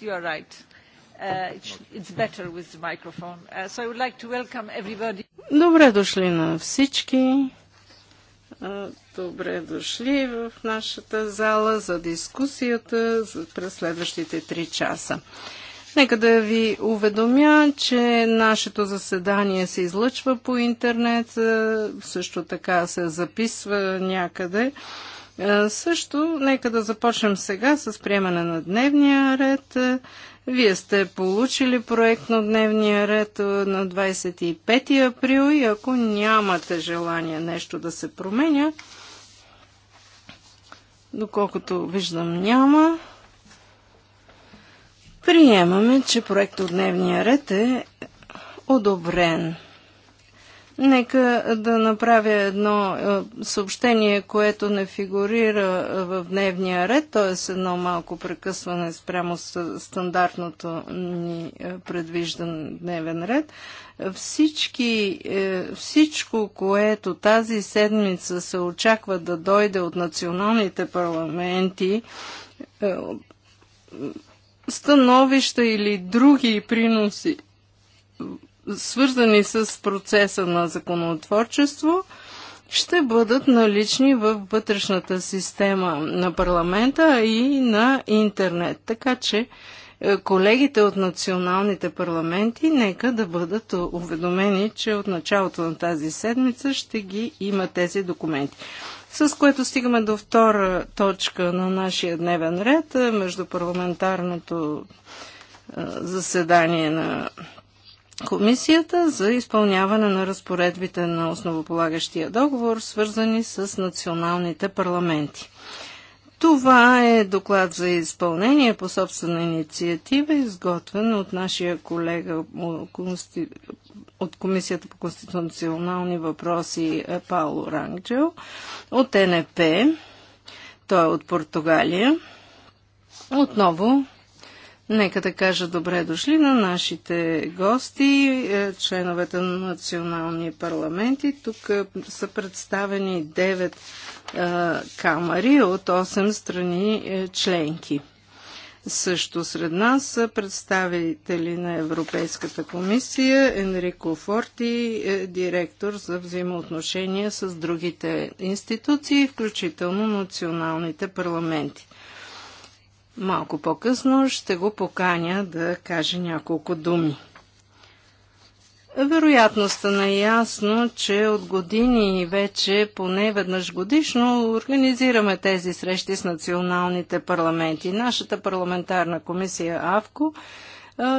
You are right. Uh, uh, добре дошли на всички. Добре дошли в нашата зала за дискусията през следващите 3 часа. Нека да ви уведомя, че нашето заседание се излъчва по интернет, също така се записва някъде е, също, нека да започнем сега с приемане на дневния ред. Е, вие сте получили проект на дневния ред е, на 25 април и ако нямате желание нещо да се променя, доколкото виждам няма, приемаме, че проект от дневния ред е одобрен. Нека да направя едно е, съобщение, което не фигурира е, в дневния ред, т.е. едно малко прекъсване спрямо стандартното ни е, предвиждан дневен ред. Всички, всичко, което тази седмица се очаква да дойде от националните парламенти, становища или други приноси свързани с процеса на законотворчество, ще бъдат налични в вътрешната система на парламента и на интернет. Така че е, колегите от националните парламенти нека да бъдат уведомени, че от началото на тази седмица ще ги има тези документи. С което стигаме до втора точка на нашия дневен ред, е, междупарламентарното е, заседание на Комисията за изпълняване на разпоредбите на основополагащия договор, свързани с националните парламенти. Това е доклад за изпълнение по собствена инициатива, изготвен от нашия колега от Комисията по конституционални въпроси е, Пауло Ранджел от НП. Той е от Португалия. Отново Нека да кажа добре дошли на нашите гости, е, членовете на национални парламенти. Тук е, са представени 9 а, е, камери от 8 страни членки. Също сред нас са представители на Европейската комисия Енрико Форти, директор за взаимоотношения с другите институции, включително националните парламенти. Малко по-късно ще го поканя да каже няколко думи. Вероятно сте наясно, че от години вече поне веднъж годишно организираме тези срещи с националните парламенти. Нашата парламентарна комисия АВКО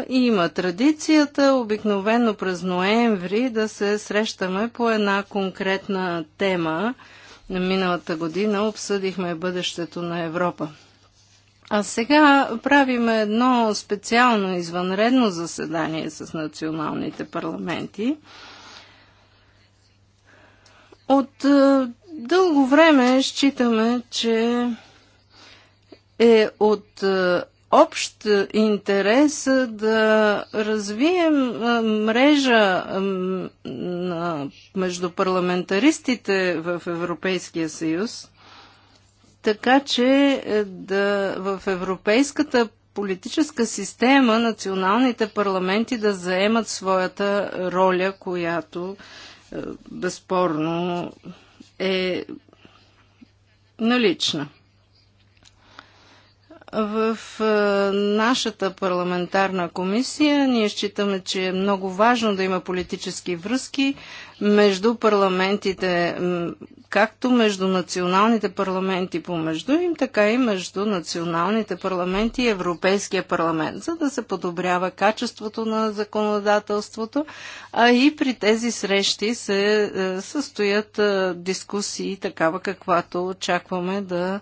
и има традицията обикновено през ноември да се срещаме по една конкретна тема. На Миналата година обсъдихме бъдещето на Европа. А сега правим едно специално извънредно заседание с националните парламенти. От е, дълго време считаме, че е от е, общ интерес да развием е, мрежа на междупарламентаристите в Европейския съюз – така че е, да, в европейската политическа система националните парламенти да заемат своята роля, която е, безспорно е налична. В е, нашата парламентарна комисия ние считаме, че е много важно да има политически връзки между парламентите, както между националните парламенти помежду им, така и между националните парламенти и Европейския парламент, за да се подобрява качеството на законодателството, а и при тези срещи се е, състоят е, дискусии, такава каквато очакваме да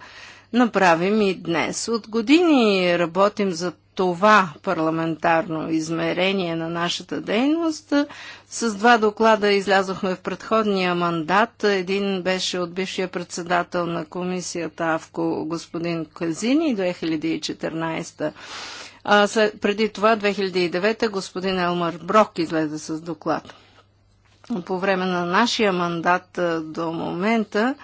направим и днес. От години работим за това парламентарно измерение на нашата дейност. С два доклада излязохме в предходния мандат. Един беше от бившия председател на комисията АВКО господин Казини 2014 а след, преди това, 2009, господин Елмар Брок излезе с доклад. По време на нашия мандат до момента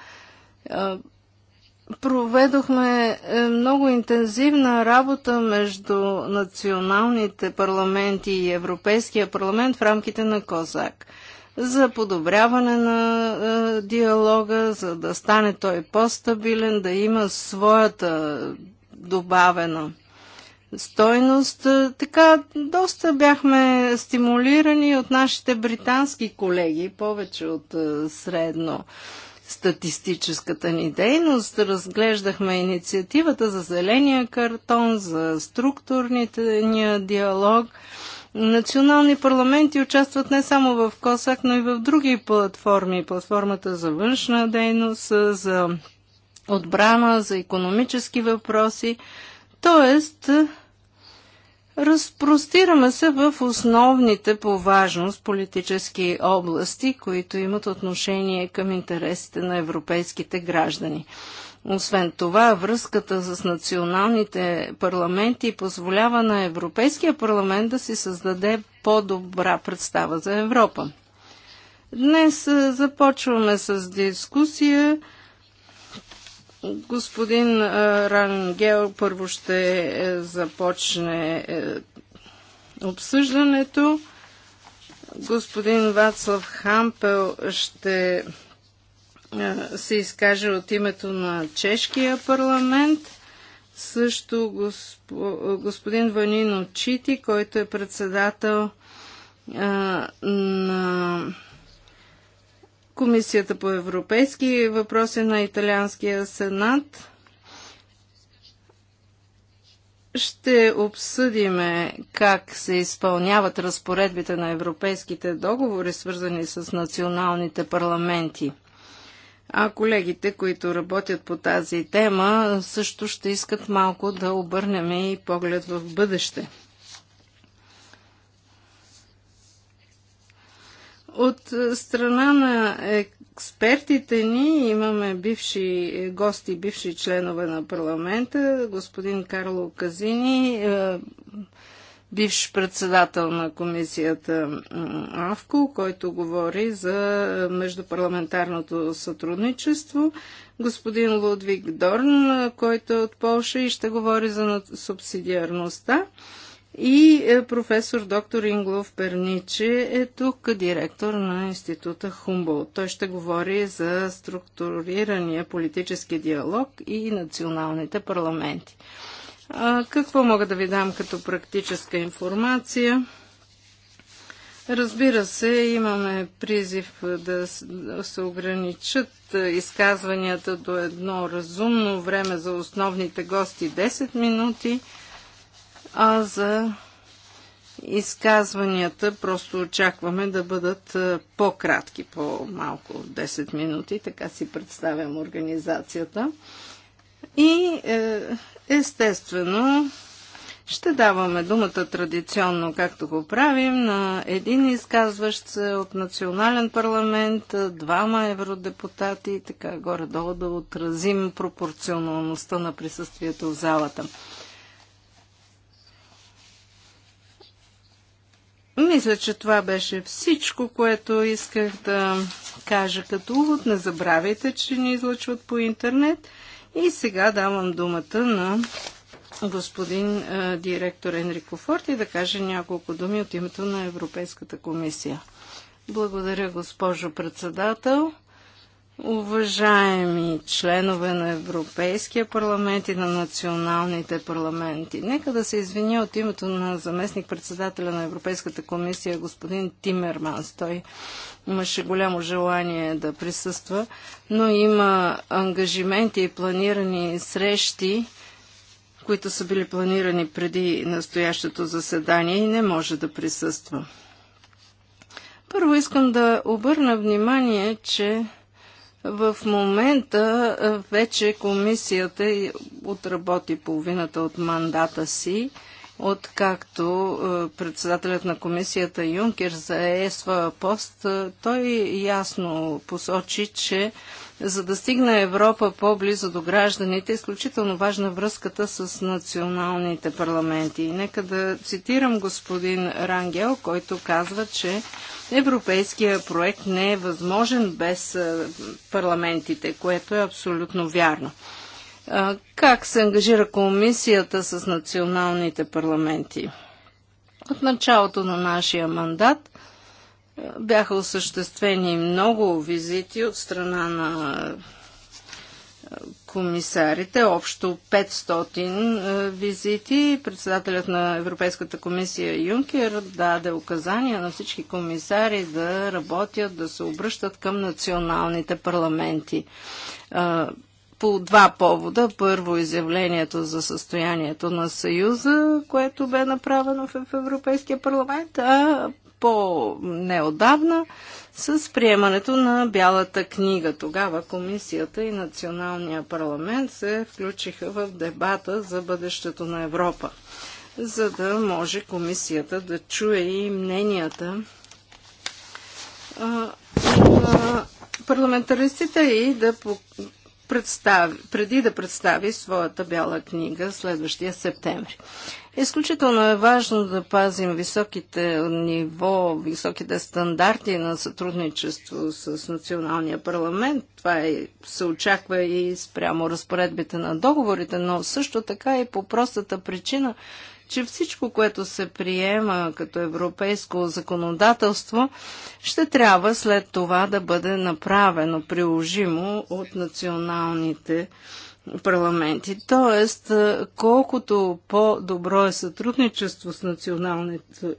Проведохме е, много интензивна работа между националните парламенти и Европейския парламент в рамките на Козак за подобряване на е, диалога, за да стане той по-стабилен, да има своята добавена стойност. Е, така, доста бяхме стимулирани от нашите британски колеги, повече от средно статистическата ни дейност. Разглеждахме инициативата за зеления картон, за структурния диалог. Национални парламенти участват не само в КОСАК, но и в други платформи. Платформата за външна дейност, за отбрана, за економически въпроси. Тоест, Разпростираме се в основните по важност политически области, които имат отношение към интересите на европейските граждани. Освен това, връзката с националните парламенти позволява на Европейския парламент да си създаде по-добра представа за Европа. Днес е, започваме с дискусия Господин Рангел първо ще е, започне е, обсъждането. Господин Вацлав Хампел ще се изкаже от името на чешкия парламент. Също господин Ванино Чити, който е председател на Комисията по европейски въпроси на Италианския сенат. Ще обсъдиме как се изпълняват разпоредбите на европейските договори, свързани с националните парламенти. А колегите, които работят по тази тема, също ще искат малко да обърнем и поглед в бъдеще. От е, страна на експертите ни имаме бивши гости, бивши членове на парламента, господин Карло Казини, е, бивш председател на комисията АВКО, който говори за междупарламентарното сътрудничество, господин Лудвиг Дорн, е, който е от Полша и ще говори за субсидиарността. И е, професор доктор Инглов Перниче е тук директор на института Хумбол. Той ще говори за структурирания политически диалог и националните парламенти. А, какво мога да ви дам като практическа информация? Разбира се, имаме призив да се ограничат е, изказванията до едно разумно време за основните гости 10 минути – а за изказванията просто очакваме да бъдат по-кратки, по-малко 10 минути, така си представям организацията. И е, естествено ще даваме думата традиционно, както го правим, на един изказващ се от национален парламент, двама евродепутати и така горе-долу да отразим пропорционалността на присъствието в залата. Мисля, че това беше всичко, което исках да кажа като увод. Не забравяйте, че ни излъчват по интернет. И сега давам думата на господин е, директор Енрико Форт и да каже няколко думи от името на Европейската комисия. Благодаря, госпожо председател уважаеми членове на Европейския парламент и на националните парламенти. Нека да се извиня от името на заместник-председателя на Европейската комисия, господин Тимерманс. Той имаше голямо желание да присъства, но има ангажименти и планирани срещи, които са били планирани преди настоящото заседание и не може да присъства. Първо искам да обърна внимание, че в момента е, вече комисията отработи половината от мандата си, откакто е, председателят на комисията Юнкер зае своя пост. Е, той ясно посочи, че за да стигне Европа по-близо до гражданите, е изключително важна връзката с националните парламенти. И нека да цитирам господин Рангел, който казва, че европейския проект не е възможен без парламентите, което е абсолютно вярно. Как се ангажира комисията с националните парламенти? От началото на нашия мандат бяха осъществени много визити от страна на комисарите, общо 500 визити. Председателят на Европейската комисия Юнкер даде указания на всички комисари да работят, да се обръщат към националните парламенти. По два повода. Първо изявлението за състоянието на Съюза, което бе направено в Европейския парламент, а по-неодавна с приемането на Бялата книга. Тогава комисията и националния парламент се включиха в дебата за бъдещето на Европа, за да може комисията да чуе и мненията на парламентаристите и да представи, преди да представи своята бяла книга следващия септември. Изключително е важно да пазим високите ниво, високите стандарти на сътрудничество с националния парламент. Това е, се очаква и спрямо разпоредбите на договорите, но също така и по простата причина, че всичко, което се приема като европейско законодателство, ще трябва след това да бъде направено приложимо от националните парламенти парламенти. Тоест, колкото по-добро е сътрудничество с националните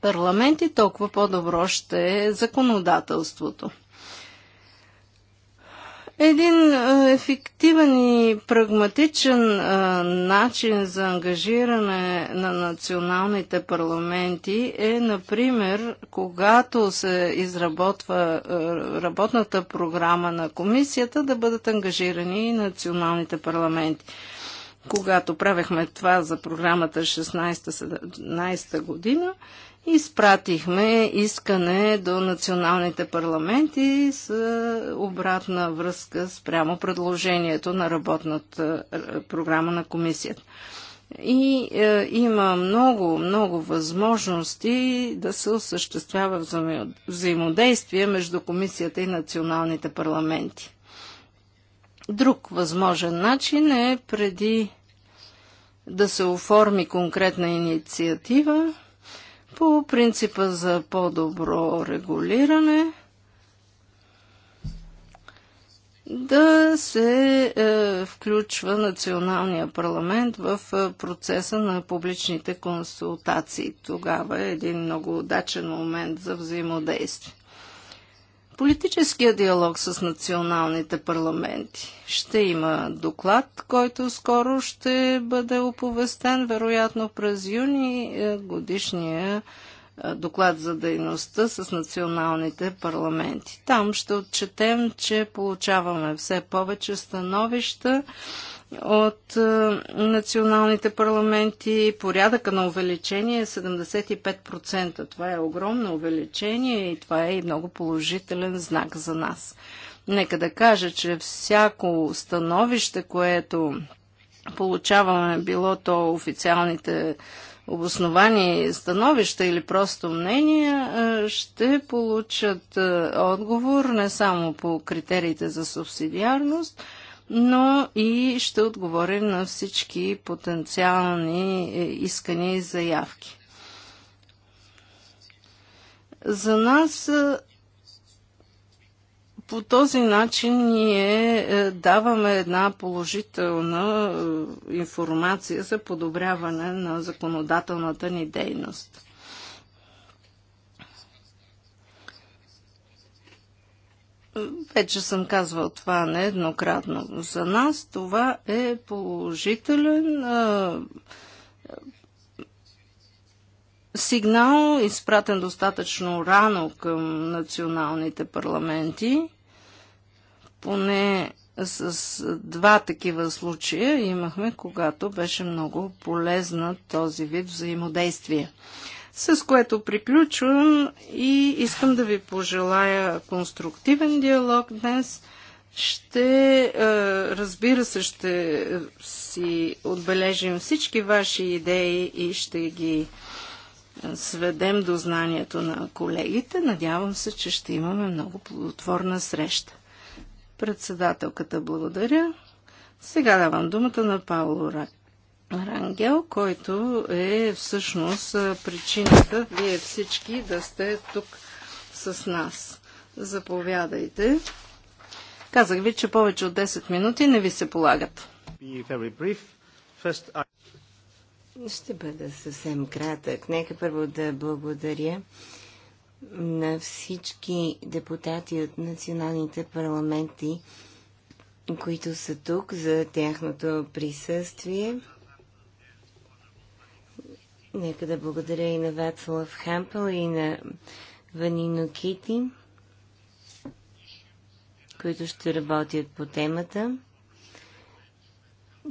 парламенти, толкова по-добро ще е законодателството. Един ефективен и прагматичен начин за ангажиране на националните парламенти е, например, когато се изработва работната програма на комисията, да бъдат ангажирани и националните парламенти. Когато правехме това за програмата 16-17 година, Изпратихме искане до националните парламенти с е, обратна връзка спрямо предложението на работната е, програма на комисията. И е, има много, много възможности да се осъществява взаимодействие между комисията и националните парламенти. Друг възможен начин е преди да се оформи конкретна инициатива, по принципа за по-добро регулиране да се е, включва националния парламент в е, процеса на публичните консултации. Тогава е един много удачен момент за взаимодействие политическия диалог с националните парламенти. Ще има доклад, който скоро ще бъде оповестен, вероятно през юни, е, годишния е, доклад за дейността с националните парламенти. Там ще отчетем, че получаваме все повече становища от е, националните парламенти. Порядъка на увеличение е 75%. Това е огромно увеличение и това е и много положителен знак за нас. Нека да кажа, че всяко становище, което получаваме, било то официалните обосновани становища или просто мнения, е, ще получат е, отговор не само по критериите за субсидиарност, но и ще отговорим на всички потенциални е, искания и заявки. За нас е, по този начин ние е, даваме една положителна информация за подобряване на законодателната ни дейност. Вече съм казвал това нееднократно. За нас това е положителен а, сигнал, изпратен достатъчно рано към националните парламенти. Поне с два такива случая имахме, когато беше много полезна този вид взаимодействие. С което приключвам и искам да ви пожелая конструктивен диалог днес. Ще, е, разбира се, ще си отбележим всички ваши идеи и ще ги е, сведем до знанието на колегите. Надявам се, че ще имаме много плодотворна среща. Председателката благодаря. Сега давам думата на Павло Рак. Рангел, който е всъщност причината вие всички да сте тук с нас. Заповядайте. Казах ви, че повече от 10 минути не ви се полагат. Ще бъда съвсем кратък. Нека първо да благодаря на всички депутати от националните парламенти, които са тук за тяхното присъствие. Нека да благодаря и на Вацлав Хампел и на Ванино Кити, които ще работят по темата.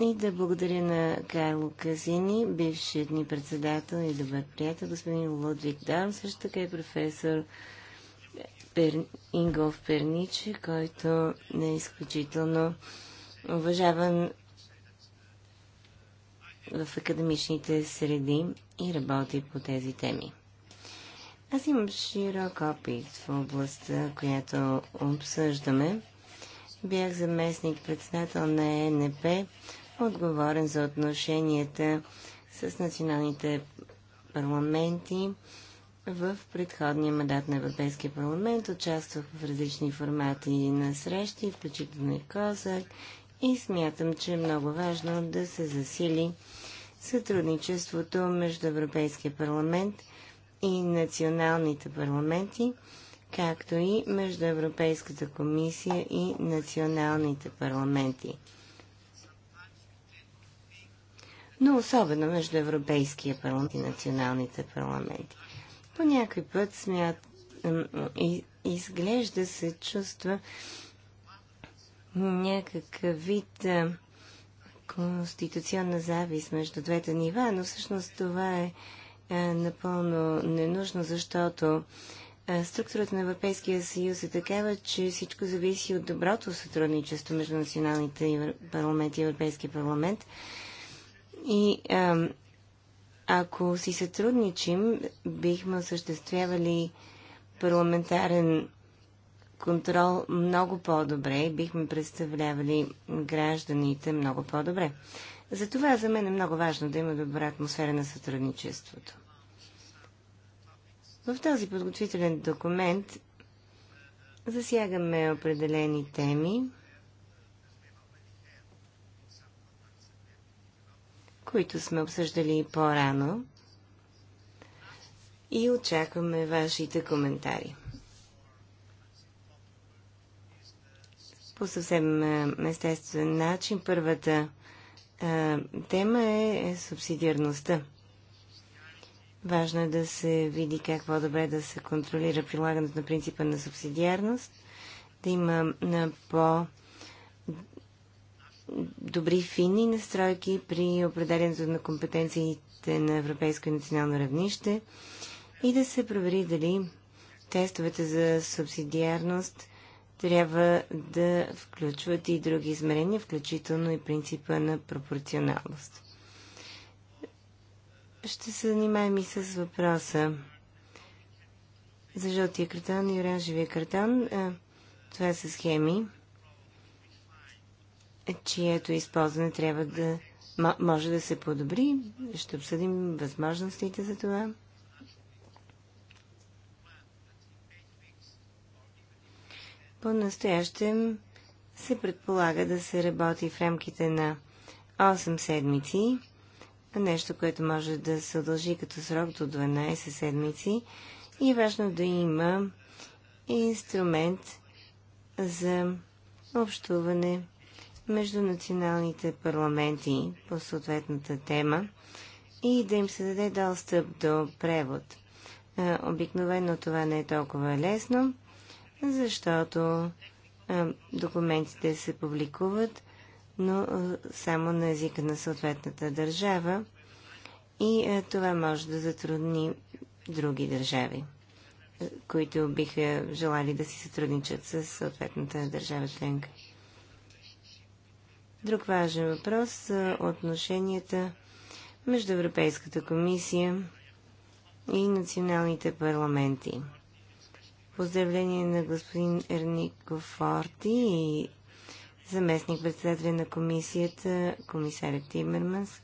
И да благодаря на Кайло Казини, бившият ни председател и добър приятел, господин Лодвик Даун, също така и професор Пер... Ингов Перниче, който не е изключително уважаван в академичните среди и работи по тези теми. Аз имам широк опит в областта, която обсъждаме. Бях заместник председател на ЕНП, отговорен за отношенията с националните парламенти в предходния мандат на Европейския парламент. Участвах в различни формати на срещи, включително и Козак, и смятам, че е много важно да се засили сътрудничеството между Европейския парламент и националните парламенти, както и между Европейската комисия и националните парламенти. Но особено между Европейския парламент и националните парламенти. По някой път смят, изглежда се чувства някакъв вид конституционна завист между двете нива, но всъщност това е, е напълно ненужно, защото е, структурата на Европейския съюз е такава, че всичко зависи от доброто сътрудничество между националните парламенти и Европейския парламент. И е, ако си сътрудничим, бихме осъществявали парламентарен контрол много по-добре и бихме представлявали гражданите много по-добре. Затова за мен е много важно да има добра атмосфера на сътрудничеството. В този подготвителен документ засягаме определени теми, които сме обсъждали по-рано и очакваме вашите коментари. по съвсем е, естествен начин. Първата е, тема е субсидиарността. Важно е да се види какво добре да се контролира прилагането на принципа на субсидиарност, да има на е, по- добри финни настройки при определенето на компетенциите на европейско и национално равнище и да се провери дали тестовете за субсидиарност трябва да включват и други измерения, включително и принципа на пропорционалност. Ще се занимаем и с въпроса за жълтия картон и оранжевия картон. Това са схеми, чието използване трябва да може да се подобри. Ще обсъдим възможностите за това. По-настоящем се предполага да се работи в рамките на 8 седмици, нещо, което може да се удължи като срок до 12 седмици и е важно да има инструмент за общуване между националните парламенти по съответната тема и да им се даде достъп до превод. Е, обикновено това не е толкова лесно защото а, документите се публикуват, но а, само на езика на съответната държава и а, това може да затрудни други държави, които биха желали да си сътрудничат с съответната държава членка. Друг важен въпрос са отношенията между Европейската комисия и националните парламенти. Поздравление на господин Ернико Форти и заместник председателя на комисията, комисаря Тимерманс,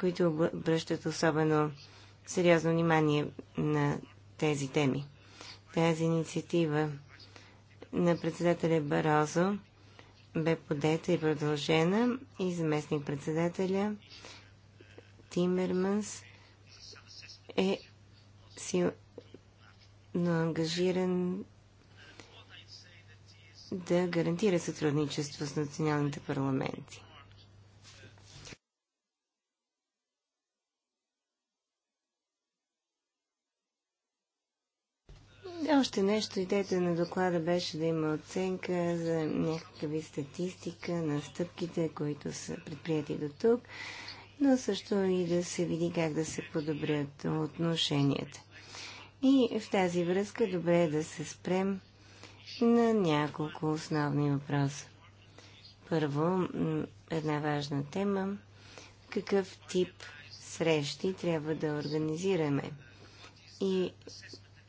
които обръщат особено сериозно внимание на тези теми. Тази инициатива на председателя Барозо бе подета и продължена и заместник председателя Тимерманс е сил но ангажиран да гарантира сътрудничество с националните парламенти. Още нещо, идеята на доклада беше да има оценка за някакви статистика на стъпките, които са предприяти до тук, но също и да се види как да се подобрят отношенията. И в тази връзка добре е да се спрем на няколко основни въпроса. Първо, една важна тема – какъв тип срещи трябва да организираме и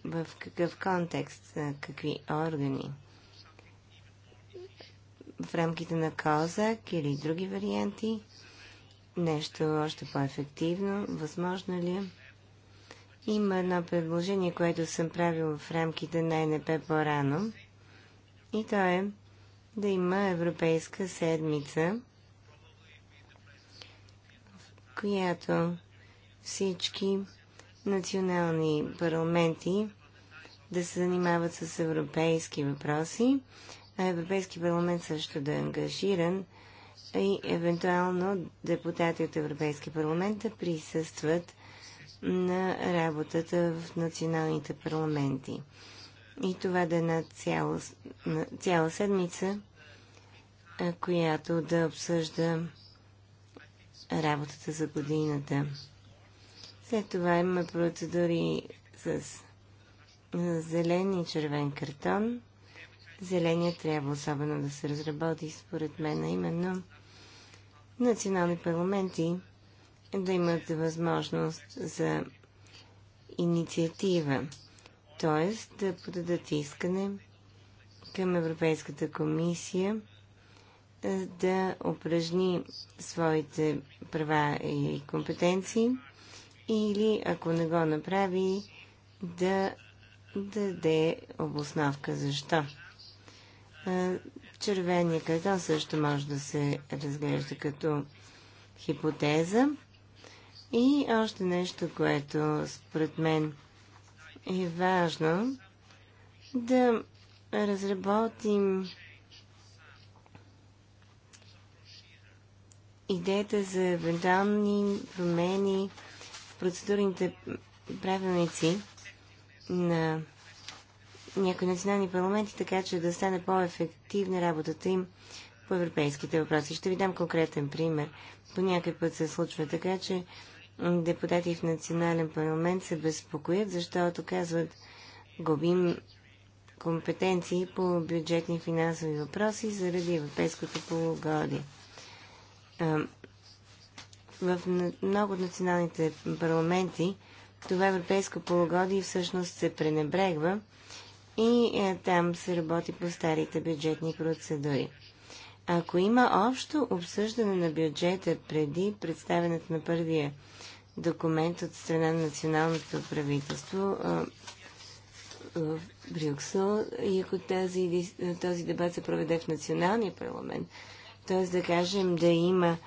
в какъв контекст, какви органи. В рамките на Козак или други варианти, нещо още по-ефективно, възможно ли е? Има едно предложение, което съм правил в рамките на НП по-рано. И то е да има Европейска седмица, в която всички национални парламенти да се занимават с европейски въпроси, а Европейски парламент също да е ангажиран и евентуално депутати от Европейски парламент да присъстват на работата в националните парламенти. И това да е една цяла, цяла седмица, която да обсъжда работата за годината. След това има процедури с зелен и червен картон. Зеления трябва особено да се разработи, според мен, а именно национални парламенти да имат възможност за инициатива, т.е. да подадат искане към Европейската комисия е, да упражни своите права и компетенции или ако не го направи да даде обосновка защо. Е, червения картон също може да се разглежда като хипотеза. И още нещо, което според мен е важно, да разработим идеята за евентуални промени в процедурните правилници на някои национални парламенти, така че да стане по-ефективна работата им по европейските въпроси. Ще ви дам конкретен пример. По някакъв път се случва така, че депутати в национален парламент се безпокоят, защото казват, губим компетенции по бюджетни финансови въпроси заради европейското полугодие. В много от националните парламенти това европейско полугодие всъщност се пренебрегва и е, там се работи по старите бюджетни процедури. Ако има общо обсъждане на бюджета преди представенето на първия документ от страна на националното правителство в Брюксел и ако тази, този дебат се проведе в националния парламент, т.е. да кажем да има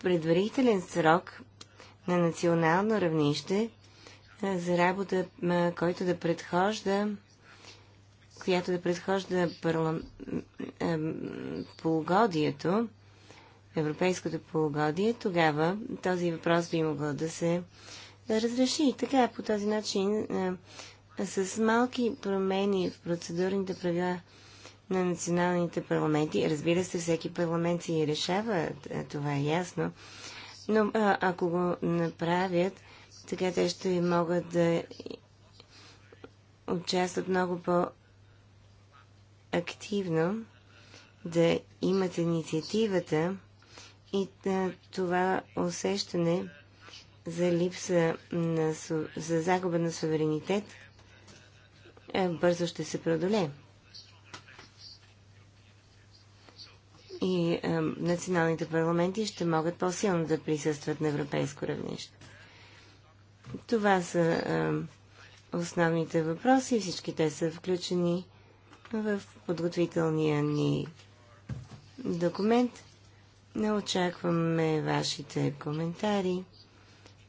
предварителен срок на национално равнище за работа, който да предхожда която да предхожда парлам... полугодието, европейското полугодие, тогава този въпрос би могъл да се разреши. И така, по този начин, с малки промени в процедурните правила на националните парламенти, разбира се, всеки парламент си решава, това е ясно, но а, ако го направят, така те ще могат да участват много по-активно, да имат инициативата и това усещане за липса на, за загуба на суверенитет е, бързо ще се преодолее. И е, националните парламенти ще могат по-силно да присъстват на европейско равнище. Това са е, основните въпроси. Всички те са включени в подготвителния ни документ. Не очакваме вашите коментари.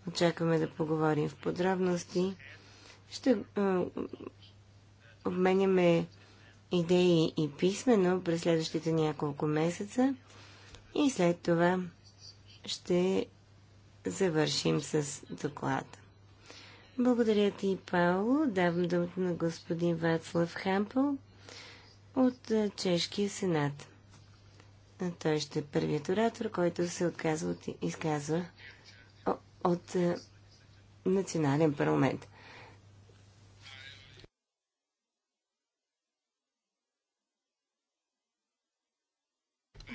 Очакваме да поговорим в подробности. Ще е, обменяме идеи и писмено през следващите няколко месеца и след това ще завършим с доклада. Благодаря ти, Пауло. Давам думата на господин Вацлав Хампъл от е, Чешкия сенат. Той ще е първият оратор, който се отказва от изказва от, от е, национален парламент.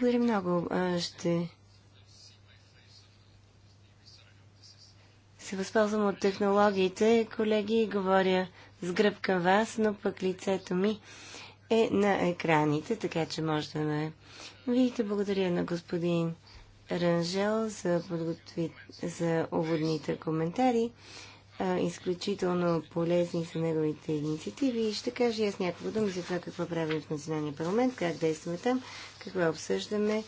Благодаря много. Ще се възползвам от технологиите. Колеги, говоря с гръб към вас, но пък лицето ми е на екраните, така че може да ме видите. Благодаря на господин Ранжел за, подготви... за уводните коментари. А, изключително полезни са неговите инициативи и ще кажа аз някакво думи за това какво правим в Националния парламент, как действаме там, какво обсъждаме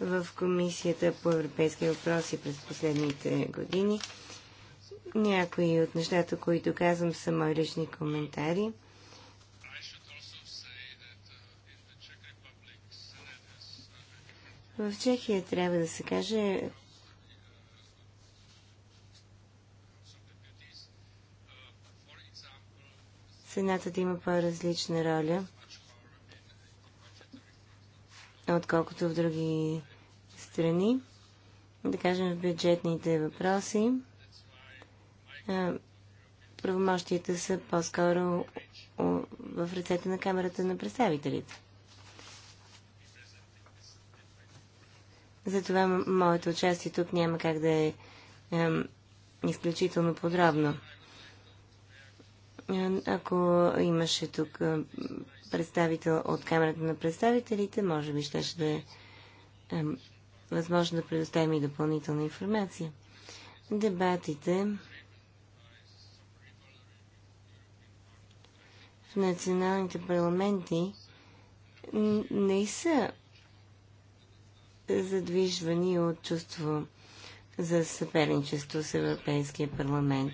в Комисията по европейски въпроси през последните години. Някои от нещата, които казвам, са мои лични коментари – В Чехия трябва да се каже Сената да има по-различна роля, отколкото в други страни. Да кажем в бюджетните въпроси. Правомощията са по-скоро в ръцете на Камерата на представителите. Затова моето участие тук няма как да е, е изключително подробно. Ако имаше тук представител от Камерата на представителите, може би ще, ще да е, е възможно да предоставим и допълнителна информация. Дебатите в националните парламенти не са задвижвани от чувство за съперничество с Европейския парламент.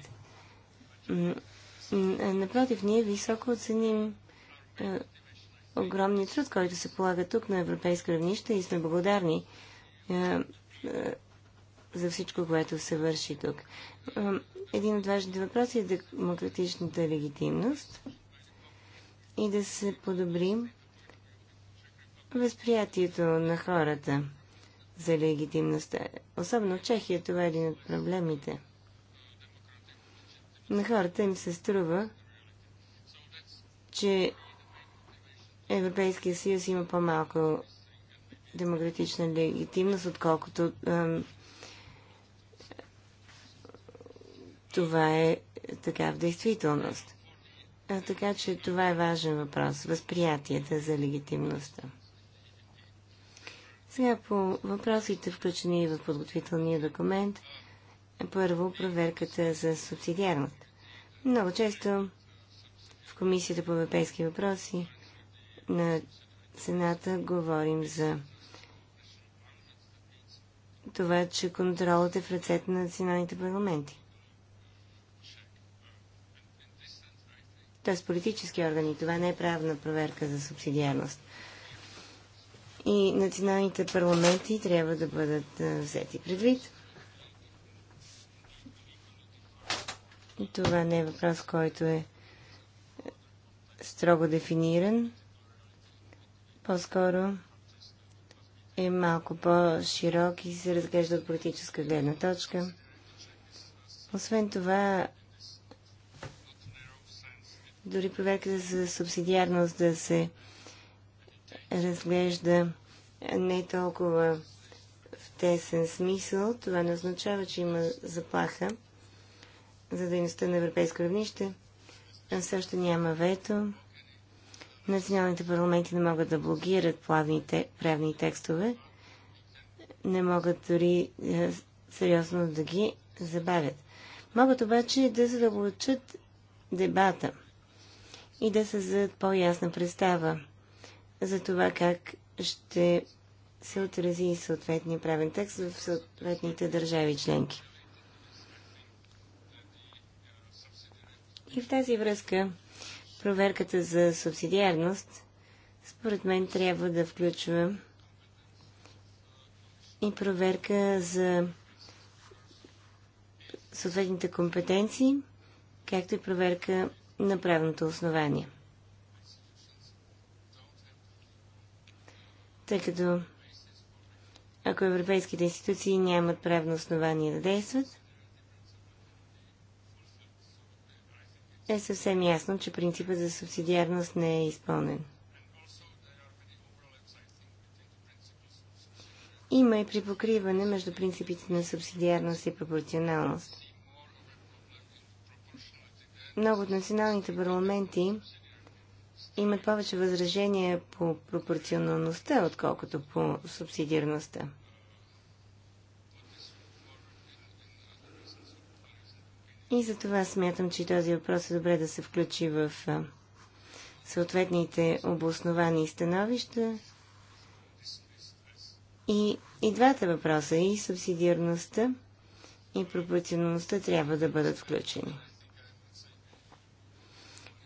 Напротив, ние високо оценим е, огромния труд, който се полага тук на европейско равнище и сме благодарни е, е, за всичко, което се върши тук. Един от важните въпроси е демократичната легитимност и да се подобри възприятието на хората – за легитимността. Особено в Чехия това е един от проблемите. На хората им се струва, че Европейския съюз има по-малко демократична легитимност, отколкото ам, това е така в действителност. А, така че това е важен въпрос. Възприятията за легитимността. Сега по въпросите, включени в подготвителния документ, първо проверката за субсидиарност. Много често в Комисията по европейски въпроси на Сената говорим за това, че контролът е в ръцете на националните парламенти. Тоест политически органи. Това не е правна проверка за субсидиарност и националните парламенти трябва да бъдат взети предвид. Това не е въпрос, който е строго дефиниран. По-скоро е малко по-широк и се разглежда от политическа гледна точка. Освен това, дори проверката за субсидиарност да се разглежда не толкова в тесен смисъл. Това не означава, че има заплаха за дейността на европейско равнище. Също няма вето. Националните парламенти не могат да блокират плавните, правни текстове. Не могат дори е, сериозно да ги забавят. Могат обаче да задълбочат дебата и да създадат по-ясна представа за това как ще се отрази и съответния правен текст в съответните държави членки. И в тази връзка проверката за субсидиарност според мен трябва да включва и проверка за съответните компетенции, както и проверка на правното основание. тъй като ако европейските институции нямат правно основание да действат, е съвсем ясно, че принципът за субсидиарност не е изпълнен. Има и припокриване между принципите на субсидиарност и пропорционалност. Много от националните парламенти имат повече възражения по пропорционалността, отколкото по субсидиарността. И за това смятам, че този въпрос е добре да се включи в съответните обосновани становища. И, и двата въпроса, и субсидиарността, и пропорционалността трябва да бъдат включени.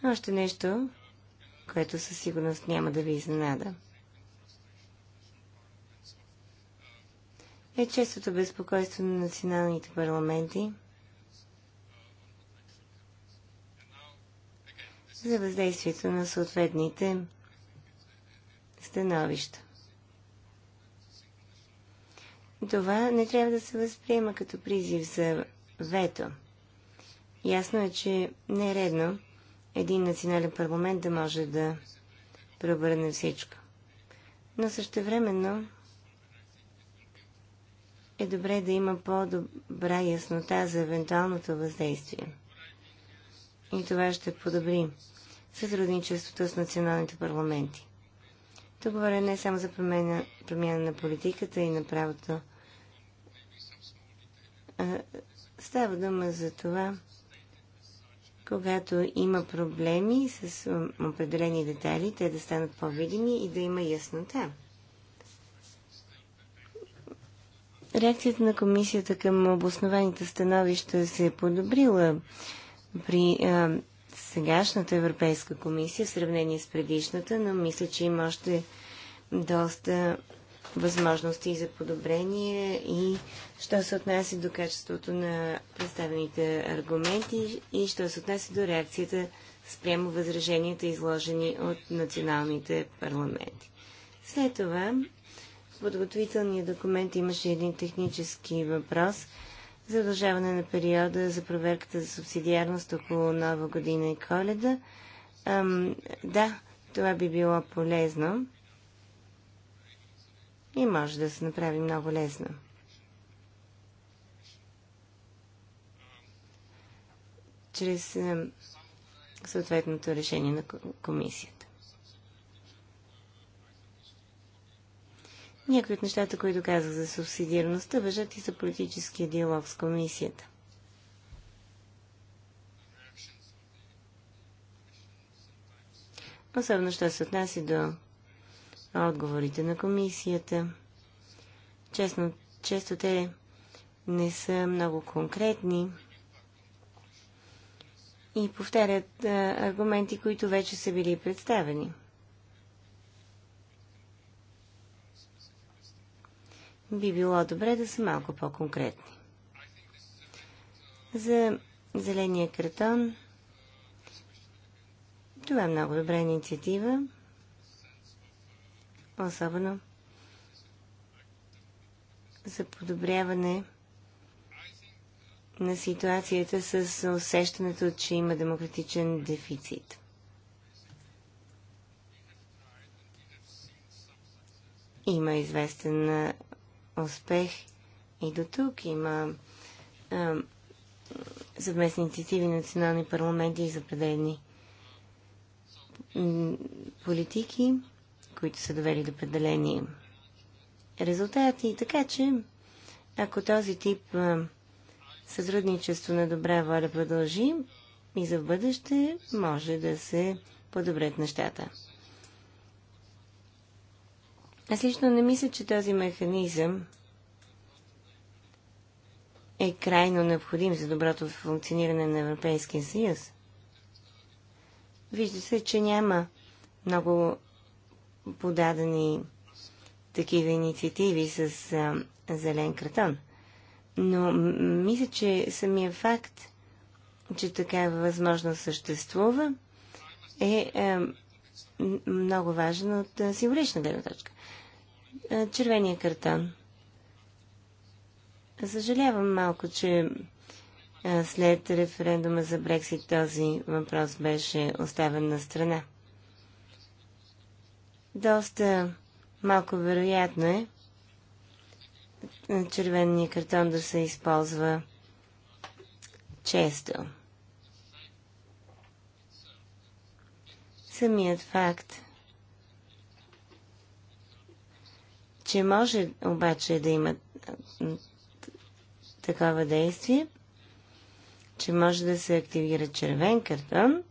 Още нещо, което със сигурност няма да ви изненада. Е честото безпокойство на националните парламенти за въздействието на съответните становища. Това не трябва да се възприема като призив за вето. Ясно е, че не е редно един национален парламент да може да преобърне всичко. Но същевременно е добре да има по-добра яснота за евентуалното въздействие. И това ще подобри сътрудничеството с националните парламенти. Тук говоря не само за промяна, промяна на политиката и на правото. А, става дума за това когато има проблеми с определени детали, те да станат по-видими и да има яснота. Реакцията на комисията към обоснованите становища се е подобрила при а, сегашната Европейска комисия в сравнение с предишната, но мисля, че има още доста възможности за подобрение и що се отнася до качеството на представените аргументи и що се отнася до реакцията спрямо възраженията, изложени от националните парламенти. След това, в подготовителния документ имаше един технически въпрос за удължаване на периода за проверката за субсидиарност около Нова година и Коледа. Ам, да, това би било полезно и може да се направи много лесно. Чрез е, съответното решение на комисията. Някои от нещата, които казах за субсидиарността, въжат и за политическия диалог с комисията. Особено, що се отнася до отговорите на комисията. Честно, често те не са много конкретни и повтарят а, аргументи, които вече са били представени. Би било добре да са малко по-конкретни. За зеления картон това е много добра инициатива особено за подобряване на ситуацията с усещането, че има демократичен дефицит. Има известен успех и до тук. Има а, съвместни инициативи на национални парламенти и за определени политики които са довели до определени резултати. Така че, ако този тип сътрудничество на добра воля продължи и за бъдеще, може да се подобрят нещата. Аз лично не мисля, че този механизъм е крайно необходим за доброто функциониране на Европейския съюз. Вижда се, че няма много подадени такива инициативи с а, зелен картон. Но мисля, че самия факт, че такава възможност съществува, е, а, много важен от символична гледна точка. червения картон. Съжалявам малко, че след референдума за Брексит този въпрос беше оставен на страна. Доста малко вероятно е, е червения картон да се използва често. Самият факт, че може обаче да има такова действие, че може да се активира червен картон,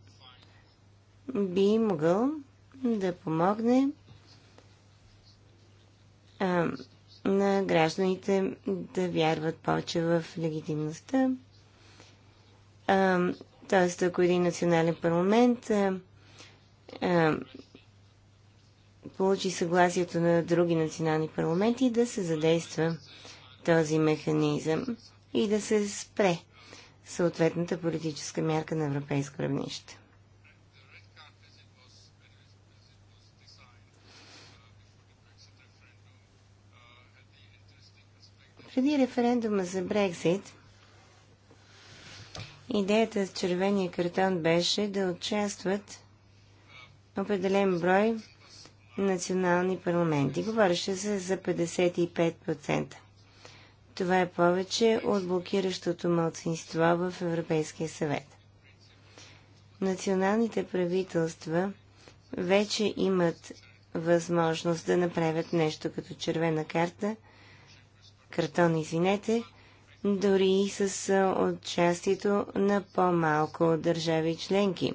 би могъл да помогне а, на гражданите да вярват повече в легитимността. Тоест, ако един национален парламент а, а, получи съгласието на други национални парламенти да се задейства този механизъм и да се спре съответната политическа мярка на европейско равнище. Преди референдума за Брекзит, идеята с червения картон беше да участват определен брой национални парламенти. Говореше се за 55%. Това е повече от блокиращото мълцинство в Европейския съвет. Националните правителства вече имат възможност да направят нещо като червена карта картон, извинете, дори и с участието на по-малко държави членки.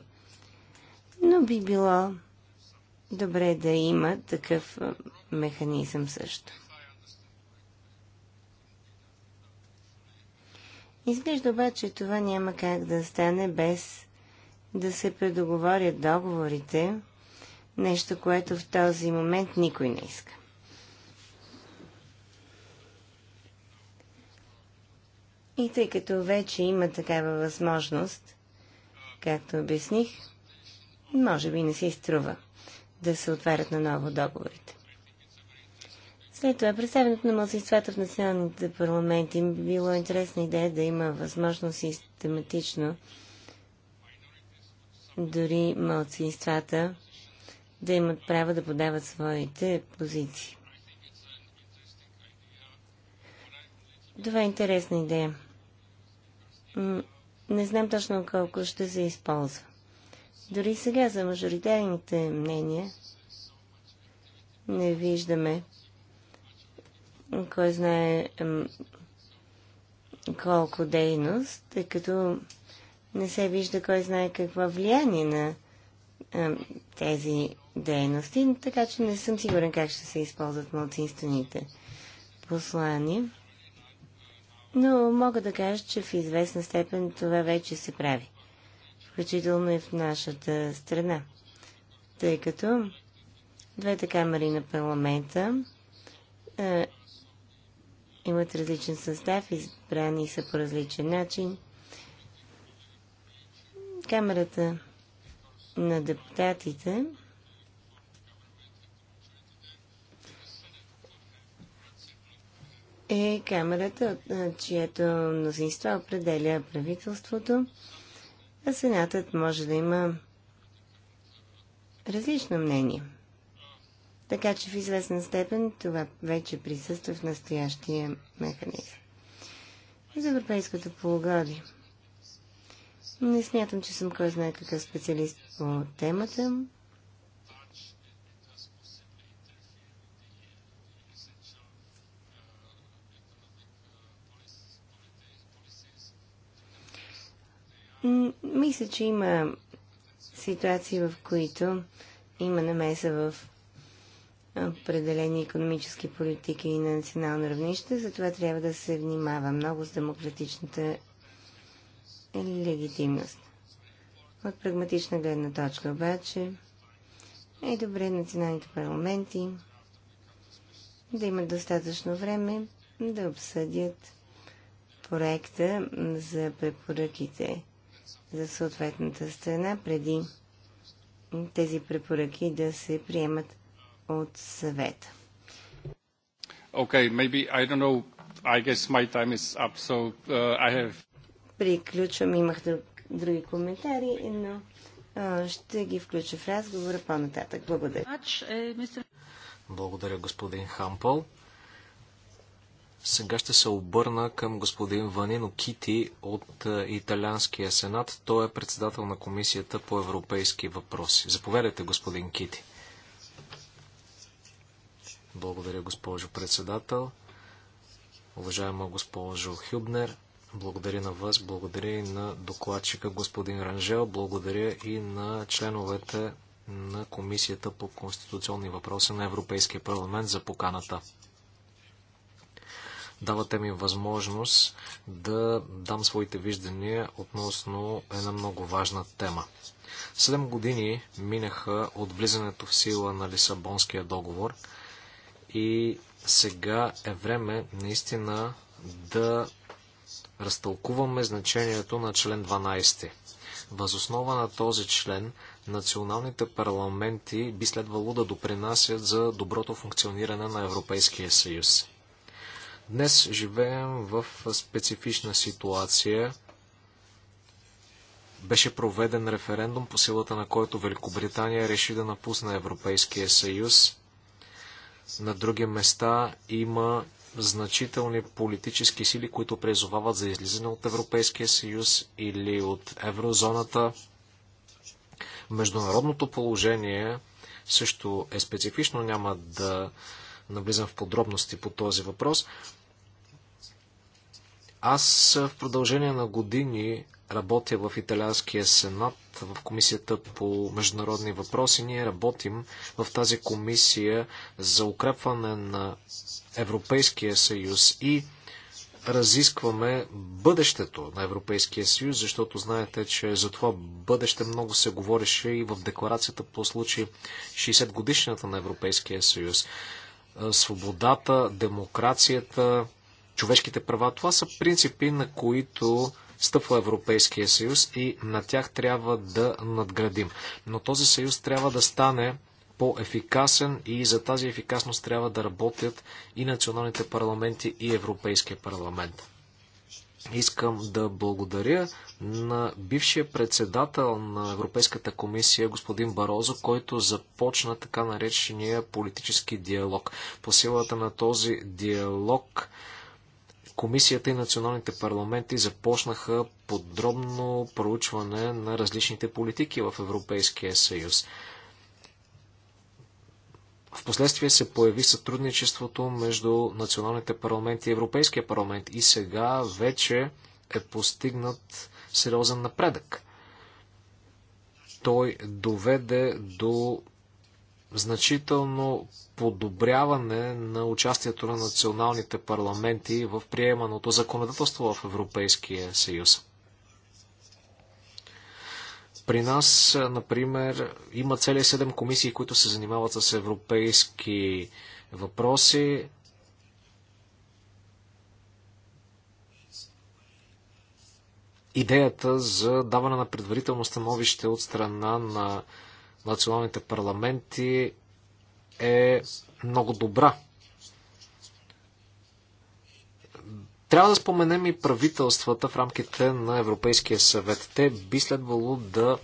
Но би било добре да има такъв механизъм също. Изглежда обаче това няма как да стане без да се предоговорят договорите, нещо, което в този момент никой не иска. И тъй като вече има такава възможност, както обясних, може би не се изтрува да се отварят на ново договорите. След това представенето на младсинствата в националните парламенти би било интересна идея да има възможност систематично дори младсинствата да имат право да подават своите позиции. Това е интересна идея не знам точно колко ще се използва. Дори сега за мажоритарните мнения не виждаме кой знае колко дейност, тъй като не се вижда кой знае какво влияние на тези дейности, така че не съм сигурен как ще се използват младсинствените послания но мога да кажа, че в известна степен това вече се прави, включително и в нашата страна, тъй като двете камери на парламента е, имат различен състав, избрани са по различен начин. Камерата на депутатите е камерата, чието мнозинство определя правителството, а Сенатът може да има различно мнение. Така че в известна степен това вече присъства в настоящия механизъм. За европейското полугодие. Не смятам, че съм кой знае какъв специалист по темата. Мисля, че има ситуации, в които има намеса в определени економически политики и на национално равнище, затова трябва да се внимава много с демократичната легитимност. От прагматична гледна точка обаче е добре националните парламенти да имат достатъчно време да обсъдят проекта за препоръките за съответната страна, преди тези препоръки да се приемат от съвета. Okay, maybe, I don't know, I guess my time is up, so uh, I have... Приключвам, имах друг, други коментари, но uh, ще ги включа в разговора по-нататък. Благодаря. Благодаря, господин Хампол. Сега ще се обърна към господин Ванино Кити от е, Италианския сенат. Той е председател на Комисията по европейски въпроси. Заповядайте, господин Кити. Благодаря, госпожо председател. Уважаема госпожо Хюбнер, благодаря на вас, благодаря и на докладчика господин Ранжел, благодаря и на членовете на Комисията по конституционни въпроси на Европейския парламент за поканата. Давате ми възможност да дам своите виждания относно една много важна тема. Седем години минаха от влизането в сила на Лисабонския договор и сега е време наистина да разтълкуваме значението на член 12. Възоснова на този член националните парламенти би следвало да допринасят за доброто функциониране на Европейския съюз. Днес живеем в специфична ситуация. Беше проведен референдум, по силата на който Великобритания реши да напусне Европейския съюз. На други места има значителни политически сили, които призовават за излизане от Европейския съюз или от еврозоната. Международното положение също е специфично, няма да навлизам в подробности по този въпрос. Аз в продължение на години работя в Италианския сенат, в комисията по международни въпроси. Ние работим в тази комисия за укрепване на Европейския съюз и разискваме бъдещето на Европейския съюз, защото знаете, че за това бъдеще много се говореше и в декларацията по случай 60 годишната на Европейския съюз. Свободата, демокрацията, човешките права. Това са принципи, на които стъпва Европейския съюз и на тях трябва да надградим. Но този съюз трябва да стане по-ефикасен и за тази ефикасност трябва да работят и националните парламенти и Европейския парламент. Искам да благодаря на бившия председател на Европейската комисия, господин Барозо, който започна така наречения политически диалог. По силата на този диалог Комисията и националните парламенти започнаха подробно проучване на различните политики в Европейския съюз. Впоследствие се появи сътрудничеството между националните парламенти и Европейския парламент и сега вече е постигнат сериозен напредък. Той доведе до значително подобряване на участието на националните парламенти в приеманото законодателство в Европейския съюз. При нас, например, има цели 7 комисии, които се занимават с европейски въпроси. Идеята за даване на предварително становище от страна на националните парламенти е много добра. Трябва да споменем и правителствата в рамките на Европейския съвет. Те би следвало да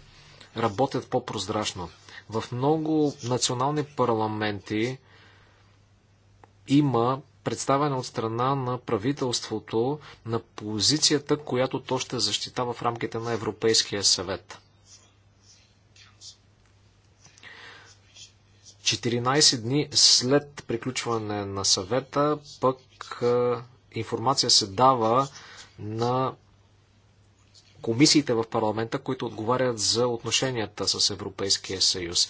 работят по-прозрачно. В много национални парламенти има представена от страна на правителството на позицията, която то ще защитава в рамките на Европейския съвет. 14 дни след приключване на съвета, пък информация се дава на комисиите в парламента, които отговарят за отношенията с Европейския съюз.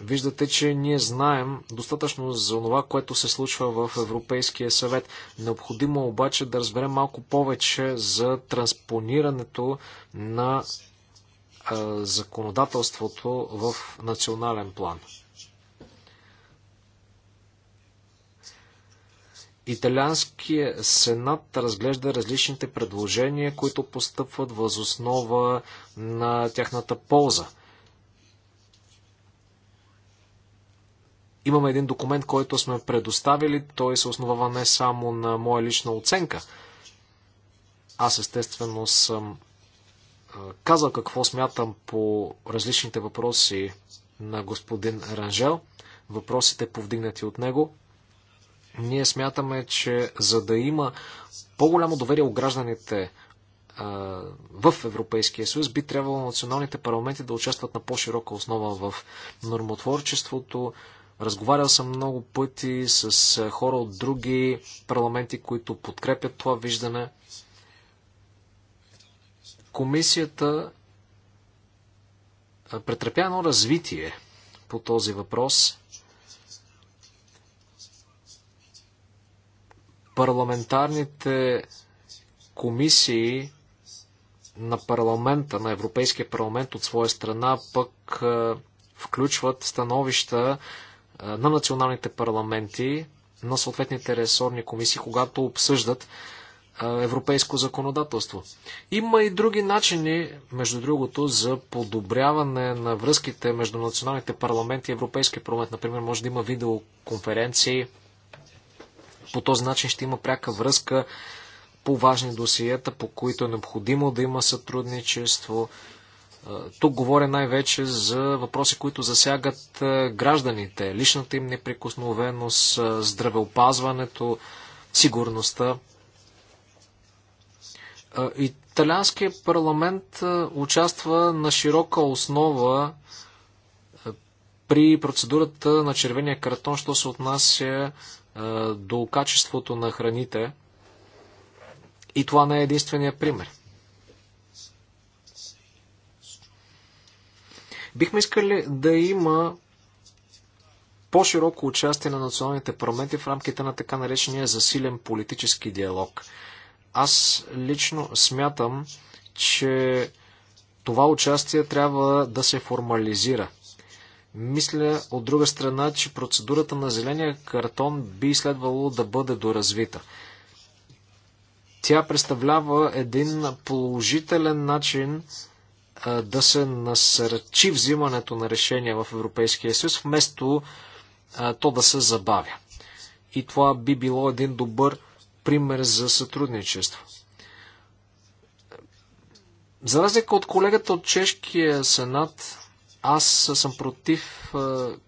Виждате, че ние знаем достатъчно за това, което се случва в Европейския съвет. Необходимо обаче да разберем малко повече за транспонирането на законодателството в национален план. Италианският сенат разглежда различните предложения, които постъпват възоснова на тяхната полза. Имаме един документ, който сме предоставили. Той се основава не само на моя лична оценка. Аз естествено съм казал какво смятам по различните въпроси на господин Ранжел, въпросите повдигнати от него. Ние смятаме, че за да има по-голямо доверие у гражданите в Европейския съюз, би трябвало националните парламенти да участват на по-широка основа в нормотворчеството. Разговарял съм много пъти с хора от други парламенти, които подкрепят това виждане. Комисията претърпя едно развитие по този въпрос. Парламентарните комисии на парламента, на Европейския парламент от своя страна, пък включват становища на националните парламенти, на съответните ресорни комисии, когато обсъждат европейско законодателство. Има и други начини, между другото, за подобряване на връзките между националните парламенти и Европейския парламент. Например, може да има видеоконференции. По този начин ще има пряка връзка по важни досиета, по които е необходимо да има сътрудничество. Тук говоря най-вече за въпроси, които засягат гражданите, личната им неприкосновеност, здравеопазването, сигурността. Италианският парламент участва на широка основа при процедурата на червения картон, що се отнася до качеството на храните. И това не е единствения пример. Бихме искали да има по-широко участие на националните парламенти в рамките на така наречения засилен политически диалог – аз лично смятам, че това участие трябва да се формализира. Мисля, от друга страна, че процедурата на зеления картон би следвало да бъде доразвита. Тя представлява един положителен начин да се насърчи взимането на решения в Европейския съюз, вместо то да се забавя. И това би било един добър пример за сътрудничество. За разлика от колегата от Чешкия сенат, аз съм против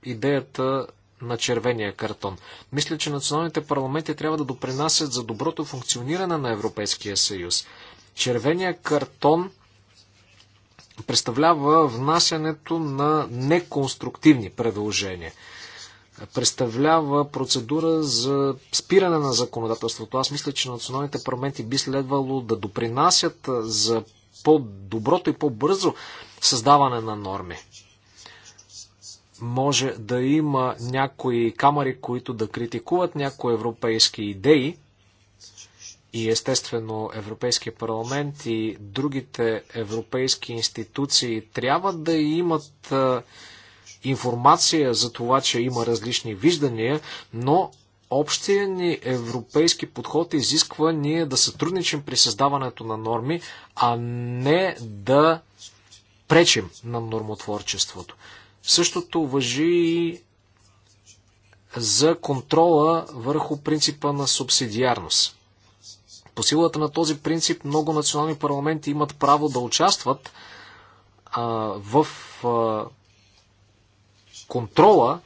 идеята на червения картон. Мисля, че националните парламенти трябва да допринасят за доброто функциониране на Европейския съюз. Червения картон представлява внасянето на неконструктивни предложения представлява процедура за спиране на законодателството. Аз мисля, че националните парламенти би следвало да допринасят за по-доброто и по-бързо създаване на норми. Може да има някои камери, които да критикуват някои европейски идеи и естествено Европейския парламент и другите европейски институции трябва да имат информация за това, че има различни виждания, но общия ни европейски подход изисква ние да сътрудничим при създаването на норми, а не да пречим на нормотворчеството. Същото въжи и за контрола върху принципа на субсидиарност. По силата на този принцип много национални парламенти имат право да участват а, в а, контрола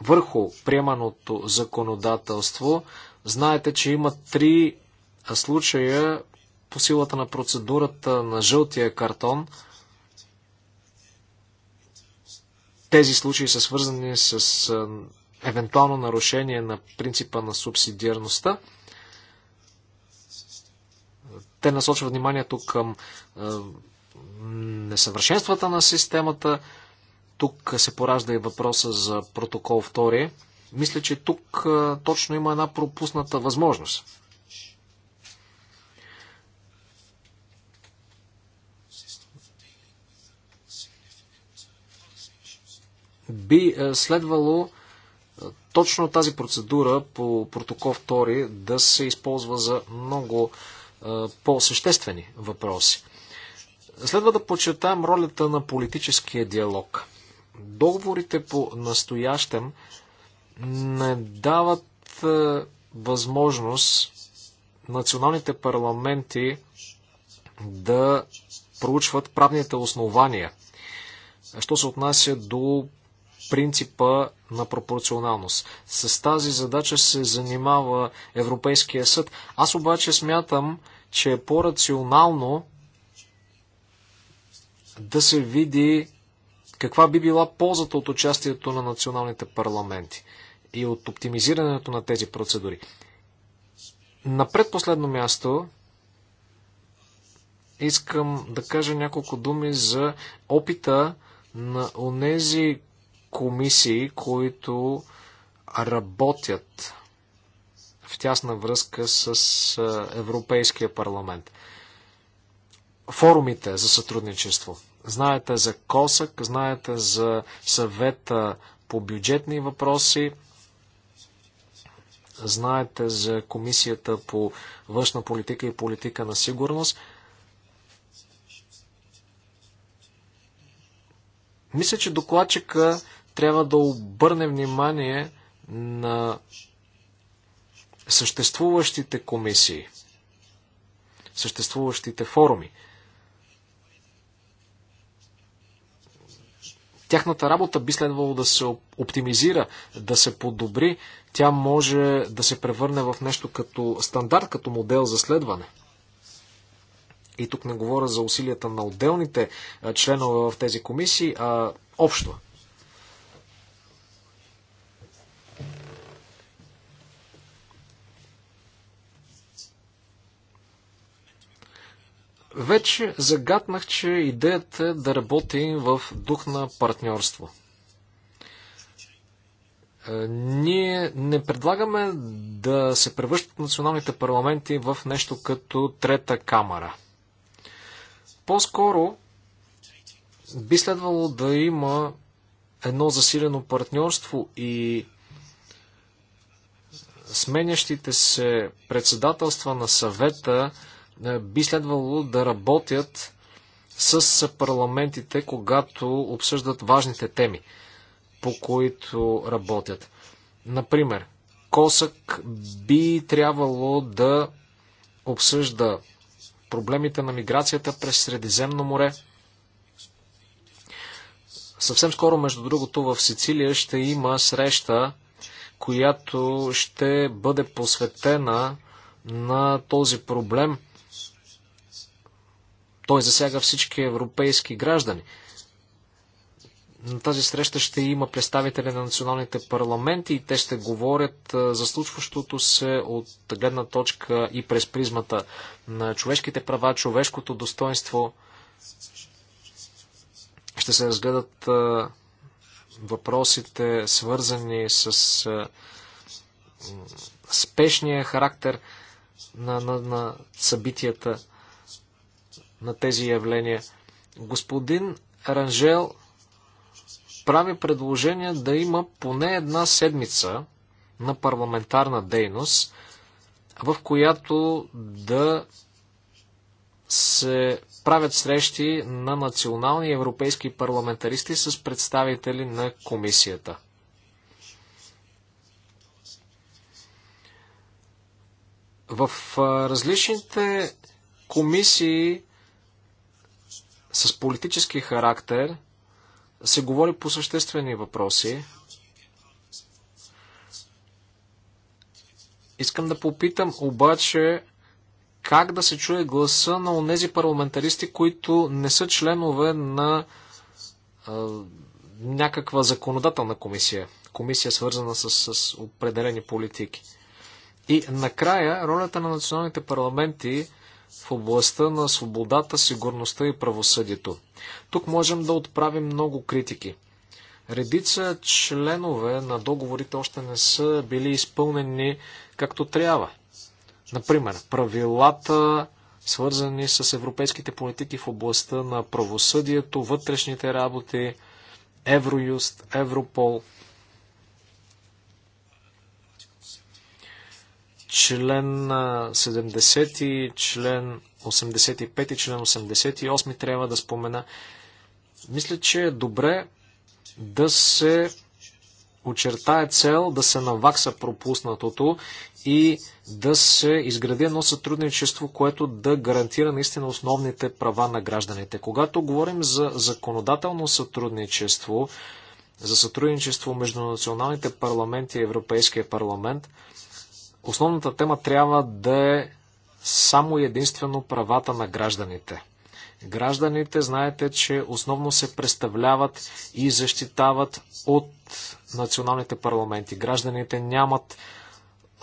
върху приеманото законодателство. Знаете, че има три случая по силата на процедурата на жълтия картон. Тези случаи са свързани с евентуално нарушение на принципа на субсидиарността. Те насочват вниманието към несъвършенствата на системата, тук се поражда и въпроса за протокол 2. Мисля, че тук точно има една пропусната възможност. Би следвало точно тази процедура по протокол 2 да се използва за много по-съществени въпроси. Следва да подчертаем ролята на политическия диалог – Договорите по настоящем не дават е, възможност националните парламенти да проучват правните основания, що се отнася до принципа на пропорционалност. С тази задача се занимава Европейския съд. Аз обаче смятам, че е по-рационално да се види каква би била ползата от участието на националните парламенти и от оптимизирането на тези процедури? На предпоследно място искам да кажа няколко думи за опита на онези комисии, които работят в тясна връзка с Европейския парламент. Форумите за сътрудничество. Знаете за Косък, знаете за съвета по бюджетни въпроси, знаете за Комисията по външна политика и политика на сигурност. Мисля, че докладчика трябва да обърне внимание на съществуващите комисии, съществуващите форуми. Тяхната работа би следвало да се оптимизира, да се подобри. Тя може да се превърне в нещо като стандарт, като модел за следване. И тук не говоря за усилията на отделните членове в тези комисии, а общо Вече загаднах, че идеята е да работим в дух на партньорство. Е, ние не предлагаме да се превръщат националните парламенти в нещо като трета камера. По-скоро би следвало да има едно засилено партньорство и сменящите се председателства на съвета е, би следвало да работят с парламентите, когато обсъждат важните теми, по които работят. Например, Косък би трябвало да обсъжда проблемите на миграцията през Средиземно море. Съвсем скоро, между другото, в Сицилия ще има среща, която ще бъде посветена на този проблем той засяга всички европейски граждани. На тази среща ще има представители на националните парламенти и те ще говорят за случващото се от гледна точка и през призмата на човешките права, човешкото достоинство. Ще се разгледат въпросите, свързани с спешния характер на, на, на събитията на тези явления. Господин Ранжел прави предложение да има поне една седмица на парламентарна дейност, в която да се правят срещи на национални европейски парламентаристи с представители на комисията. В различните комисии с политически характер се говори по съществени въпроси. Искам да попитам обаче как да се чуе гласа на онези парламентаристи, които не са членове на а, някаква законодателна комисия, комисия свързана с, с определени политики. И накрая ролята на националните парламенти в областта на свободата, сигурността и правосъдието. Тук можем да отправим много критики. Редица членове на договорите още не са били изпълнени както трябва. Например, правилата, свързани с европейските политики в областта на правосъдието, вътрешните работи, Евроюст, Европол – Член 70, член 85 и член 88 трябва да спомена. Мисля, че е добре да се очертае цел, да се навакса пропуснатото и да се изгради едно сътрудничество, което да гарантира наистина основните права на гражданите. Когато говорим за законодателно сътрудничество, за сътрудничество между националните парламенти и Европейския парламент, основната тема трябва да е само единствено правата на гражданите. Гражданите, знаете, че основно се представляват и защитават от националните парламенти. Гражданите нямат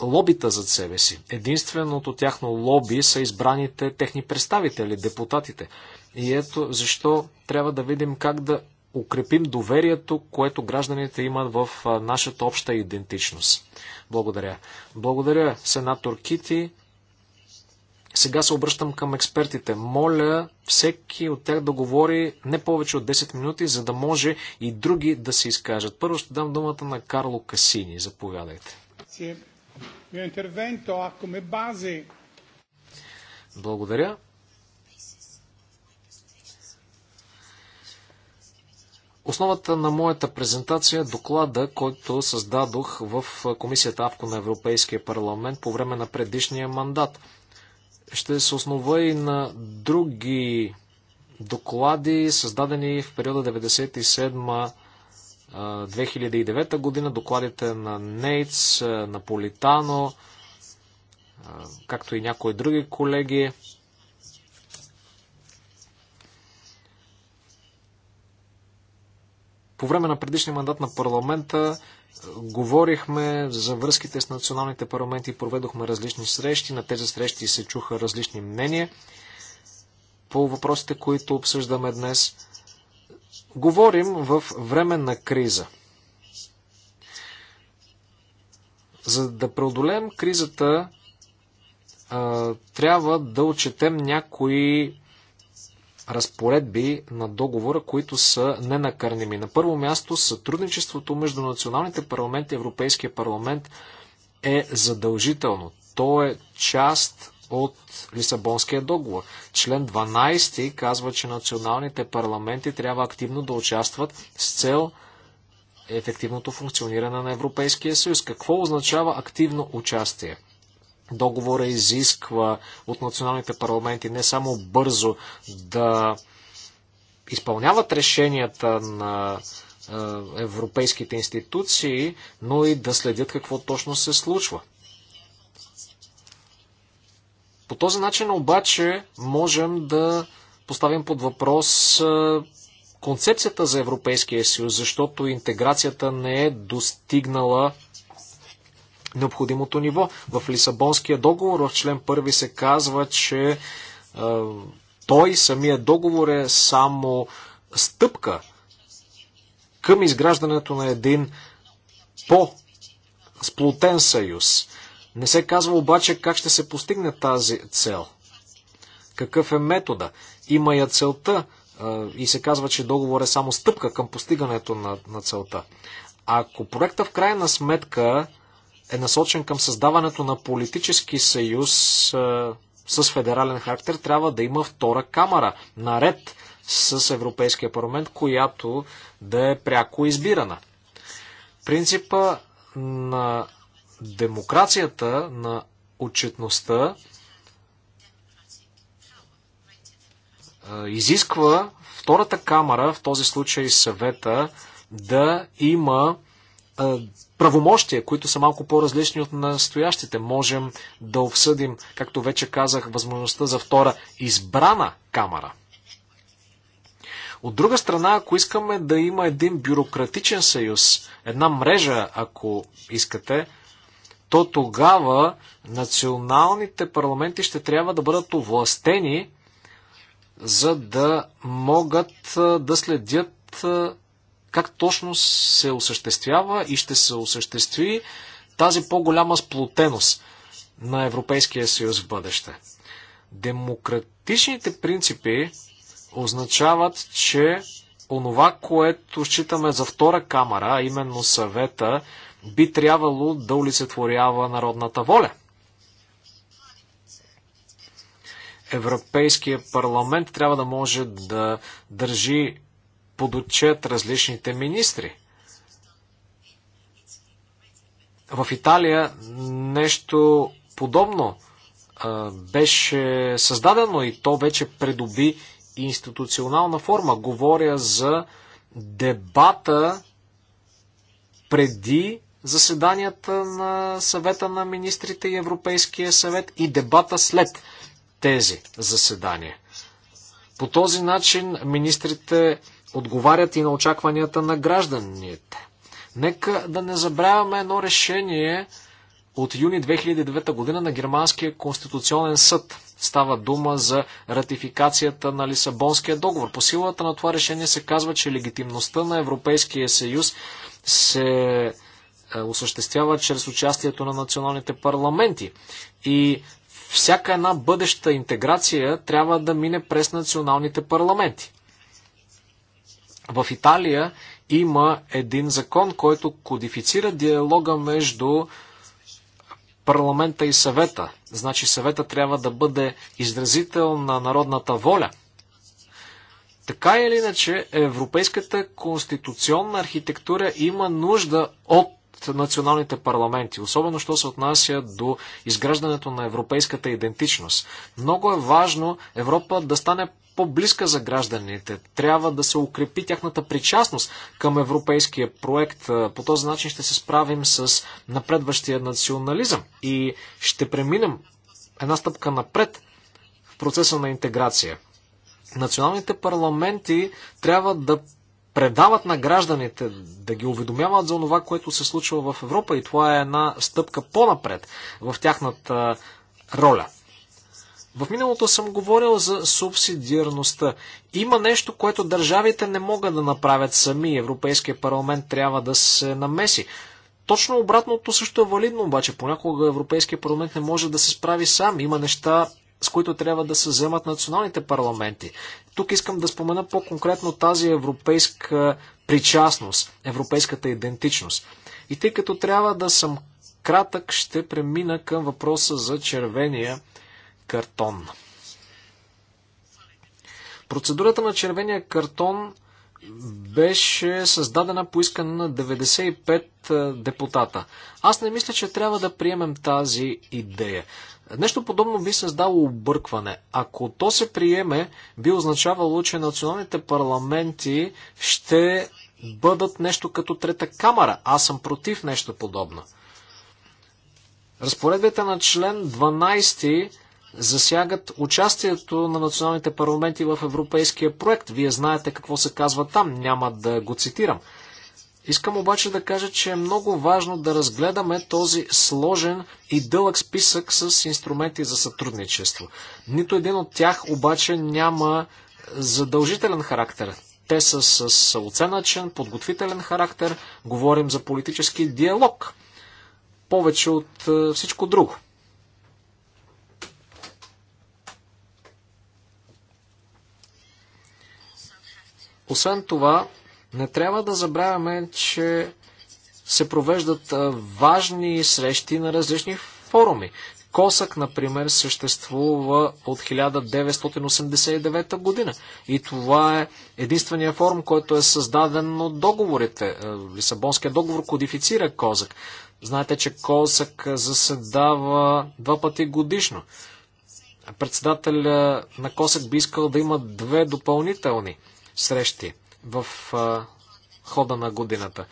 лобита зад себе си. Единственото тяхно лоби са избраните техни представители, депутатите. И ето защо трябва да видим как да укрепим доверието, което гражданите имат в нашата обща идентичност. Благодаря. Благодаря, сенатор Кити. Сега се обръщам към експертите. Моля всеки от тях да говори не повече от 10 минути, за да може и други да се изкажат. Първо ще дам думата на Карло Касини. Заповядайте. Благодаря. Основата на моята презентация е доклада, който създадох в Комисията АВКО на Европейския парламент по време на предишния мандат. Ще се основа и на други доклади, създадени в периода 1997-2009 година, докладите на Нейтс, на Политано, както и някои други колеги. По време на предишния мандат на парламента е, говорихме за връзките с националните парламенти, проведохме различни срещи. На тези срещи се чуха различни мнения по въпросите, които обсъждаме днес. Говорим в време на криза. За да преодолеем кризата, е, трябва да отчетем някои разпоредби на договора, които са ненакърними. На първо място, сътрудничеството между националните парламенти и Европейския парламент е задължително. То е част от Лисабонския договор. Член 12 казва, че националните парламенти трябва активно да участват с цел ефективното функциониране на Европейския съюз. Какво означава активно участие? Договора изисква от националните парламенти не само бързо да изпълняват решенията на е, европейските институции, но и да следят какво точно се случва. По този начин обаче можем да поставим под въпрос е, концепцията за Европейския съюз, защото интеграцията не е достигнала необходимото ниво. В Лисабонския договор в член 1 се казва, че е, той самия договор е само стъпка към изграждането на един по-сплутен съюз. Не се казва обаче как ще се постигне тази цел. Какъв е метода? Има я целта е, и се казва, че договор е само стъпка към постигането на, на целта. Ако проекта в крайна сметка е насочен към създаването на политически съюз е, с федерален характер, трябва да има втора камера, наред с Европейския парламент, която да е пряко избирана. Принципа на демокрацията, на отчетността е, изисква втората камера, в този случай съвета, да има правомощия, които са малко по-различни от настоящите. Можем да обсъдим, както вече казах, възможността за втора избрана камера. От друга страна, ако искаме да има един бюрократичен съюз, една мрежа, ако искате, то тогава националните парламенти ще трябва да бъдат овластени, за да могат да следят как точно се осъществява и ще се осъществи тази по-голяма сплотеност на Европейския съюз в бъдеще. Демократичните принципи означават, че онова, което считаме за втора камера, а именно съвета, би трябвало да олицетворява народната воля. Европейския парламент трябва да може да държи подотчет различните министри. В Италия нещо подобно беше създадено и то вече придоби институционална форма. Говоря за дебата преди заседанията на съвета на министрите и Европейския съвет и дебата след тези заседания. По този начин министрите отговарят и на очакванията на гражданите. Нека да не забравяме едно решение от юни 2009 година на Германския конституционен съд. Става дума за ратификацията на Лисабонския договор. По силата на това решение се казва, че легитимността на Европейския съюз се е, осъществява чрез участието на националните парламенти. И всяка една бъдеща интеграция трябва да мине през националните парламенти. В Италия има един закон, който кодифицира диалога между парламента и съвета. Значи съвета трябва да бъде изразител на народната воля. Така или иначе, европейската конституционна архитектура има нужда от националните парламенти, особено що се отнася до изграждането на европейската идентичност. Много е важно Европа да стане по-близка за гражданите. Трябва да се укрепи тяхната причастност към европейския проект. Е, по този начин ще се справим с напредващия национализъм и ще преминем една стъпка напред в процеса на интеграция. Националните парламенти трябва да предават на гражданите, да ги уведомяват за това, което се случва в Европа и това е една стъпка по-напред в тяхната е, роля. В миналото съм говорил за субсидиарността. Има нещо, което държавите не могат да направят сами. Европейския парламент трябва да се намеси. Точно обратното също е валидно, обаче понякога Европейския парламент не може да се справи сам. Има неща, с които трябва да се вземат националните парламенти. Тук искам да спомена по-конкретно тази европейска причастност, европейската идентичност. И тъй като трябва да съм кратък, ще премина към въпроса за червения картон. Процедурата на червения картон беше създадена по искане на 95 е, депутата. Аз не мисля, че трябва да приемем тази идея. Нещо подобно би създало объркване. Ако то се приеме, би означавало, че националните парламенти ще бъдат нещо като трета камера. Аз съм против нещо подобно. Разпоредбите на член 12 засягат участието на националните парламенти в европейския проект. Вие знаете какво се казва там, няма да го цитирам. Искам обаче да кажа, че е много важно да разгледаме този сложен и дълъг списък с инструменти за сътрудничество. Нито един от тях обаче няма задължителен характер. Те са с оценъчен, подготвителен характер, говорим за политически диалог, повече от е, всичко друго. Освен това, не трябва да забравяме, че се провеждат важни срещи на различни форуми. Косък, например, съществува от 1989 година. И това е единствения форум, който е създаден от договорите. Е, Лисабонския договор кодифицира Козък. Знаете, че Козък заседава два пъти годишно. Председателя на Косък би искал да има две допълнителни срещи в а, хода на годината.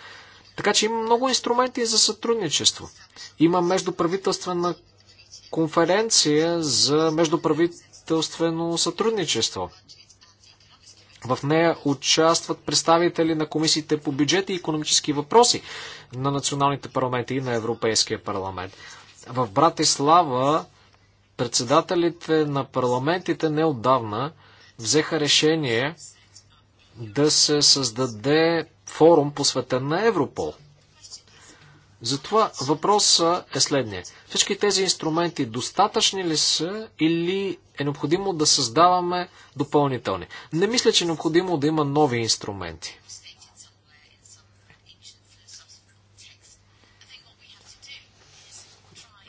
Така че има много инструменти за сътрудничество. Има междуправителствена конференция за междуправителствено сътрудничество. В нея участват представители на комисиите по бюджет и економически въпроси на националните парламенти и на Европейския парламент. В Братислава председателите на парламентите неодавна взеха решение да се създаде форум посветен на Европол. Затова въпросът е следния. Всички тези инструменти достатъчни ли са или е необходимо да създаваме допълнителни? Не мисля, че е необходимо да има нови инструменти.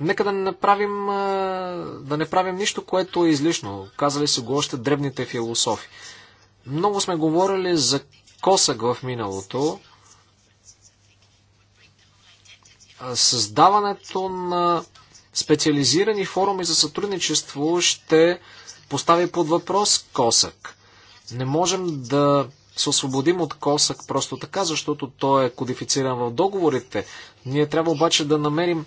Нека да не направим, да не правим нищо, което е излишно. Казали са го още дребните философи. Много сме говорили за косък в миналото. Създаването на специализирани форуми за сътрудничество ще постави под въпрос косък. Не можем да се освободим от косък просто така, защото той е кодифициран в договорите. Ние трябва обаче да намерим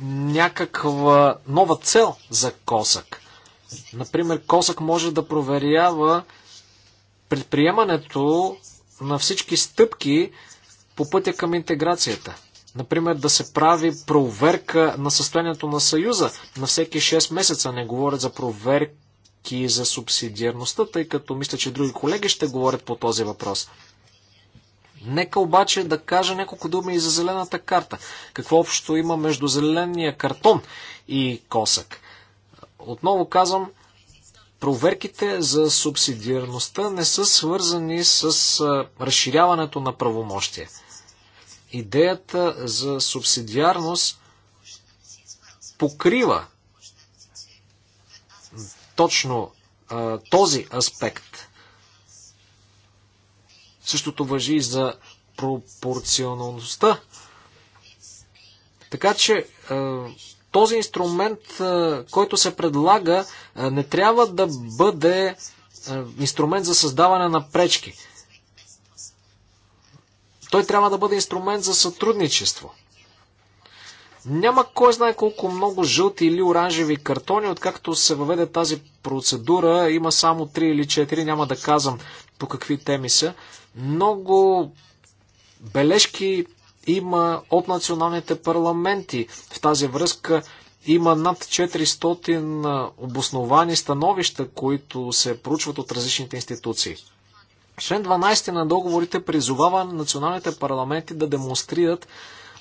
някаква нова цел за косък. Например, косък може да проверява предприемането на всички стъпки по пътя към интеграцията. Например, да се прави проверка на състоянието на Съюза на всеки 6 месеца. Не говоря за проверки за субсидиарността, тъй като мисля, че други колеги ще говорят по този въпрос. Нека обаче да кажа няколко думи и за зелената карта. Какво общо има между зеления картон и косък? Отново казвам, проверките за субсидиарността не са свързани с разширяването на правомощие. Идеята за субсидиарност покрива точно а, този аспект. Същото въжи и за пропорционалността. Така че този инструмент, който се предлага, не трябва да бъде инструмент за създаване на пречки. Той трябва да бъде инструмент за сътрудничество. Няма кой знае колко много жълти или оранжеви картони, откакто се въведе тази процедура. Има само 3 или 4, няма да казвам по какви теми са. Много бележки има от националните парламенти. В тази връзка има над 400 обосновани становища, които се проучват от различните институции. Член 12 на договорите призовава националните парламенти да демонстрират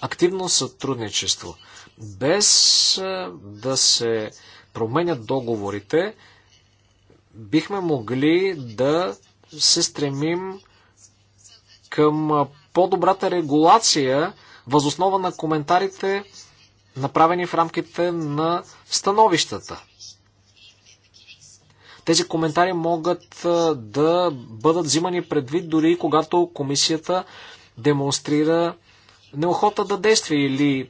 активно сътрудничество. Без да се променят договорите, бихме могли да се стремим към по-добрата регулация възоснова на коментарите, направени в рамките на становищата. Тези коментари могат да бъдат взимани предвид дори когато комисията демонстрира неохота да действа или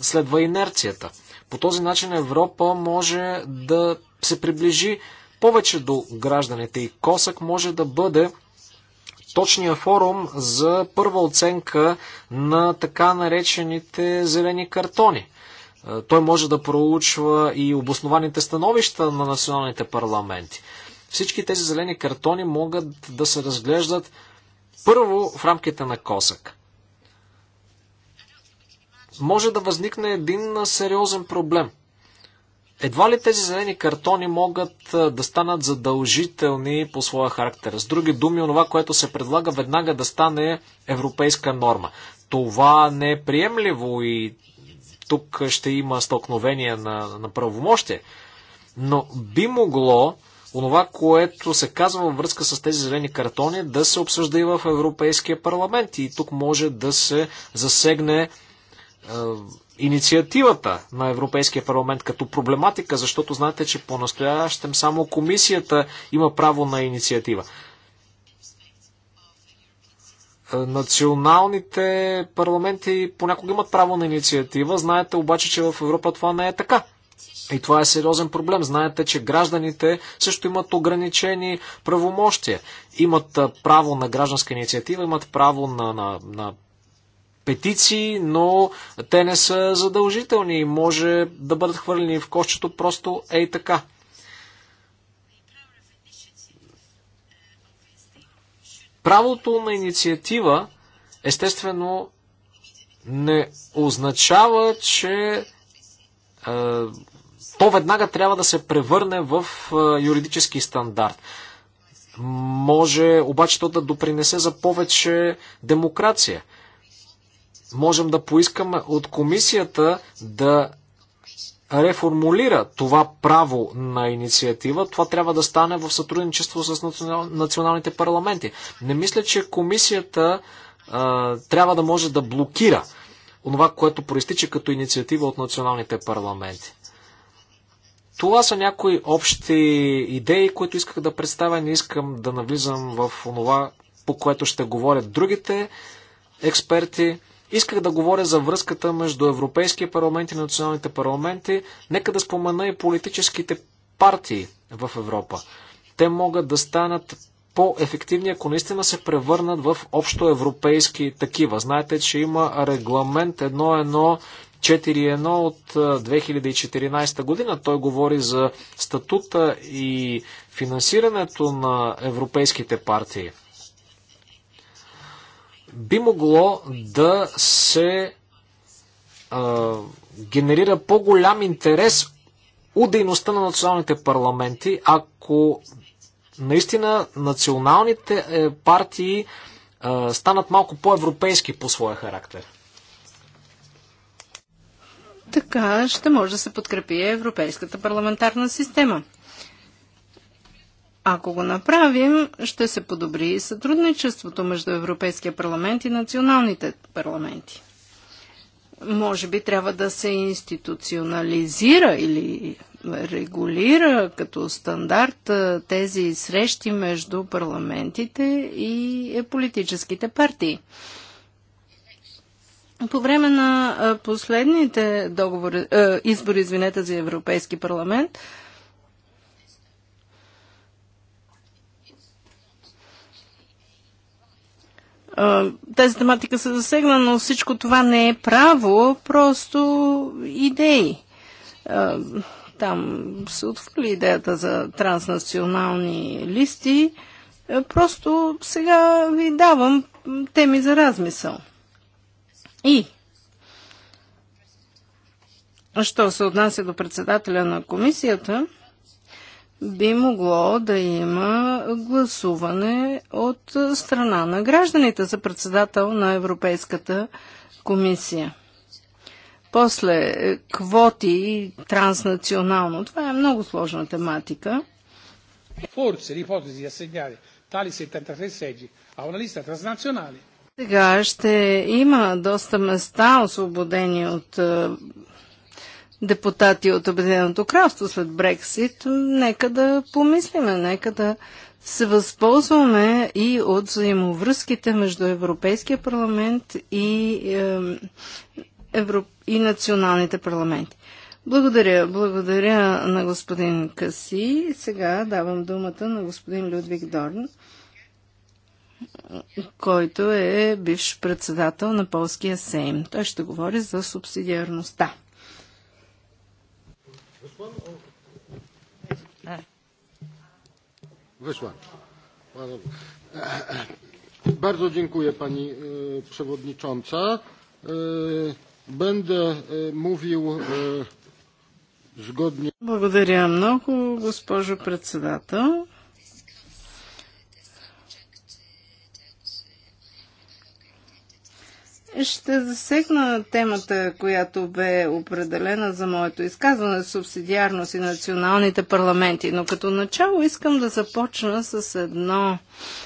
следва инерцията. По този начин Европа може да се приближи повече до гражданите и Косък може да бъде точния форум за първа оценка на така наречените зелени картони. Е, той може да проучва и обоснованите становища на националните парламенти. Всички тези зелени картони могат да се разглеждат първо в рамките на косък. Може да възникне един сериозен проблем – едва ли тези зелени картони могат да станат задължителни по своя характер? С други думи, онова, което се предлага веднага да стане европейска норма. Това не е приемливо и тук ще има столкновение на, на правомощие. Но би могло онова, което се казва във връзка с тези зелени картони, да се обсъжда и в Европейския парламент. И тук може да се засегне инициативата на Европейския парламент като проблематика, защото знаете, че по-настоящем само комисията има право на инициатива. Е, националните парламенти понякога имат право на инициатива, знаете обаче, че в Европа това не е така. И това е сериозен проблем. Знаете, че гражданите също имат ограничени правомощия. Имат право на гражданска инициатива, имат право на, на, на петиции, но те не са задължителни и може да бъдат хвърлени в кошчето просто ей така. Правото на инициатива естествено не означава, че е, то веднага трябва да се превърне в е, юридически стандарт. Може обаче то да допринесе за повече демокрация можем да поискаме от комисията да реформулира това право на инициатива, това трябва да стане в сътрудничество с националните парламенти. Не мисля, че комисията а, трябва да може да блокира това, което проистича като инициатива от националните парламенти. Това са някои общи идеи, които исках да представя. Не искам да навлизам в това, по което ще говорят другите експерти. Исках да говоря за връзката между Европейския парламент и националните парламенти. Нека да спомена и политическите партии в Европа. Те могат да станат по-ефективни, ако наистина се превърнат в общоевропейски такива. Знаете, че има регламент 1.1.4.1 от 2014 година. Той говори за статута и финансирането на европейските партии би могло да се а, генерира по-голям интерес от дейността на националните парламенти, ако наистина националните е, партии а, станат малко по-европейски по своя характер. Така ще може да се подкрепи европейската парламентарна система. Ако го направим, ще се подобри и сътрудничеството между Европейския парламент и националните парламенти. Може би трябва да се институционализира или регулира като стандарт тези срещи между парламентите и е, политическите партии. По време на последните договори, избори извинете, за Европейски парламент, тази тематика се засегна, но всичко това не е право, просто идеи. Там се отвърли идеята за транснационални листи. Просто сега ви давам теми за размисъл. И, що се отнася до председателя на комисията, би могло да има гласуване от страна на гражданите за председател на Европейската комисия. После квоти транснационално. Това е много сложна тематика. Forse l'ipotesi асегняли тали 73 seggi а una листа транснационали. сега ще има доста места, освободени от депутати от Обединеното кралство след Брексит, нека да помислиме, нека да се възползваме и от взаимовръзките между Европейския парламент и, е, Евро... и националните парламенти. Благодаря, благодаря на господин Каси. Сега давам думата на господин Людвиг Дорн, който е бивш председател на Полския Сейм. Той ще говори за субсидиарността. This one or this one? Bardzo dziękuję pani przewodnicząca. Będę mówił zgodnie. Благодаря много, госпожо председател. Ще засегна темата, която бе определена за моето изказване субсидиарност и националните парламенти, но като начало искам да започна с едно,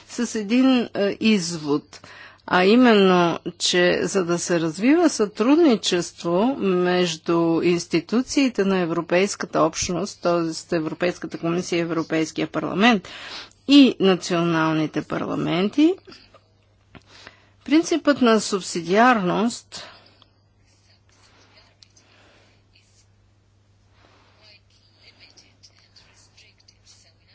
с един е, извод, а именно, че за да се развива сътрудничество между институциите на Европейската общност, т.е. Европейската комисия и Европейския парламент и националните парламенти, Принципът на субсидиарност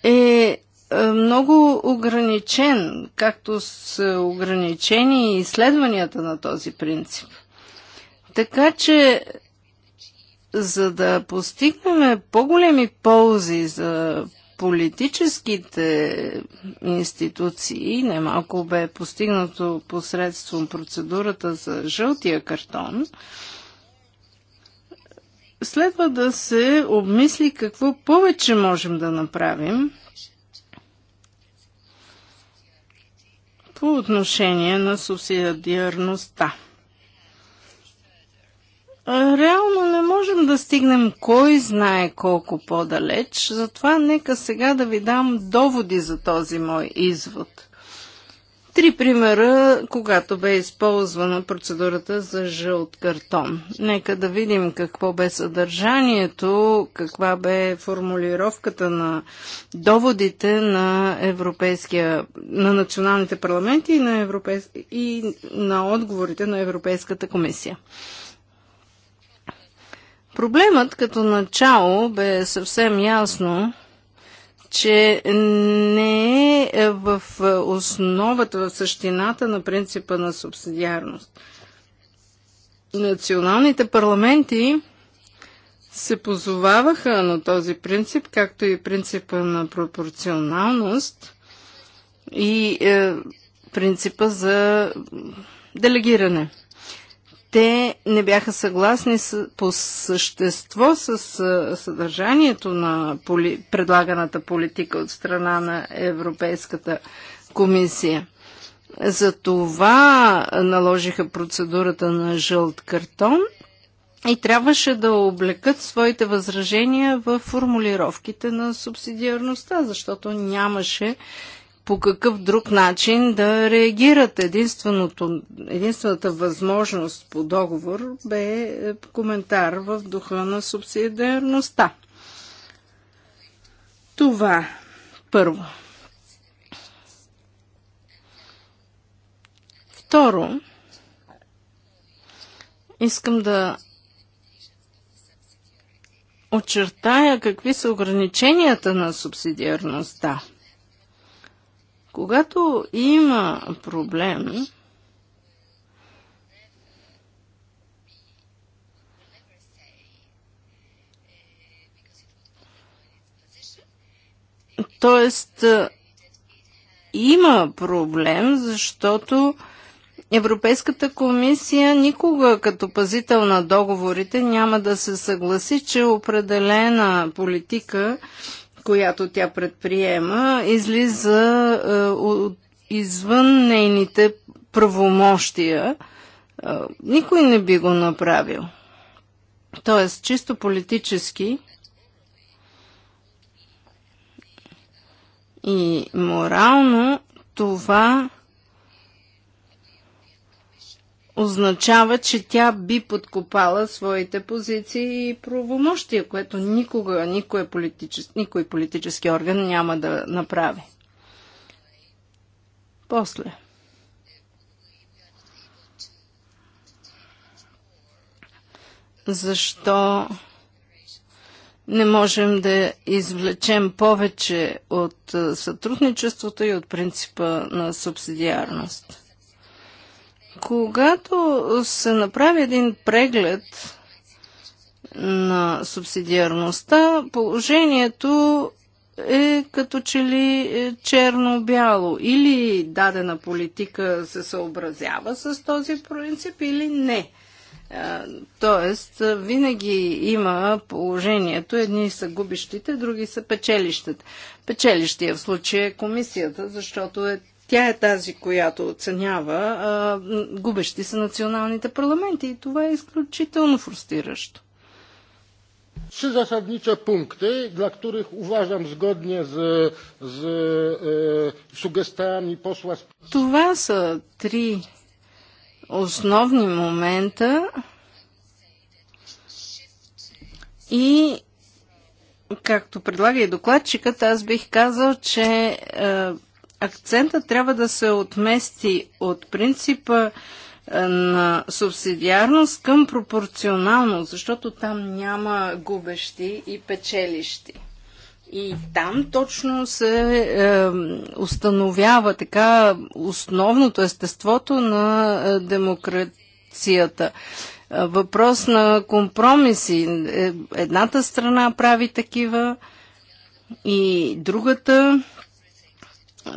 е, е много ограничен, както с ограничени и изследванията на този принцип. Така че, за да постигнем по-големи ползи за политическите институции, немалко бе постигнато посредством процедурата за жълтия картон, следва да се обмисли какво повече можем да направим по отношение на субсидиарността реално не можем да стигнем кой знае колко по-далеч, затова нека сега да ви дам доводи за този мой извод. Три примера, когато бе използвана процедурата за жълт картон. Нека да видим какво бе съдържанието, каква бе формулировката на доводите на, европейския, на националните парламенти и на, европейс... и на отговорите на Европейската комисия. Проблемът като начало бе съвсем ясно, че не е в основата, в същината на принципа на субсидиарност. Националните парламенти се позоваваха на този принцип, както и принципа на пропорционалност и е, принципа за делегиране те не бяха съгласни с, по същество с съдържанието на поли, предлаганата политика от страна на Европейската комисия. За това наложиха процедурата на жълт картон и трябваше да облекат своите възражения в формулировките на субсидиарността, защото нямаше по какъв друг начин да реагират. Единственото, единствената възможност по договор бе е, коментар в духа на субсидиарността. Това първо. Второ, искам да очертая какви са ограниченията на субсидиарността. Когато има проблем, Т.е. има проблем, защото Европейската комисия никога като пазител на договорите няма да се съгласи, че определена политика която тя предприема, излиза е, от, извън нейните правомощия. Е, никой не би го направил. Тоест, чисто политически и морално това означава, че тя би подкопала своите позиции и правомощия, което никога никой, политичес, никой политически орган няма да направи. После. Защо не можем да извлечем повече от сътрудничеството и от принципа на субсидиарност? Когато се направи един преглед на субсидиарността, положението е като че ли е, черно-бяло. Или дадена политика се съобразява с този принцип, или не. Тоест, винаги има положението, едни са губищите, други са печелищата. Печелищия е в случая комисията, защото е тя е тази, която оценява а, губещи са националните парламенти и това е изключително фрустиращо. Trzy zasadnicze punkty, dla których uważam zgodnie z, z e, sugestiami posła. Това са три основни момента и както предлага и докладчикът, аз бих казал, че е, акцента трябва да се отмести от принципа е, на субсидиарност към пропорционално, защото там няма губещи и печелищи. И там точно се е, установява така основното естеството на е, демокрацията. Е, въпрос на компромиси. Едната страна прави такива и другата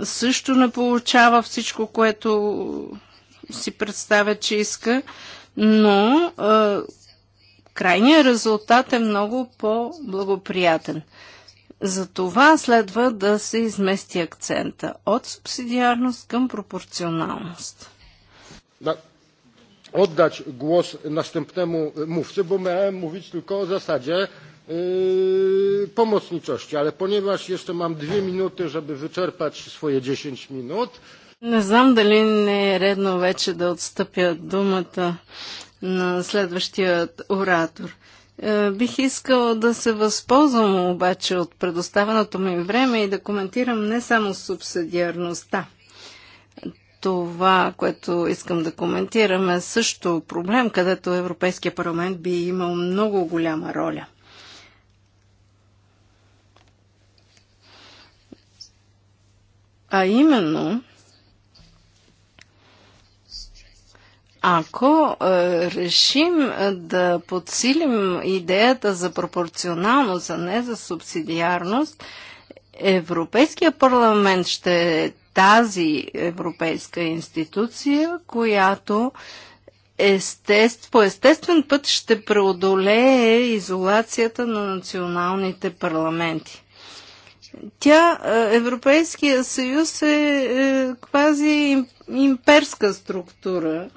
също не получава всичко, което си представя, че иска, но а, крайният резултат е много по-благоприятен. Затова следва да се измести акцента от субсидиарност към пропорционалност. Да. Oddać głos następnemu mówcy, bo miałem mówić tylko o zasadzie pomocniczości, ale ponieważ jeszcze mam dwie minuty, żeby wyczerpać swoje 10 minut. Не знам дали не е редно вече да отстъпя думата на следващия оратор. Е, бих искала да се възползвам обаче от предоставеното ми време и да коментирам не само субсидиарността. Това, което искам да коментирам е също проблем, където Европейския парламент би имал много голяма роля. А именно, Ако е, решим е, да подсилим идеята за пропорционалност, а не за субсидиарност, Европейския парламент ще е тази европейска институция, която естеств, по естествен път ще преодолее изолацията на националните парламенти. Тя, е, Европейския съюз е, е квази имперска структура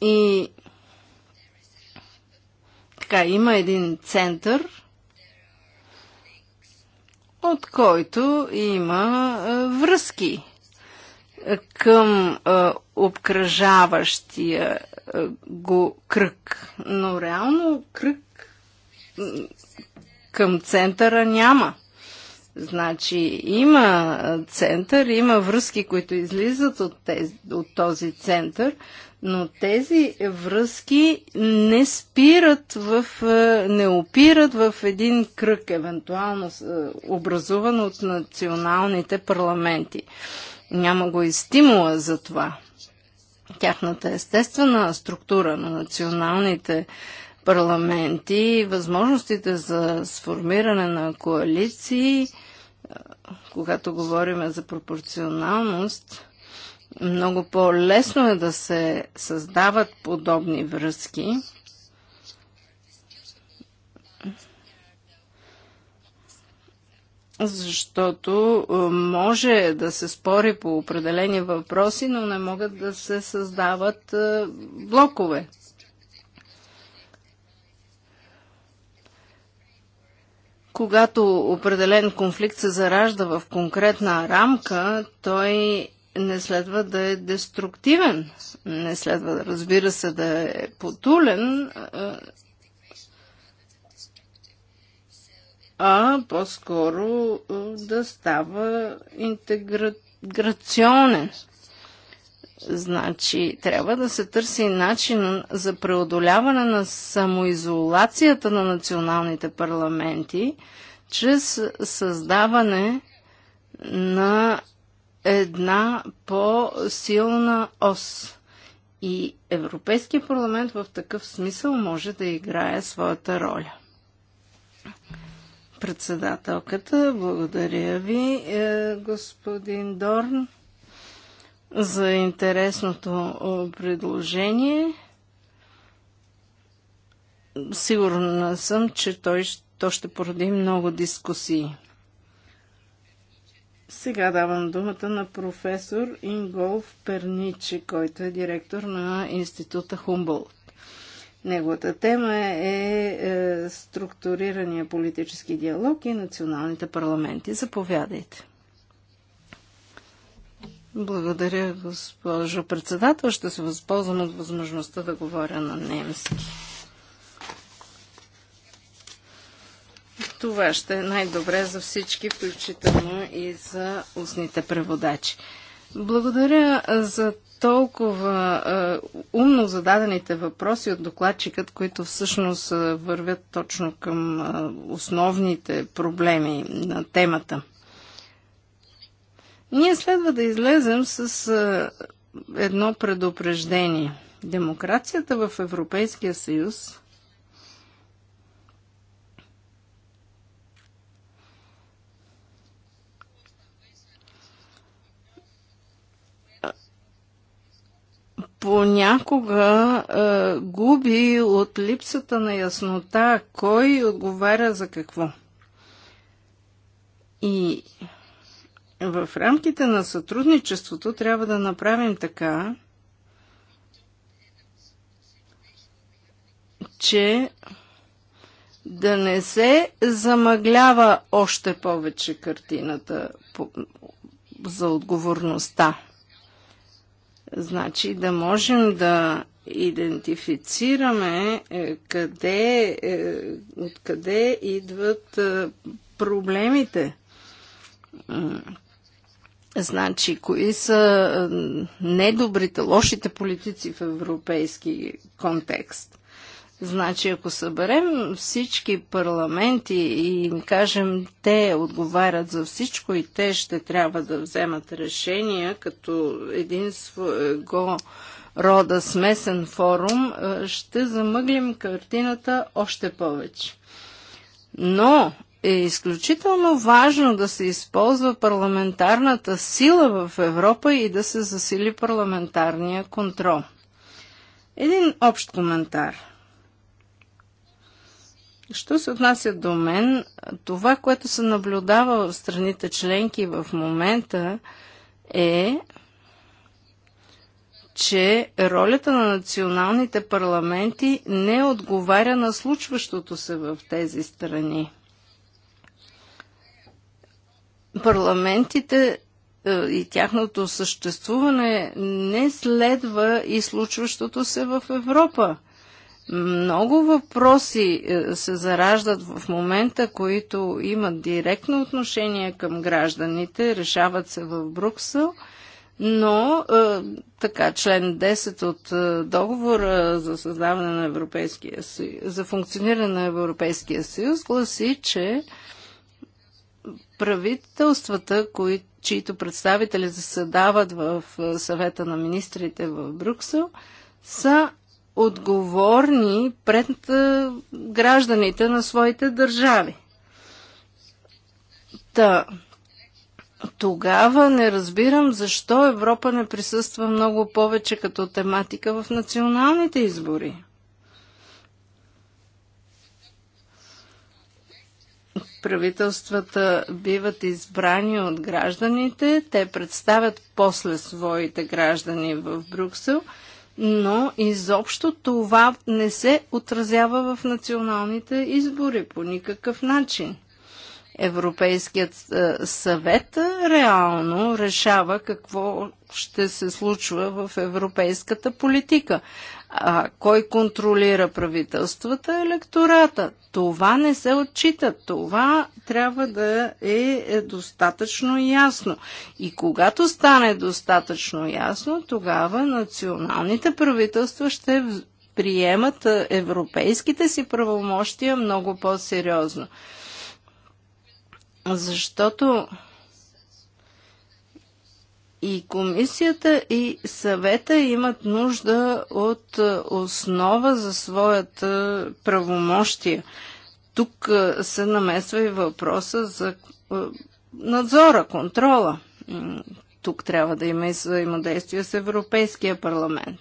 и така, има един център, от който има е, връзки е, към е, обкръжаващия е, го кръг. Но реално кръг към центъра няма. Значи има център, има връзки, които излизат от, тези, от този център, но тези връзки не спират в, не опират в един кръг, евентуално образуван от националните парламенти. Няма го и стимула за това. Тяхната естествена структура на националните парламенти, възможностите за сформиране на коалиции, когато говорим за пропорционалност, много по-лесно е да се създават подобни връзки. Защото може да се спори по определени въпроси, но не могат да се създават блокове Когато определен конфликт се заражда в конкретна рамка, той не следва да е деструктивен. Не следва, да разбира се, да е потулен, а по-скоро да става интеграционен. Значи, трябва да се търси начин за преодоляване на самоизолацията на националните парламенти, чрез създаване на една по-силна ос. И Европейския парламент в такъв смисъл може да играе своята роля. Председателката, благодаря ви, е, господин Дорн за интересното предложение. Сигурна съм, че той, то ще породи много дискусии. Сега давам думата на професор Инголф Перниче, който е директор на Института Хумболт. Неговата тема е, е, е структурирания политически диалог и националните парламенти. Заповядайте. Благодаря, госпожо председател. Ще се възползвам от възможността да говоря на немски. Това ще е най-добре за всички, включително и за устните преводачи. Благодаря за толкова е, умно зададените въпроси от докладчикът, които всъщност вървят точно към е, основните проблеми на темата. Ние следва да излезем с едно предупреждение. Демокрацията в Европейския съюз понякога а, губи от липсата на яснота кой отговаря за какво. И в рамките на сътрудничеството трябва да направим така, че да не се замъглява още повече картината за отговорността. Значи да можем да идентифицираме е, къде, откъде е, идват е, проблемите. Значи, кои са недобрите, лошите политици в европейски контекст? Значи, ако съберем всички парламенти и им кажем, те отговарят за всичко и те ще трябва да вземат решения като един го рода смесен форум, ще замъглим картината още повече. Но е изключително важно да се използва парламентарната сила в Европа и да се засили парламентарния контрол. Един общ коментар. Що се отнася до мен, това, което се наблюдава в страните членки в момента е, че ролята на националните парламенти не отговаря на случващото се в тези страни парламентите е, и тяхното съществуване не следва и случващото се в Европа. Много въпроси е, се зараждат в момента, които имат директно отношение към гражданите, решават се в Бруксел, но е, така член 10 от договора за създаване на Европейския съюз, за функциониране на Европейския съюз гласи, че правителствата, кои, чието представители заседават в съвета на министрите в Брюксел, са отговорни пред гражданите на своите държави. Та, тогава не разбирам защо Европа не присъства много повече като тематика в националните избори. правителствата биват избрани от гражданите, те представят после своите граждани в Брюксел, но изобщо това не се отразява в националните избори по никакъв начин. Европейският е, съвет реално решава какво ще се случва в европейската политика. А кой контролира правителствата? Електората. Това не се отчита. Това трябва да е, е достатъчно ясно. И когато стане достатъчно ясно, тогава националните правителства ще приемат европейските си правомощия много по-сериозно. Защото и комисията и съвета имат нужда от е, основа за своята правомощия. Тук е, се намесва и въпроса за е, надзора, контрола. Тук трябва да има и взаимодействие с Европейския парламент.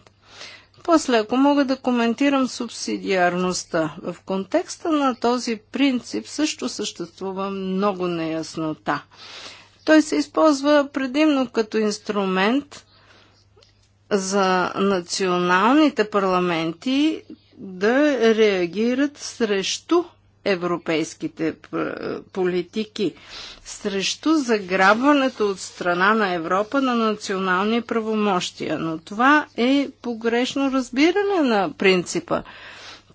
После, ако мога да коментирам субсидиарността, в контекста на този принцип също съществува много неяснота. Той се използва предимно като инструмент за националните парламенти да реагират срещу европейските политики, срещу заграбването от страна на Европа на национални правомощия. Но това е погрешно разбиране на принципа.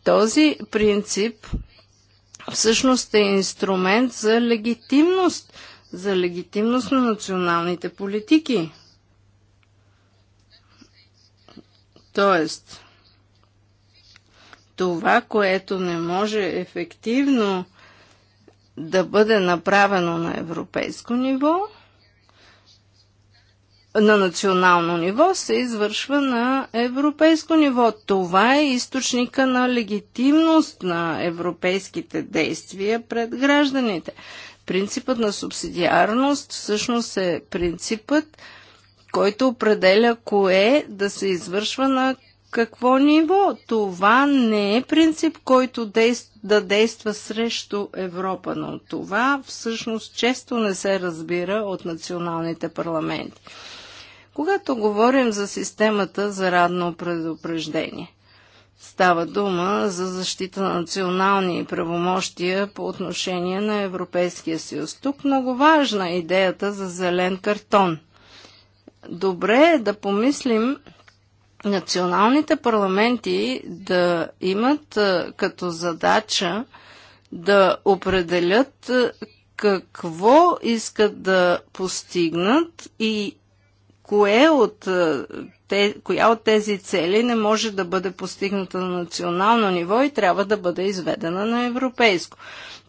Този принцип всъщност е инструмент за легитимност за легитимност на националните политики. Тоест, това, което не може ефективно да бъде направено на европейско ниво, на национално ниво се извършва на европейско ниво. Това е източника на легитимност на европейските действия пред гражданите. Принципът на субсидиарност всъщност е принципът, който определя кое да се извършва на какво ниво. Това не е принцип, който действа, да действа срещу Европа, но това всъщност често не се разбира от националните парламенти. Когато говорим за системата за радно предупреждение, Става дума за защита на национални правомощия по отношение на Европейския съюз. Тук много важна е идеята за зелен картон. Добре е да помислим националните парламенти да имат като задача да определят какво искат да постигнат и кое от те, коя от тези цели не може да бъде постигната на национално ниво и трябва да бъде изведена на европейско.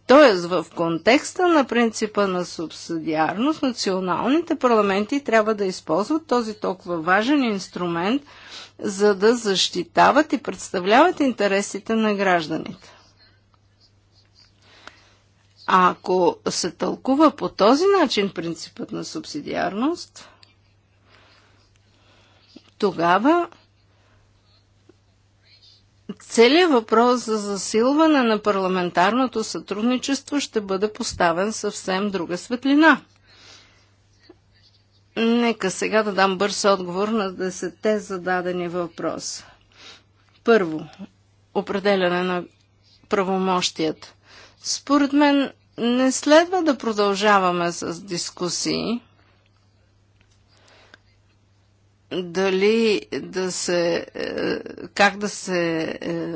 Тоест, в контекста на принципа на субсидиарност, националните парламенти трябва да използват този толкова важен инструмент, за да защитават и представляват интересите на гражданите. А ако се тълкува по този начин принципът на субсидиарност, тогава целият въпрос за засилване на парламентарното сътрудничество ще бъде поставен съвсем друга светлина. Нека сега да дам бърз отговор на десетте зададени въпрос. Първо, определяне на правомощията. Според мен не следва да продължаваме с дискусии, дали да се. Е, как да се. Е,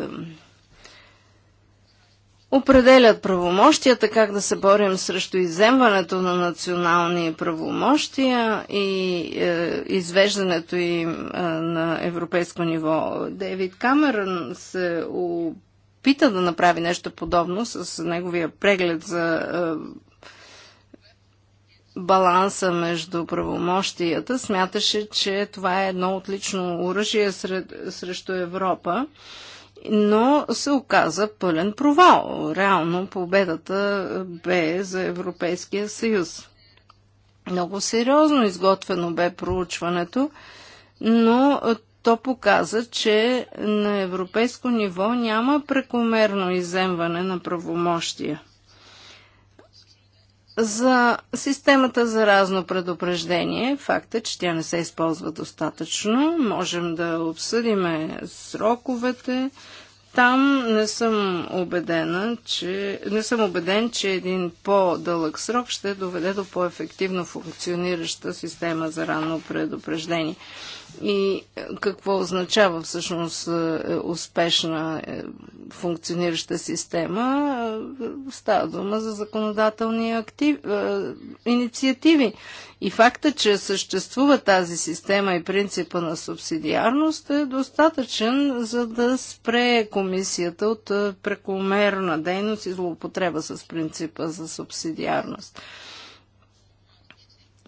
определят правомощията, как да се борим срещу иземването на национални правомощия и е, извеждането им е, на европейско ниво. Дейвид Камерън се опита да направи нещо подобно с неговия преглед за е, баланса между правомощията, смяташе, че това е едно отлично оръжие сред, срещу Европа, но се оказа пълен провал. Реално победата е, бе за Европейския съюз. Много сериозно изготвено бе проучването, но е, то показа, че на европейско ниво няма прекомерно иземване на правомощия. За системата за разно предупреждение, факта, е, че тя не се използва достатъчно, можем да обсъдиме сроковете. Там не съм убедена, че не съм убеден, че един по-дълъг срок ще доведе до по-ефективно функционираща система за ранно предупреждение и е, какво означава всъщност е, е, успешна функционираща система. Става дума за законодателни актив, инициативи. И факта, че съществува тази система и принципа на субсидиарност е достатъчен, за да спре комисията от прекомерна дейност и злоупотреба с принципа за субсидиарност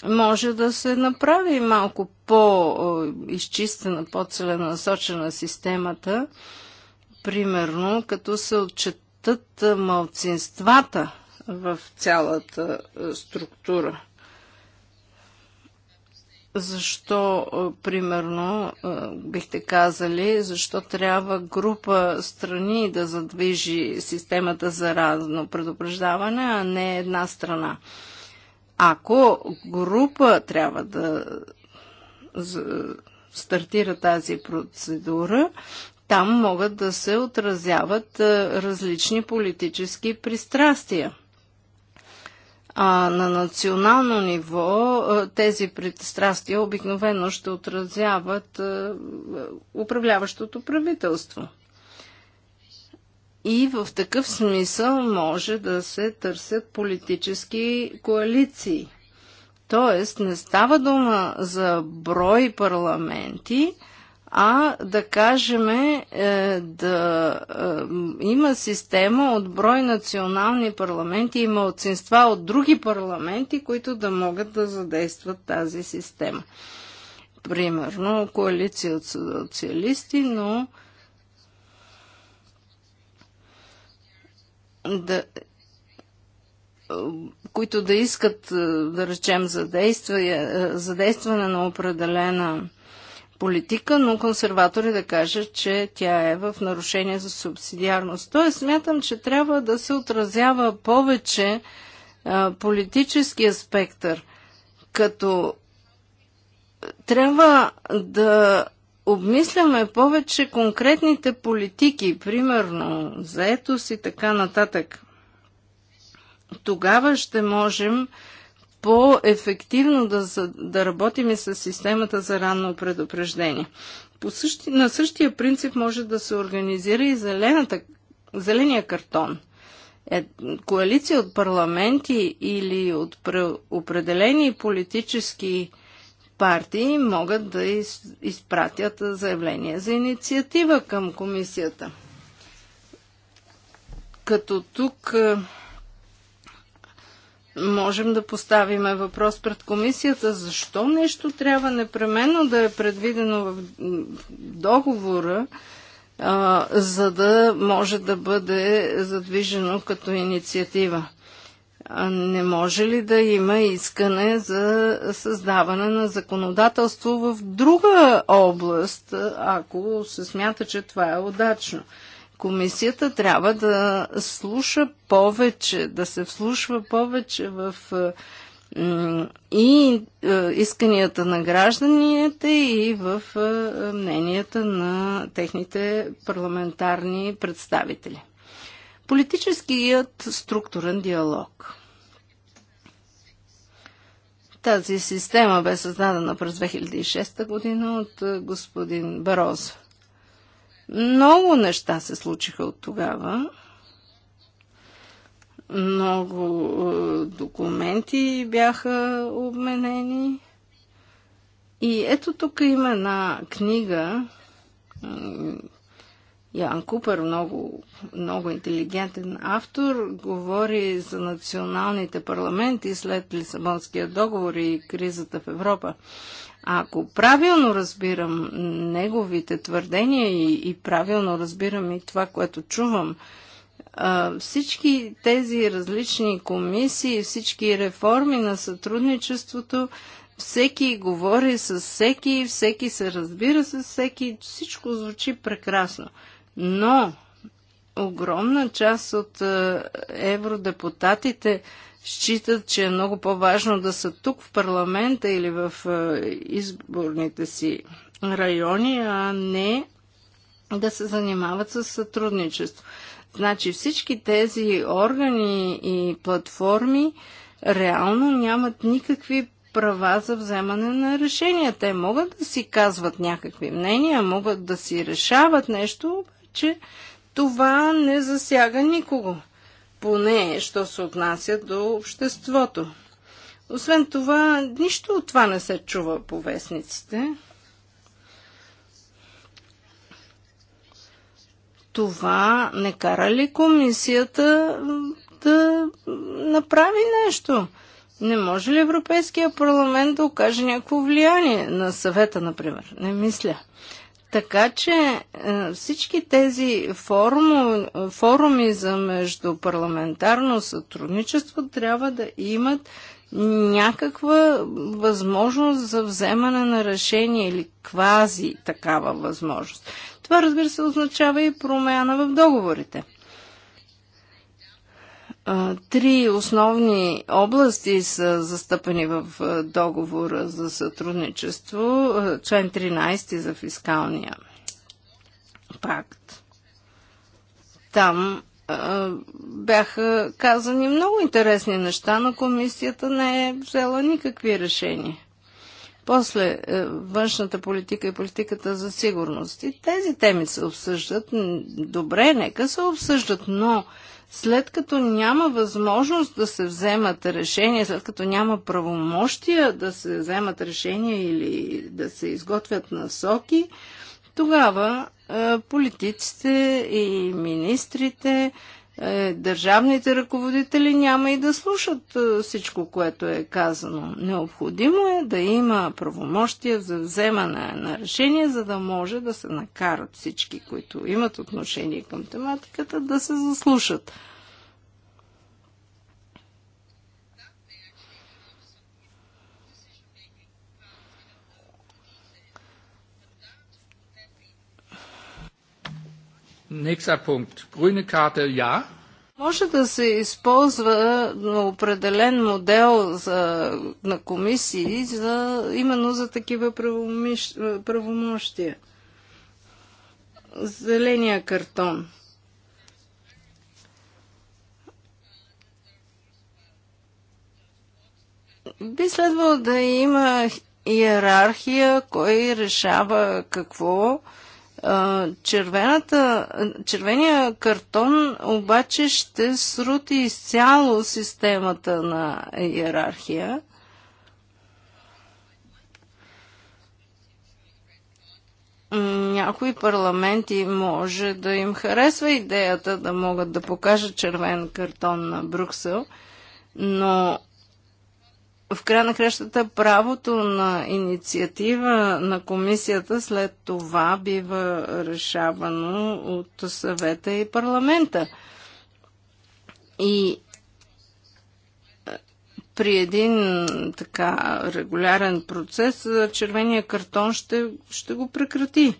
може да се направи малко по-изчистена, по-целенасочена системата, примерно като се отчетат малцинствата в цялата е, структура. Защо, е, примерно, е, бихте казали, защо трябва група страни да задвижи системата за разно предупреждаване, а не една страна? Ако група трябва да стартира тази процедура, там могат да се отразяват е, различни политически пристрастия. А на национално ниво е, тези пристрастия обикновено ще отразяват е, управляващото правителство. И в такъв смисъл може да се търсят политически коалиции. Тоест не става дума за брой парламенти, а да кажем е, да е, има система от брой национални парламенти и малцинства от други парламенти, които да могат да задействат тази система. Примерно коалиция от социалисти, но е, да, които да искат, е, да речем, е, задействане на определена политика, но консерватори да кажат, че тя е в нарушение за субсидиарност. Тоест, смятам, че трябва да се отразява повече а, е, политическия спектър, като трябва да обмисляме повече конкретните политики, примерно заетост и така нататък, тогава ще можем по-ефективно да, да работим и с системата за ранно предупреждение. По същи, на същия принцип може да се организира и зелената, зеления картон. Е, коалиция от парламенти или от определени политически партии могат да изпратят заявление за инициатива към комисията. Като тук е, можем да поставим въпрос пред комисията, защо нещо трябва непременно да е предвидено в договора, е, за да може да бъде задвижено като инициатива. Не може ли да има искане за създаване на законодателство в друга област, ако се смята, че това е удачно? Комисията трябва да слуша повече, да се вслушва повече в и е, исканията на гражданите и в е, мненията на техните парламентарни представители. Политическият структурен диалог. Тази система бе създадена през 2006 година от е, господин Бароз. Много неща се случиха от тогава. Много е, документи бяха обменени. И ето тук има една книга, Ян Купер, много, много интелигентен автор, говори за националните парламенти след Лисабонския договор и кризата в Европа. Ако правилно разбирам неговите твърдения и, и правилно разбирам и това, което чувам, всички тези различни комисии, всички реформи на сътрудничеството, всеки говори с всеки, всеки се разбира с всеки, всичко звучи прекрасно. Но огромна част от е, евродепутатите считат, че е много по-важно да са тук в парламента или в е, изборните си райони, а не да се занимават с сътрудничество. Значи всички тези органи и платформи реално нямат никакви права за вземане на решения. Те могат да си казват някакви мнения, могат да си решават нещо, че това не засяга никого. Поне, що се отнася до обществото. Освен това, нищо от това не се чува по вестниците. Това не кара ли комисията да направи нещо? Не може ли Европейския парламент да окаже някакво влияние на съвета, например? Не мисля. Така че е, всички тези форуми, форуми за междупарламентарно сътрудничество трябва да имат някаква възможност за вземане на решение или квази такава възможност. Това, разбира се, означава и промяна в договорите. Три основни области са застъпени в договора за сътрудничество. Член 13 за фискалния пакт. Там бяха казани много интересни неща, но комисията не е взела никакви решения. После външната политика и политиката за сигурност. И тези теми се обсъждат. Добре, нека се обсъждат, но след като няма възможност да се вземат решения, след като няма правомощия да се вземат решения или да се изготвят насоки, тогава е, политиците и министрите е, държавните ръководители няма и да слушат е, всичко, което е казано. Необходимо е да има правомощия за вземане на решение, за да може да се накарат всички, които имат отношение към тематиката, да се заслушат. Nächster Punkt. Grüne Karte, ja. Може да се използва определен модел за, на комисии за, именно за такива правомиш, правомощия. Зеления картон. Би следвало да има иерархия, кой решава какво червената, червения картон обаче ще срути изцяло системата на иерархия. Някои парламенти може да им харесва идеята да могат да покажат червен картон на Брюксел, но в края на кращата правото на инициатива на комисията след това бива решавано от съвета и парламента. И е, при един така регулярен процес е, червения картон ще, ще го прекрати.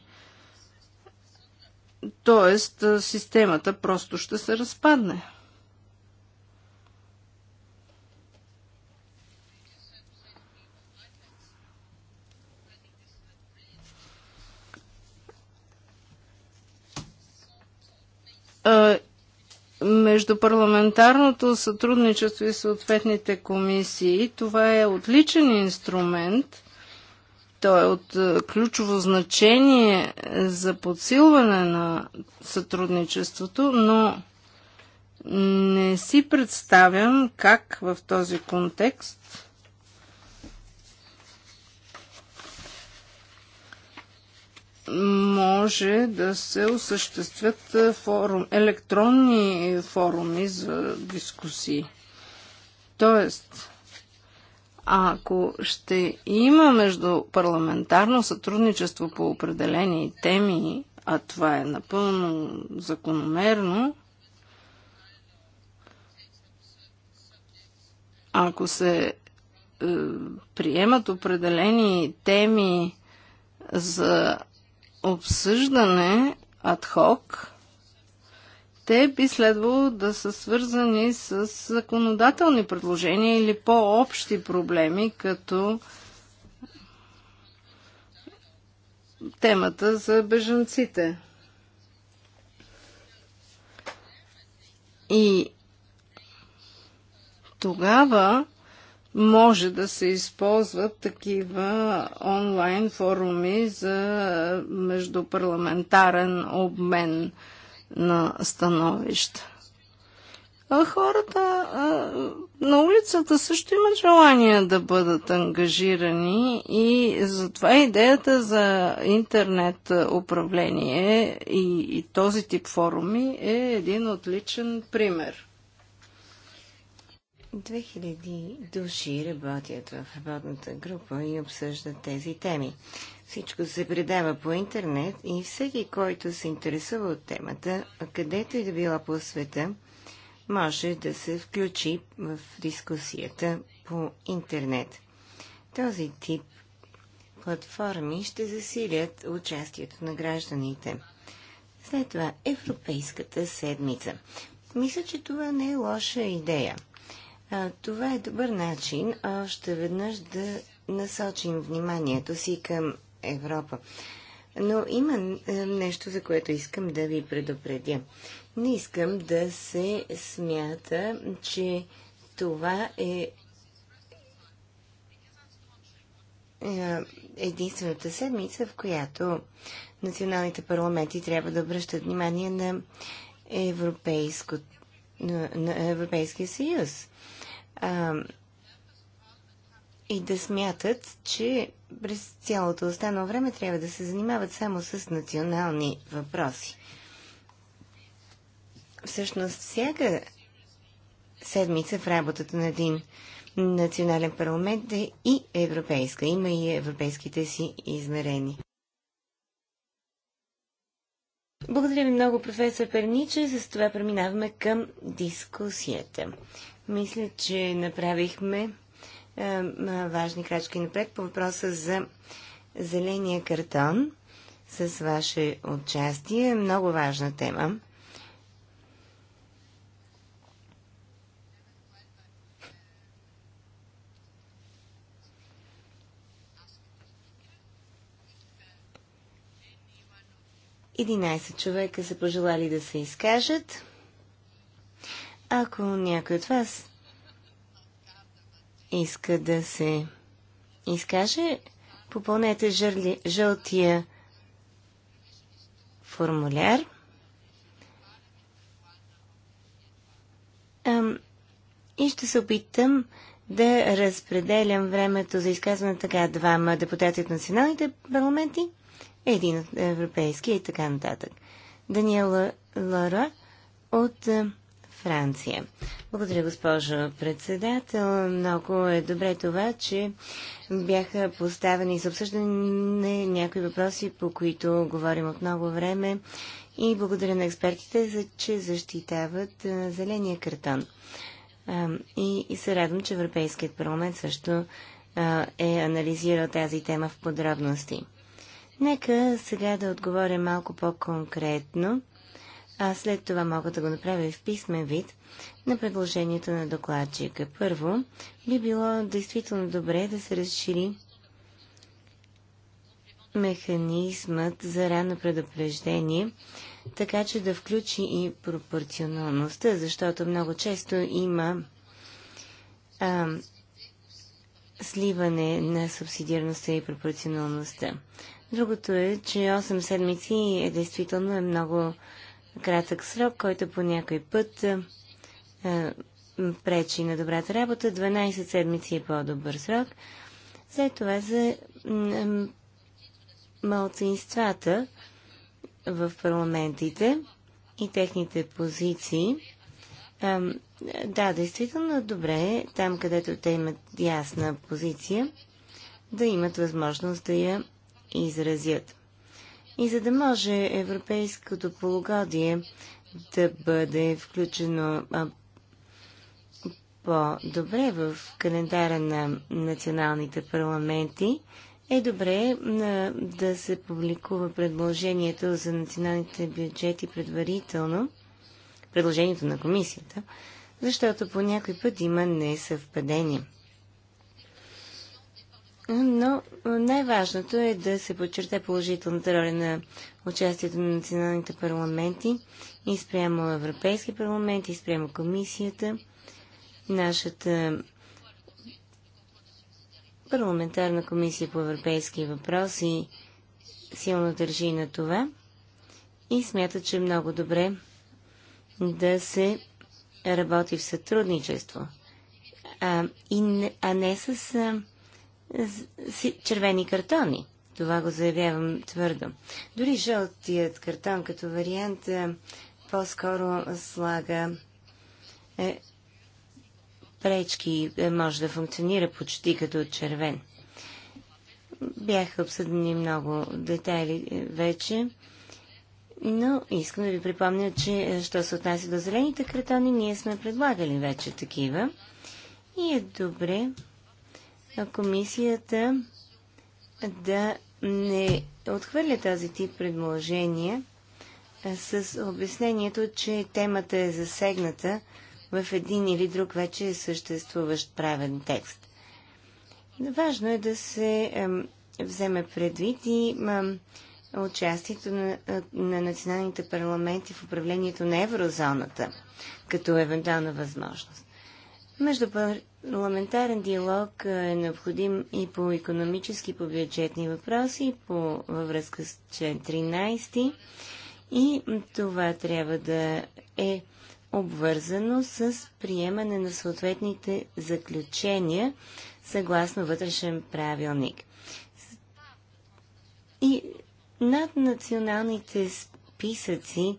Тоест е, системата просто ще се разпадне. междупарламентарното сътрудничество и съответните комисии. Това е отличен инструмент. Той е от ключово значение за подсилване на сътрудничеството, но не си представям как в този контекст може да се осъществят форум, електронни форуми за дискусии. Тоест, ако ще има между парламентарно сътрудничество по определени теми, а това е напълно закономерно, ако се е, приемат определени теми за обсъждане адхок, те би следвало да са свързани с законодателни предложения или по-общи проблеми, като темата за бежанците. И тогава може да се използват такива онлайн форуми за междупарламентарен обмен на становища. А хората а, на улицата също имат желание да бъдат ангажирани и затова идеята за интернет управление и, и този тип форуми е един отличен пример. 2000 души работят в работната група и обсъждат тези теми. Всичко се предава по интернет и всеки, който се интересува от темата, където и да била по света, може да се включи в дискусията по интернет. Този тип платформи ще засилят участието на гражданите. След това Европейската седмица. Мисля, че това не е лоша идея – това е добър начин още веднъж да насочим вниманието си към Европа. Но има е, нещо, за което искам да ви предупредя. Не искам да се смята, че това е, е единствената седмица, в която националните парламенти трябва да обръщат внимание на, европейско, на, на Европейския съюз а, и да смятат, че през цялото останало време трябва да се занимават само с национални въпроси. Всъщност, всяка седмица в работата на един национален парламент е и европейска. Има и европейските си измерени. Благодаря ви много, професор Перниче. С това преминаваме към дискусията. Мисля, че направихме а, важни крачки напред по въпроса за зеления картон с ваше участие. Много важна тема. Единайсет човека са пожелали да се изкажат. Ако някой от вас иска да се изкаже, попълнете жърли, жълтия формуляр. Ам, и ще се опитам да разпределям времето за изказване така двама депутати от националните парламенти, един от европейски и така нататък. Даниела Лара от Франция. Благодаря, госпожо председател. Много е добре това, че бяха поставени за обсъждане някои въпроси, по които говорим от много време. И благодаря на експертите, за, че защитават зеления картон. и, и се радвам, че Европейският парламент също е анализирал тази тема в подробности. Нека сега да отговоря малко по-конкретно а след това мога да го направя и в писмен вид на предложението на докладчика. Първо, би било действително добре да се разшири механизмът за рано предупреждение, така че да включи и пропорционалността, защото много често има а, сливане на субсидиарността и пропорционалността. Другото е, че 8 седмици е действително е много кратък срок, който по някой път а, е, е, пречи на добрата работа. 12 седмици е по-добър срок. След това за малцинствата в парламентите и техните позиции. А, е, да, действително добре е там, където те имат ясна позиция, да имат възможност да я изразят. И за да може европейското полугодие да бъде включено по-добре в календара на националните парламенти, е добре да се публикува предложението за националните бюджети предварително, предложението на комисията, защото по някой път има несъвпадение. Но най-важното е да се подчерта положителната роля на участието на националните парламенти и спрямо Европейски парламент и спрямо комисията. Нашата парламентарна комисия по европейски въпроси силно държи на това и смята, че е много добре да се работи в сътрудничество, а, и, а не с а, червени картони. Това го заявявам твърдо. Дори жълтият картон като вариант е, по-скоро слага е, пречки, е, може да функционира почти като червен. Бяха обсъдени много детайли е, вече, но искам да ви припомня, че е, що се отнася до зелените картони, ние сме предлагали вече такива. И е добре комисията да не отхвърля този тип предложения с обяснението, че темата е засегната в един или друг вече съществуващ правен текст. Важно е да се вземе предвид и участието на, на националните парламенти в управлението на еврозоната като евентуална възможност. Междупарламентарен диалог е необходим и по економически, по бюджетни въпроси, по, във връзка с член 13. И това трябва да е обвързано с приемане на съответните заключения съгласно вътрешен правилник. И над националните списъци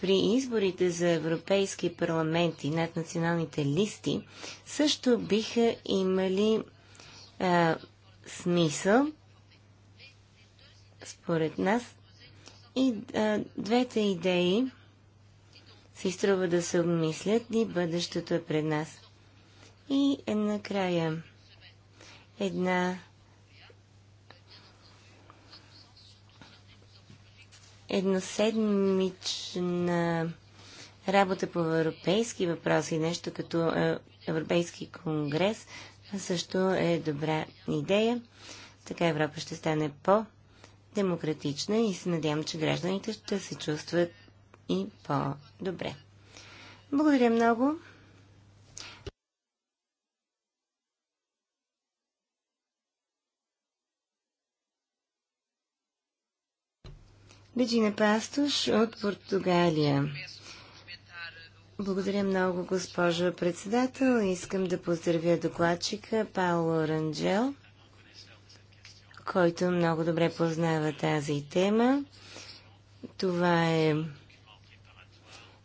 при изборите за Европейски парламент и над националните листи също биха имали а, смисъл, според нас. И а, двете идеи се струва да се обмислят и бъдещето е пред нас. И накрая една едноседмична работа по европейски въпроси, нещо като е, Европейски конгрес, също е добра идея. Така Европа ще стане по-демократична и се надявам, че гражданите ще се чувстват и по-добре. Благодаря много. Беджина Пастош от Португалия. Благодаря много, госпожо председател. Искам да поздравя докладчика Пауло Ранджел, който много добре познава тази тема. Това е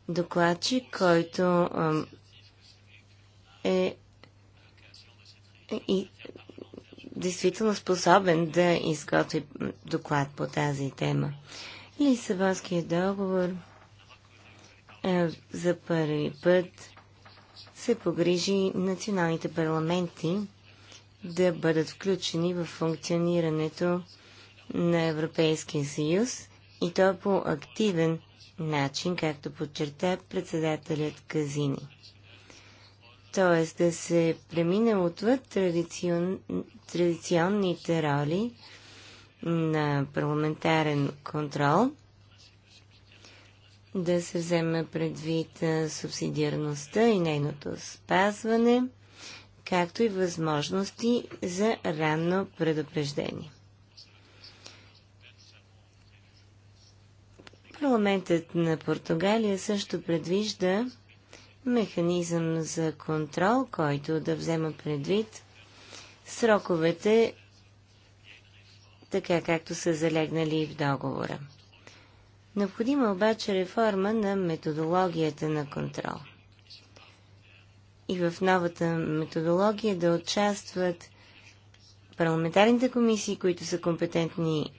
докладчик, който е и действително способен да изготви доклад по тази тема. Лисабонският договор е, за първи път се погрижи националните парламенти да бъдат включени в функционирането на Европейския съюз и то по активен начин, както подчерта председателят Казини. Тоест да се премине отвъд традицион... традиционните роли на парламентарен контрол да се вземе предвид субсидиарността и нейното спазване, както и възможности за ранно предупреждение. Парламентът на Португалия също предвижда механизъм за контрол, който да взема предвид сроковете така както са залегнали в договора. Необходима обаче реформа на методологията на контрол. И в новата методология да участват парламентарните комисии, които са компетентни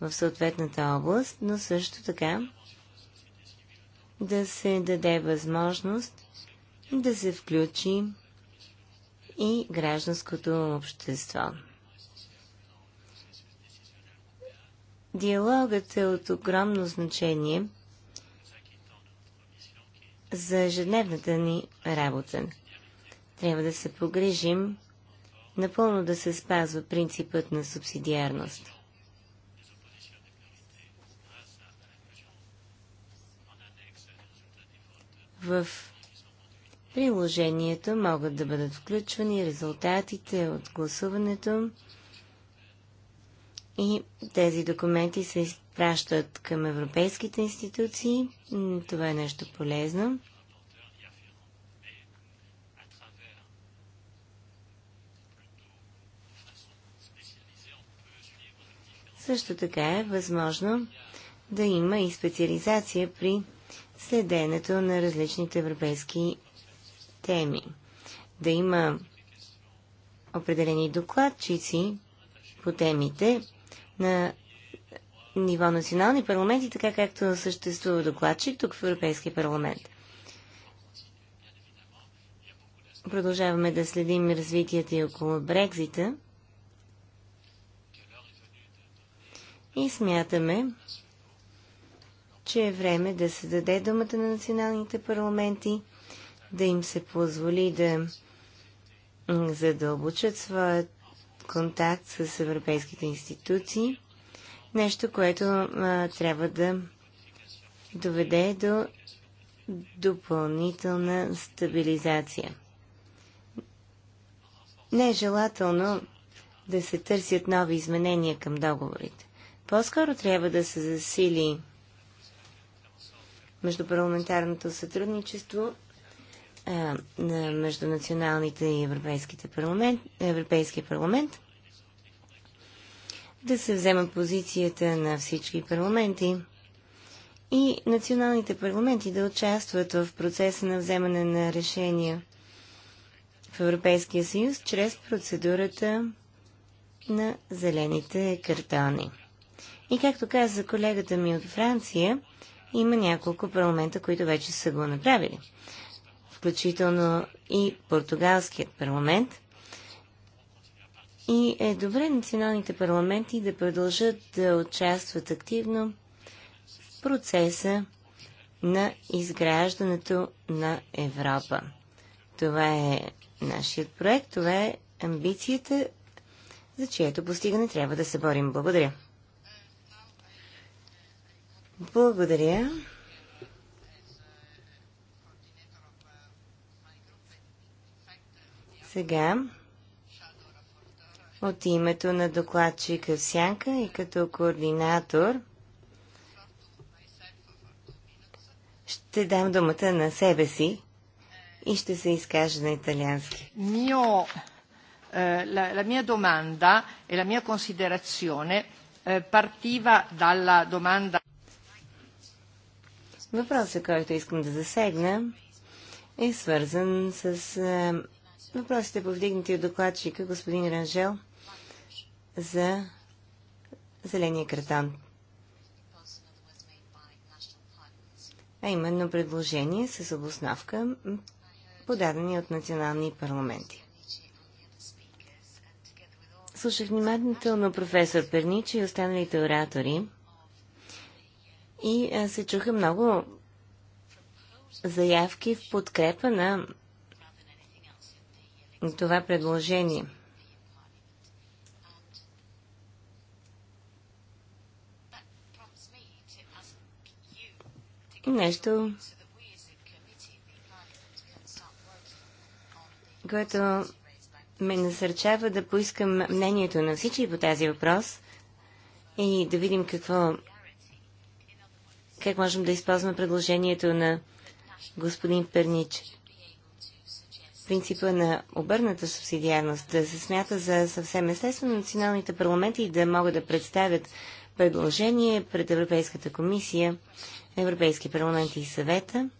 в съответната област, но също така да се даде възможност да се включи и гражданското общество. Диалогът е от огромно значение за ежедневната ни работа. Трябва да се погрежим напълно да се спазва принципът на субсидиарност. В приложението могат да бъдат включвани резултатите от гласуването и тези документи се изпращат към европейските институции. Това е нещо полезно. Също така е възможно да има и специализация при следенето на различните европейски теми. Да има определени докладчици по темите, на ниво национални парламенти, така както съществува докладчик тук в Европейския парламент. Продължаваме да следим развитията и около Брекзита. И смятаме, че е време да се даде думата на националните парламенти, да им се позволи да задълбочат своят контакт с европейските институции. Нещо, което а, трябва да доведе до допълнителна стабилизация. Не е желателно да се търсят нови изменения към договорите. По-скоро трябва да се засили междупарламентарното сътрудничество на междунационалните и европейските парламент, Европейския парламент, да се взема позицията на всички парламенти и националните парламенти да участват в процеса на вземане на решения в Европейския съюз чрез процедурата на зелените картони. И както каза колегата ми от Франция, има няколко парламента, които вече са го направили включително и португалският парламент. И е добре националните парламенти да продължат да участват активно в процеса на изграждането на Европа. Това е нашият проект, това е амбицията, за чието постигане трябва да се борим. Благодаря. Благодаря. Сега от името на докладчика в Сянка и като координатор ще дам думата на себе си и ще се изкажа на италиански. Мио, la, la mia domanda e la mia considerazione partiva dalla domanda Въпросът, който искам да засегна, е свързан с е, Въпросите повдигнати от докладчика господин Ранжел за зеления кратан. А именно предложение с обосновка, подадени от национални парламенти. Слушах внимателно професор Перничи и останалите оратори и се чуха много заявки в подкрепа на това предложение. Нещо, което ме насърчава да поискам мнението на всички по тази въпрос и да видим какво как можем да използваме предложението на господин Пернич принципа на обърната субсидиарност да се смята за съвсем естествено националните парламенти да могат да представят предложение пред Европейската комисия, Европейски парламент и съвета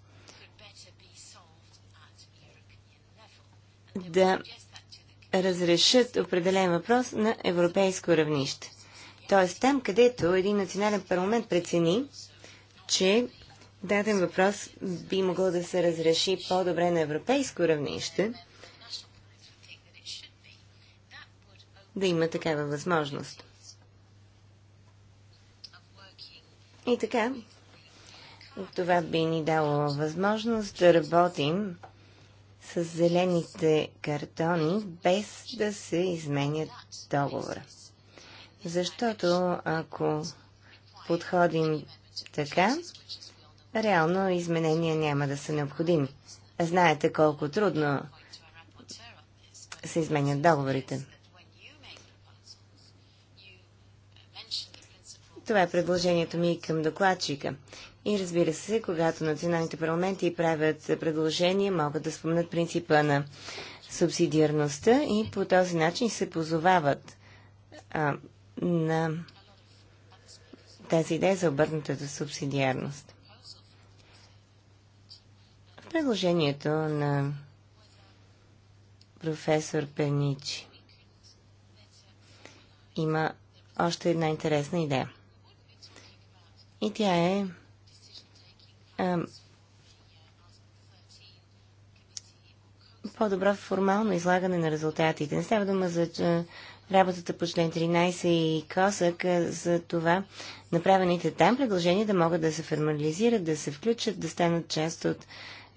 да разрешат определен въпрос на европейско равнище. Тоест там, където един национален парламент прецени, че даден въпрос би могъл да се разреши по-добре на европейско равнище, да има такава възможност. И така, това би ни дало възможност да работим с зелените картони, без да се изменят договора. Защото ако подходим така, реално изменения няма да са необходими. Знаете колко трудно се изменят договорите. Това е предложението ми към докладчика. И разбира се, когато националните парламенти правят предложения, могат да спомнят принципа на субсидиарността и по този начин се позовават а, на тази идея за обърнатата субсидиарност предложението на професор Пеничи има още една интересна идея. И тя е по-добро формално излагане на резултатите. Не става дума за че, работата по член 13 и Косък, за това направените там предложения да могат да се формализират, да се включат, да станат част от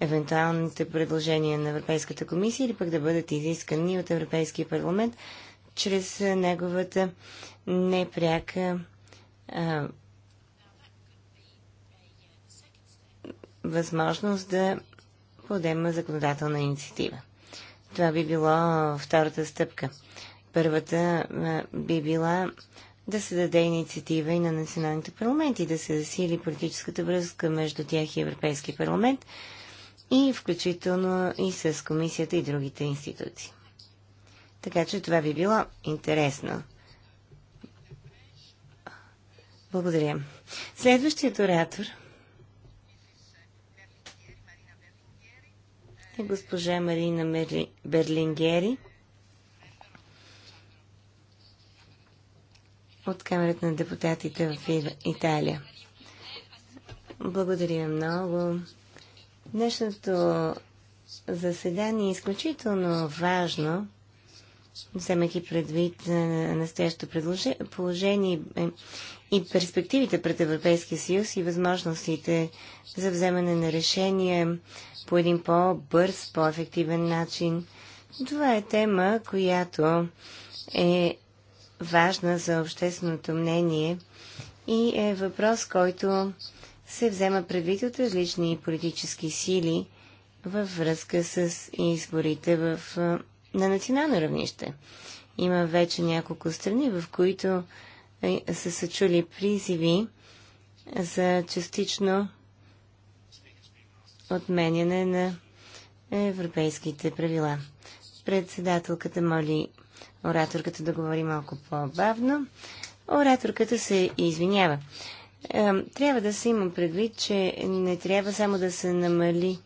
евентуалните предложения на Европейската комисия или пък да бъдат изискани от Европейския парламент чрез неговата непряка а, възможност да подема законодателна инициатива. Това би било втората стъпка. Първата а, би била да се даде инициатива и на националните парламенти, да се засили политическата връзка между тях и Европейския парламент, и включително и с комисията и другите институции. Така че това би било интересно. Благодаря. Следващият оратор е госпожа Марина Берлингери от Камерата на депутатите в Италия. Благодаря много. Днешното заседание е изключително важно, вземайки предвид е, настоящото положение е, и перспективите пред Европейския съюз и възможностите за вземане на решения по един по-бърз, по-ефективен начин. Това е тема, която е важна за общественото мнение и е въпрос, който се взема предвид от различни политически сили във връзка с изборите в, на национално равнище. Има вече няколко страни, в които са се чули призиви за частично отменяне на европейските правила. Председателката моли ораторката да говори малко по-бавно. Ораторката се извинява. Трябва да се има предвид, че не трябва само да се намали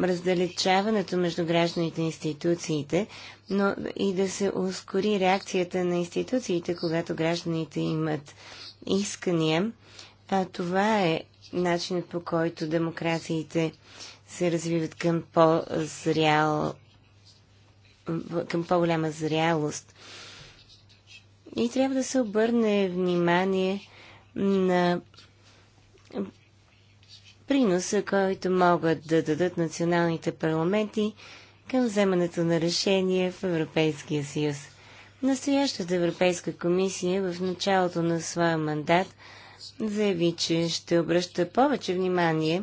раздалечаването между гражданите и институциите, но и да се ускори реакцията на институциите, когато гражданите имат искания. А това е начинът по който демокрациите се развиват към по-зрял към по-голяма зрялост. И трябва да се обърне внимание на приноса, който могат да дадат националните парламенти към вземането на решение в Европейския съюз. Настоящата Европейска комисия в началото на своя мандат заяви, че ще обръща повече внимание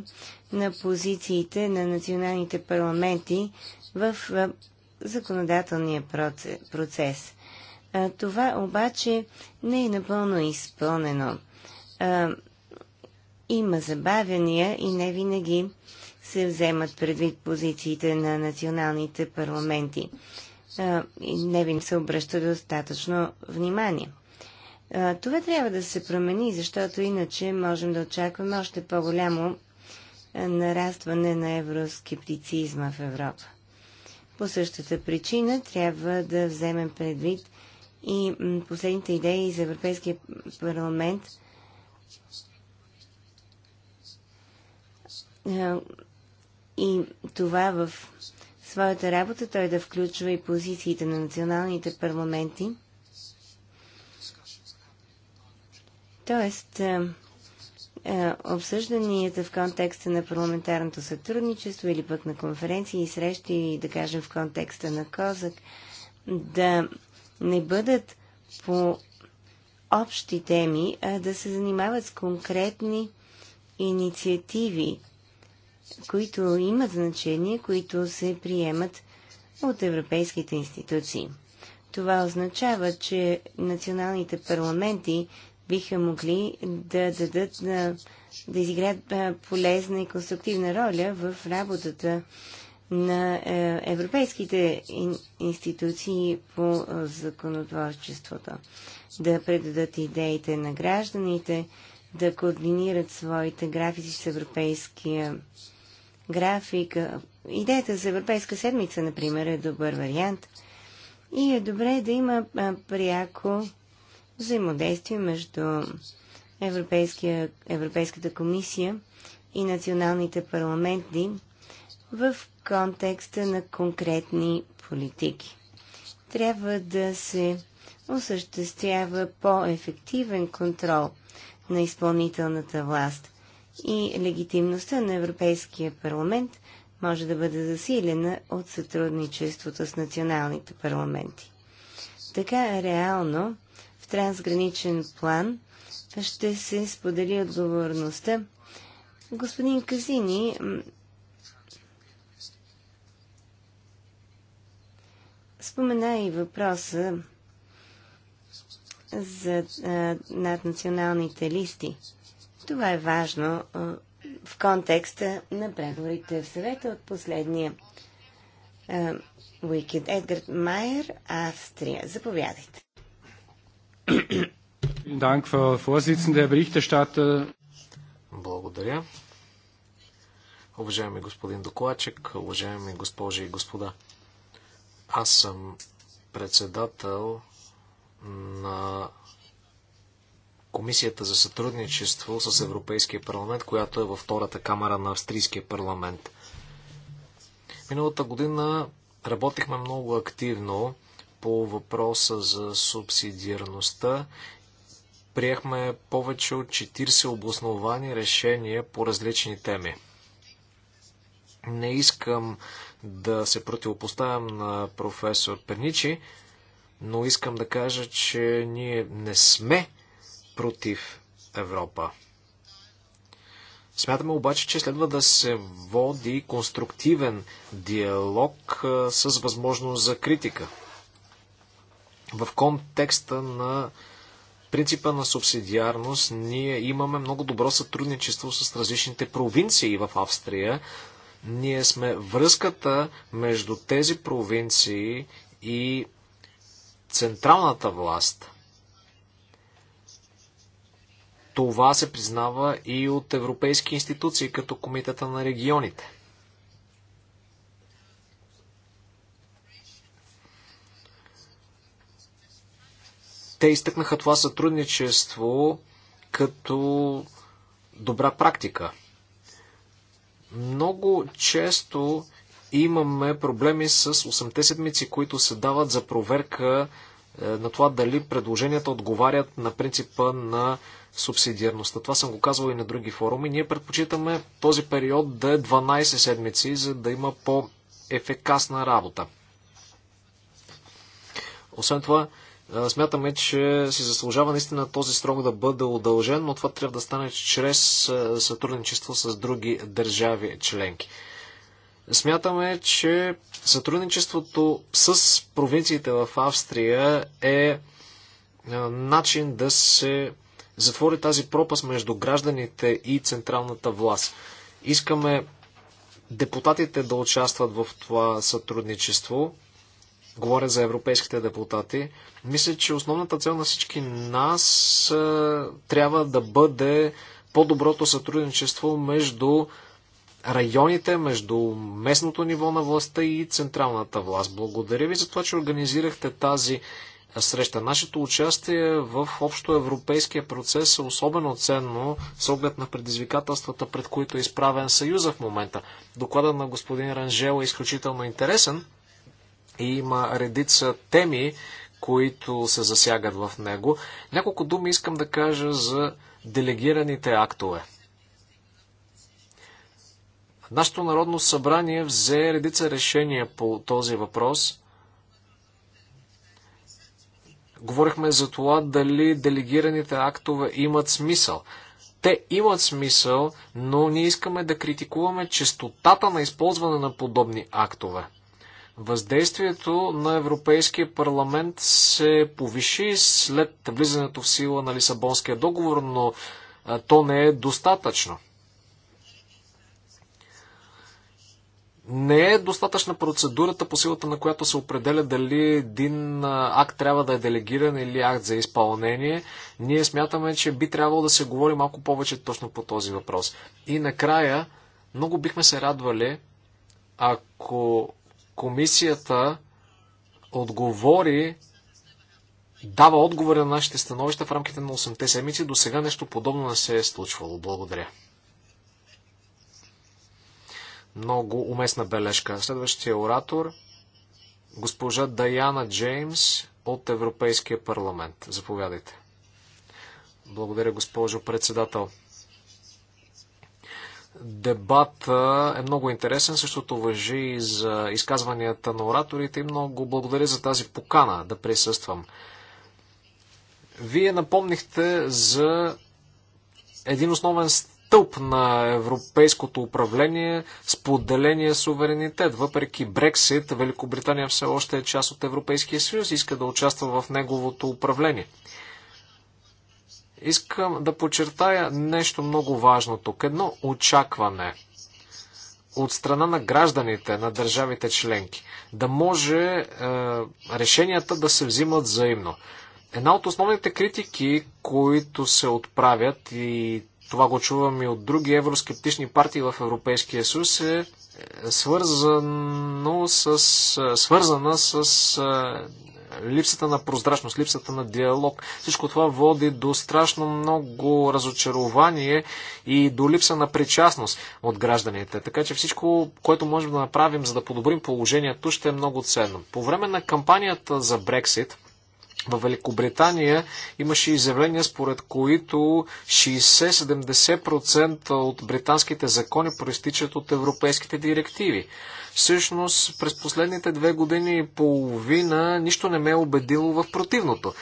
на позициите на националните парламенти в законодателния процес. Това обаче не е напълно изпълнено а, има забавяния и не винаги се вземат предвид позициите на националните парламенти. А, и не винаги се обръща достатъчно внимание. А, това трябва да се промени, защото иначе можем да очакваме още по-голямо нарастване на евроскептицизма в Европа. По същата причина трябва да вземем предвид и последните идеи за Европейския парламент – е, и това в своята работа той да включва и позициите на националните парламенти. Тоест, е, е, обсъжданията в контекста на парламентарното сътрудничество или пък на конференции и срещи, да кажем в контекста на Козак, да не бъдат по общи теми, а да се занимават с конкретни инициативи, които имат значение, които се приемат от европейските институции. Това означава, че националните парламенти биха могли да дадат, да, да изиграят полезна и конструктивна роля в работата на е, европейските институции по е, законотворчеството, да предадат идеите на гражданите, да координират своите графици с европейския график. Е, идеята за Европейска седмица, например, е добър вариант. И е добре да има пряко взаимодействие между Европейската комисия и националните парламенти, в контекста на конкретни политики. Трябва да се осъществява по-ефективен контрол на изпълнителната власт и легитимността на Европейския парламент може да бъде засилена от сътрудничеството с националните парламенти. Така реално в трансграничен план ще се сподели отговорността. Господин Казини Спомена и въпроса за а, наднационалните листи. Това е важно а, в контекста на преговорите в съвета от последния уикенд. Едгард Майер, Австрия. Заповядайте. Благодаря. Уважаеми господин докладчик, уважаеми госпожи и господа. Аз съм председател на Комисията за сътрудничество с Европейския парламент, която е във втората камера на Австрийския парламент. Миналата година работихме много активно по въпроса за субсидиарността. Приехме повече от 40 обосновани решения по различни теми. Не искам да се противопоставям на професор Перничи, но искам да кажа, че ние не сме против Европа. Смятаме обаче, че следва да се води конструктивен диалог с възможност за критика. В контекста на принципа на субсидиарност ние имаме много добро сътрудничество с различните провинции в Австрия, ние сме връзката между тези провинции и централната власт. Това се признава и от европейски институции, като Комитета на регионите. Те изтъкнаха това сътрудничество като добра практика – много често имаме проблеми с 8 те седмици, които се дават за проверка е, на това дали предложенията отговарят на принципа на субсидиарността. Това съм го казвал и на други форуми. Ние предпочитаме този период да е 12 седмици, за да има по-ефекасна работа. Освен това, Смятаме, че си заслужава наистина този срок да бъде удължен, но това трябва да стане чрез сътрудничество с други държави членки. Смятаме, че сътрудничеството с провинциите в Австрия е начин да се затвори тази пропаст между гражданите и централната власт. Искаме депутатите да участват в това сътрудничество говоря за европейските депутати, мисля, че основната цел на всички нас трябва да бъде по-доброто сътрудничество между районите, между местното ниво на властта и централната власт. Благодаря ви за това, че организирахте тази среща. Нашето участие в общо европейския процес е особено ценно с оглед на предизвикателствата, пред които е изправен Съюза в момента. Докладът на господин Ранжел е изключително интересен и има редица теми, които се засягат в него. Няколко думи искам да кажа за делегираните актове. Нашето Народно събрание взе редица решения по този въпрос. Говорихме за това дали делегираните актове имат смисъл. Те имат смисъл, но ние искаме да критикуваме честотата на използване на подобни актове. Въздействието на Европейския парламент се повиши след влизането в сила на Лисабонския договор, но то не е достатъчно. Не е достатъчна процедурата, по силата на която се определя дали един акт трябва да е делегиран или акт за изпълнение. Ние смятаме, че би трябвало да се говори малко повече точно по този въпрос. И накрая, много бихме се радвали, ако Комисията отговори, дава отговори на нашите становища в рамките на 8 те седмици. До сега нещо подобно не се е случвало. Благодаря. Много уместна бележка. Следващия оратор госпожа Даяна Джеймс от Европейския парламент. Заповядайте. Благодаря, госпожо председател. Дебата е много интересен, същото въжи и за изказванията на ораторите и много благодаря за тази покана да присъствам. Вие напомнихте за един основен стълб на европейското управление, споделения суверенитет. Въпреки Брексит, Великобритания все още е част от Европейския съюз и иска да участва в неговото управление. Искам да подчертая нещо много важно тук. Едно очакване от страна на гражданите на държавите членки. Да може е, решенията да се взимат взаимно. Една от основните критики, които се отправят и това го чувам и от други евроскептични партии в Европейския съюз, е, е свързано с, е, свързана с е, липсата на прозрачност, липсата на диалог. Всичко това води до страшно много разочарование и до липса на причастност от гражданите. Така че всичко, което можем да направим, за да подобрим положението, ще е много ценно. По време на кампанията за Брексит, в Великобритания имаше изявления, според които 60-70% от британските закони проистичат от европейските директиви. Всъщност, през последните две години и половина нищо не ме е убедило в противното.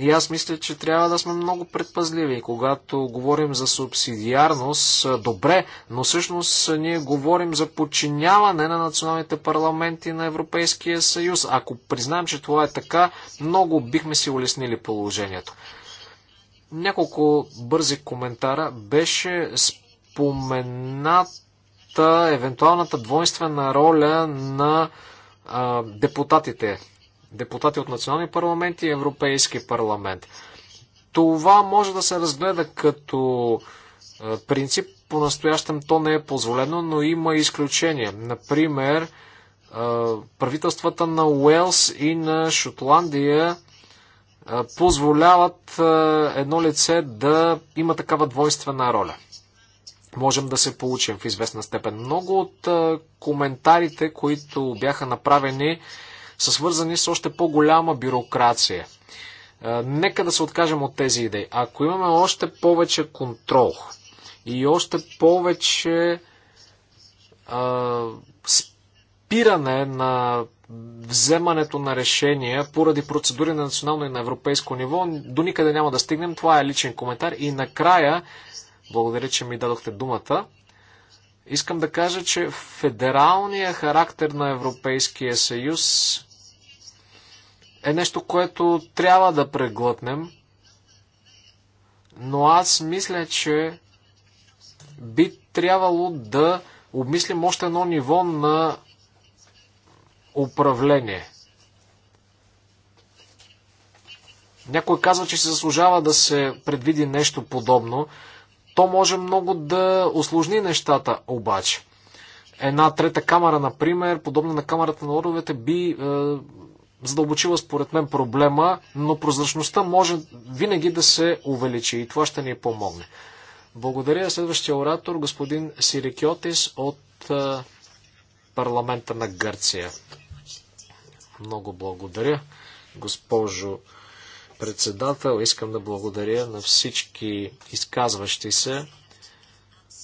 И аз мисля, че трябва да сме много предпазливи. Когато говорим за субсидиарност, добре, но всъщност ние говорим за подчиняване на националните парламенти на Европейския съюз. Ако признаем, че това е така, много бихме си улеснили положението. Няколко бързи коментара. Беше спомената евентуалната двойствена роля на а, депутатите депутати от национални парламенти и Европейски парламент. Това може да се разгледа като е, принцип. По-настоящем то не е позволено, но има изключения. Например, е, правителствата на Уелс и на Шотландия е, позволяват едно лице да има такава двойствена роля. Можем да се получим в известна степен. Много от коментарите, които бяха направени, са свързани с още по-голяма бюрокрация. Е, нека да се откажем от тези идеи. Ако имаме още повече контрол и още повече а, спиране на вземането на решения поради процедури на национално и на европейско ниво, до никъде няма да стигнем. Това е личен коментар. И накрая, благодаря, че ми дадохте думата, искам да кажа, че федералният характер на Европейския съюз е нещо, което трябва да преглътнем, но аз мисля, че би трябвало да обмислим още едно ниво на управление. Някой казва, че се заслужава да се предвиди нещо подобно. То може много да осложни нещата, обаче. Една трета камера, например, подобна на камерата на лордовете, би е, задълбочила според мен проблема, но прозрачността може винаги да се увеличи и това ще ни помогне. Благодаря следващия оратор, господин Сирикиотис от е, парламента на Гърция. Много благодаря, госпожо председател. Искам да благодаря на всички изказващи се.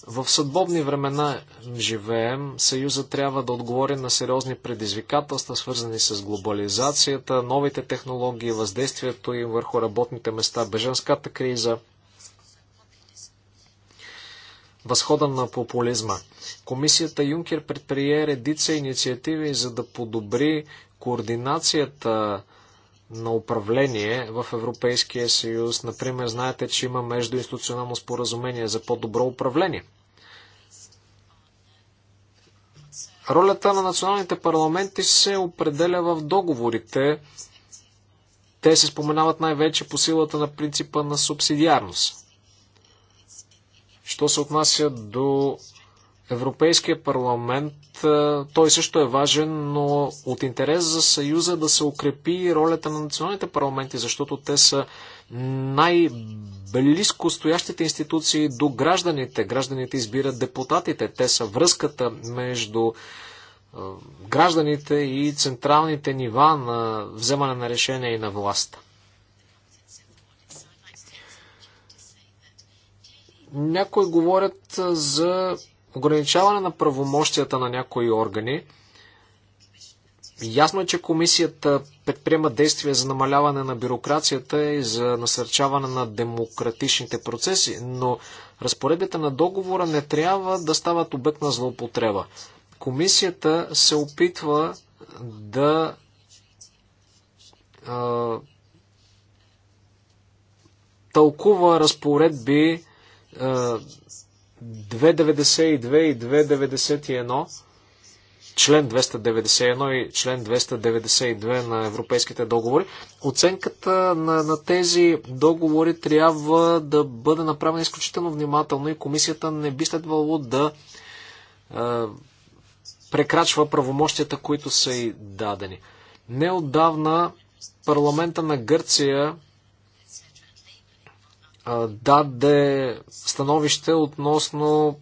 В съдбобни времена живеем. Съюза трябва да отговори на сериозни предизвикателства, свързани с глобализацията, новите технологии, въздействието им върху работните места, беженската криза, възхода на популизма. Комисията Юнкер предприе редица инициативи, за да подобри координацията на управление в Европейския съюз. Например, знаете, че има междуинституционално споразумение за по-добро управление Ролята на националните парламенти се определя в договорите. Те се споменават най-вече по силата на принципа на субсидиарност. Що се отнася до Европейския парламент, е, той също е важен, но от интерес за Съюза да се укрепи ролята на националните парламенти, защото те са най-близко стоящите институции до гражданите. Гражданите избират депутатите. Те са връзката между е, гражданите и централните нива на вземане на решения и на властта. Някои говорят за ограничаване на правомощията на някои органи. Ясно е, че комисията предприема действия за намаляване на бюрокрацията и за насърчаване на демократичните процеси, но разпоредбите на договора не трябва да стават обект на злоупотреба. Комисията се опитва да а, тълкува разпоредби а, 292 и 291 член 291 и член 292 на европейските договори. Оценката на, на тези договори трябва да бъде направена изключително внимателно и комисията не би следвало да е, прекрачва правомощията, които са и дадени. Неодавна парламента на Гърция даде становище относно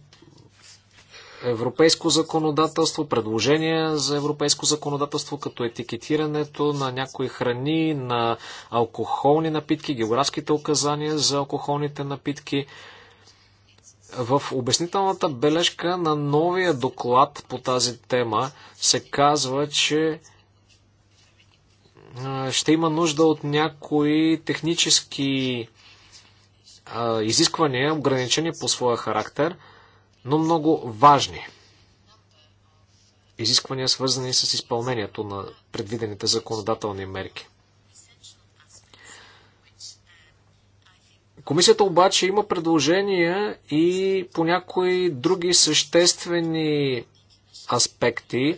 европейско законодателство, предложения за европейско законодателство, като етикетирането на някои храни, на алкохолни напитки, географските указания за алкохолните напитки. В обяснителната бележка на новия доклад по тази тема се казва, че ще има нужда от някои технически изисквания, ограничени по своя характер – но много важни. Изисквания свързани с изпълнението на предвидените законодателни мерки. Комисията обаче има предложения и по някои други съществени аспекти,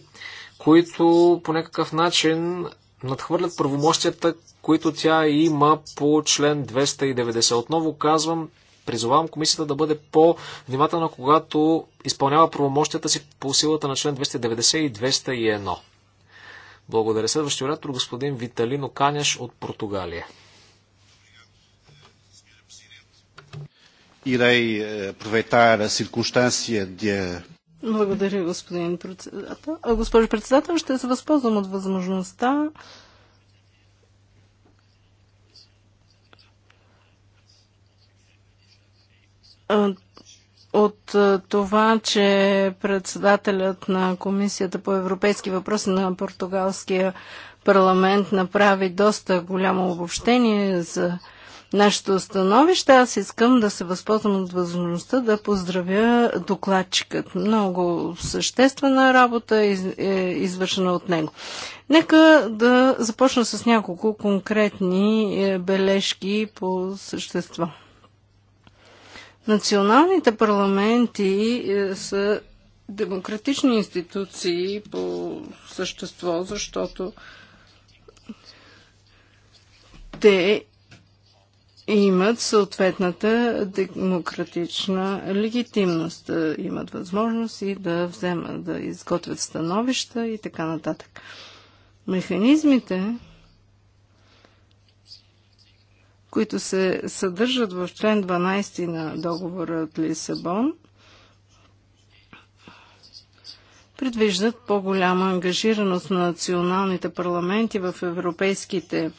които по някакъв начин надхвърлят правомощията, които тя има по член 290. Отново казвам, Призовавам комисията да бъде по-внимателна, когато изпълнява правомощията си по силата на член 290 и 201. Благодаря. Следващия оратор господин Виталино Каняш от Португалия. Ирей, aproveitar a circunstância благодаря, господин председател. Госпожо председател, ще се възползвам от възможността от това, че председателят на Комисията по европейски въпроси на португалския парламент направи доста голямо обобщение за нашето становище, аз искам да се възползвам от възможността да поздравя докладчикът. Много съществена работа е извършена от него. Нека да започна с няколко конкретни е, бележки по същество. Националните парламенти е, са демократични институции по същество, защото те имат съответната демократична легитимност, е, имат възможност и да вземат, да изготвят становища и така нататък. Механизмите, които се съдържат в член 12 на договора от Лисабон, предвиждат по-голяма ангажираност на националните парламенти в европейските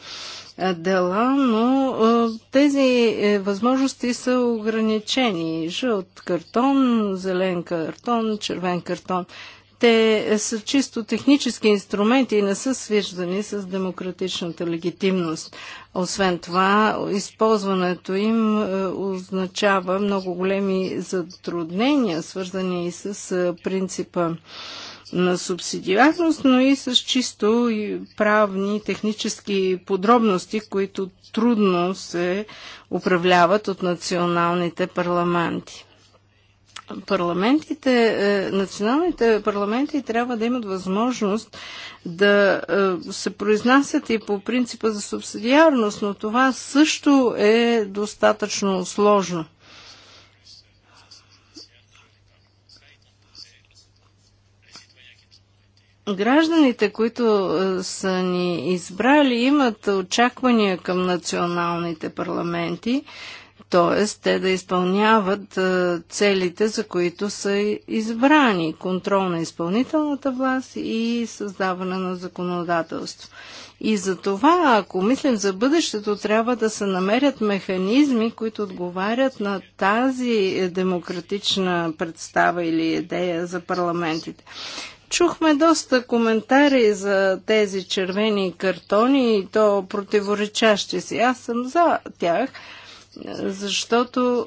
дела, но тези е, възможности са ограничени. Жълт картон, зелен картон, червен картон. Те са чисто технически инструменти и не са свиждани с демократичната легитимност. Освен това, използването им е, означава много големи затруднения, свързани и с е, принципа на субсидиарност, но и с чисто и правни технически подробности, които трудно се управляват от националните парламенти парламентите, е, националните парламенти трябва да имат възможност да е, се произнасят и по принципа за субсидиарност, но това също е достатъчно сложно. гражданите, които е, са ни избрали, имат очаквания към националните парламенти, т.е. те да изпълняват целите, за които са избрани контрол на изпълнителната власт и създаване на законодателство. И за това, ако мислим за бъдещето, трябва да се намерят механизми, които отговарят на тази демократична представа или идея за парламентите. Чухме доста коментари за тези червени картони и то противоречащи си. Аз съм за тях, защото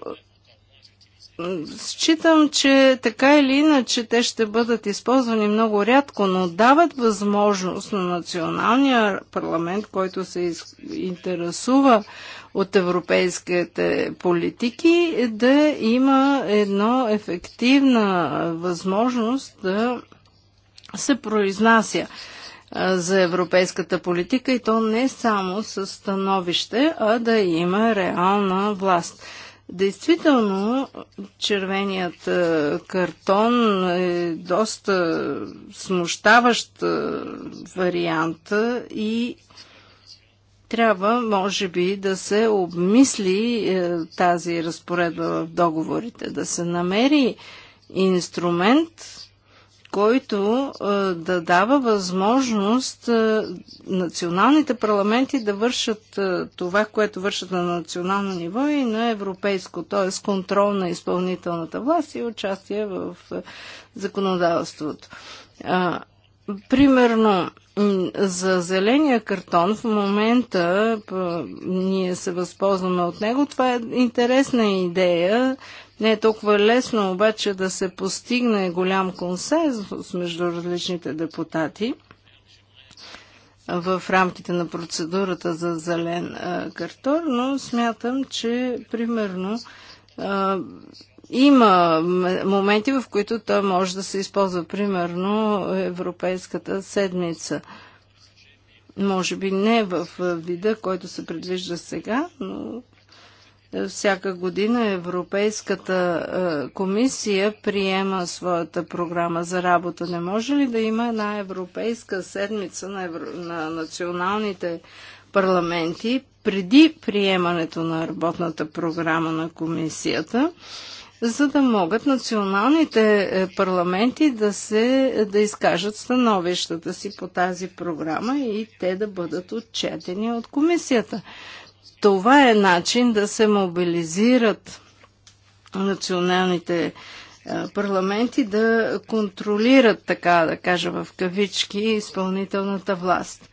считам, че така или иначе те ще бъдат използвани много рядко, но дават възможност на националния парламент, който се интересува от европейските политики, да има едно ефективна възможност да се произнася за европейската политика и то не само с становище, а да има реална власт. Действително, червеният картон е доста смущаващ вариант и трябва, може би, да се обмисли е, тази разпоредба в договорите, да се намери инструмент, който да дава възможност националните парламенти да вършат това, което вършат на национално ниво и на европейско, т.е. контрол на изпълнителната власт и участие в законодателството. Примерно, за зеления картон в момента ние се възползваме от него. Това е интересна идея не е толкова лесно обаче да се постигне голям консенсус между различните депутати в рамките на процедурата за зелен картор, но смятам, че примерно има моменти, в които той може да се използва, примерно Европейската седмица. Може би не в вида, който се предвижда сега, но всяка година Европейската е, комисия приема своята програма за работа. Не може ли да има една европейска седмица на, евро... на националните парламенти преди приемането на работната програма на комисията? за да могат националните е, парламенти да, се, да изкажат становищата си по тази програма и те да бъдат отчетени от комисията. Това е начин да се мобилизират националните е, парламенти да контролират, така да кажа в кавички, изпълнителната власт.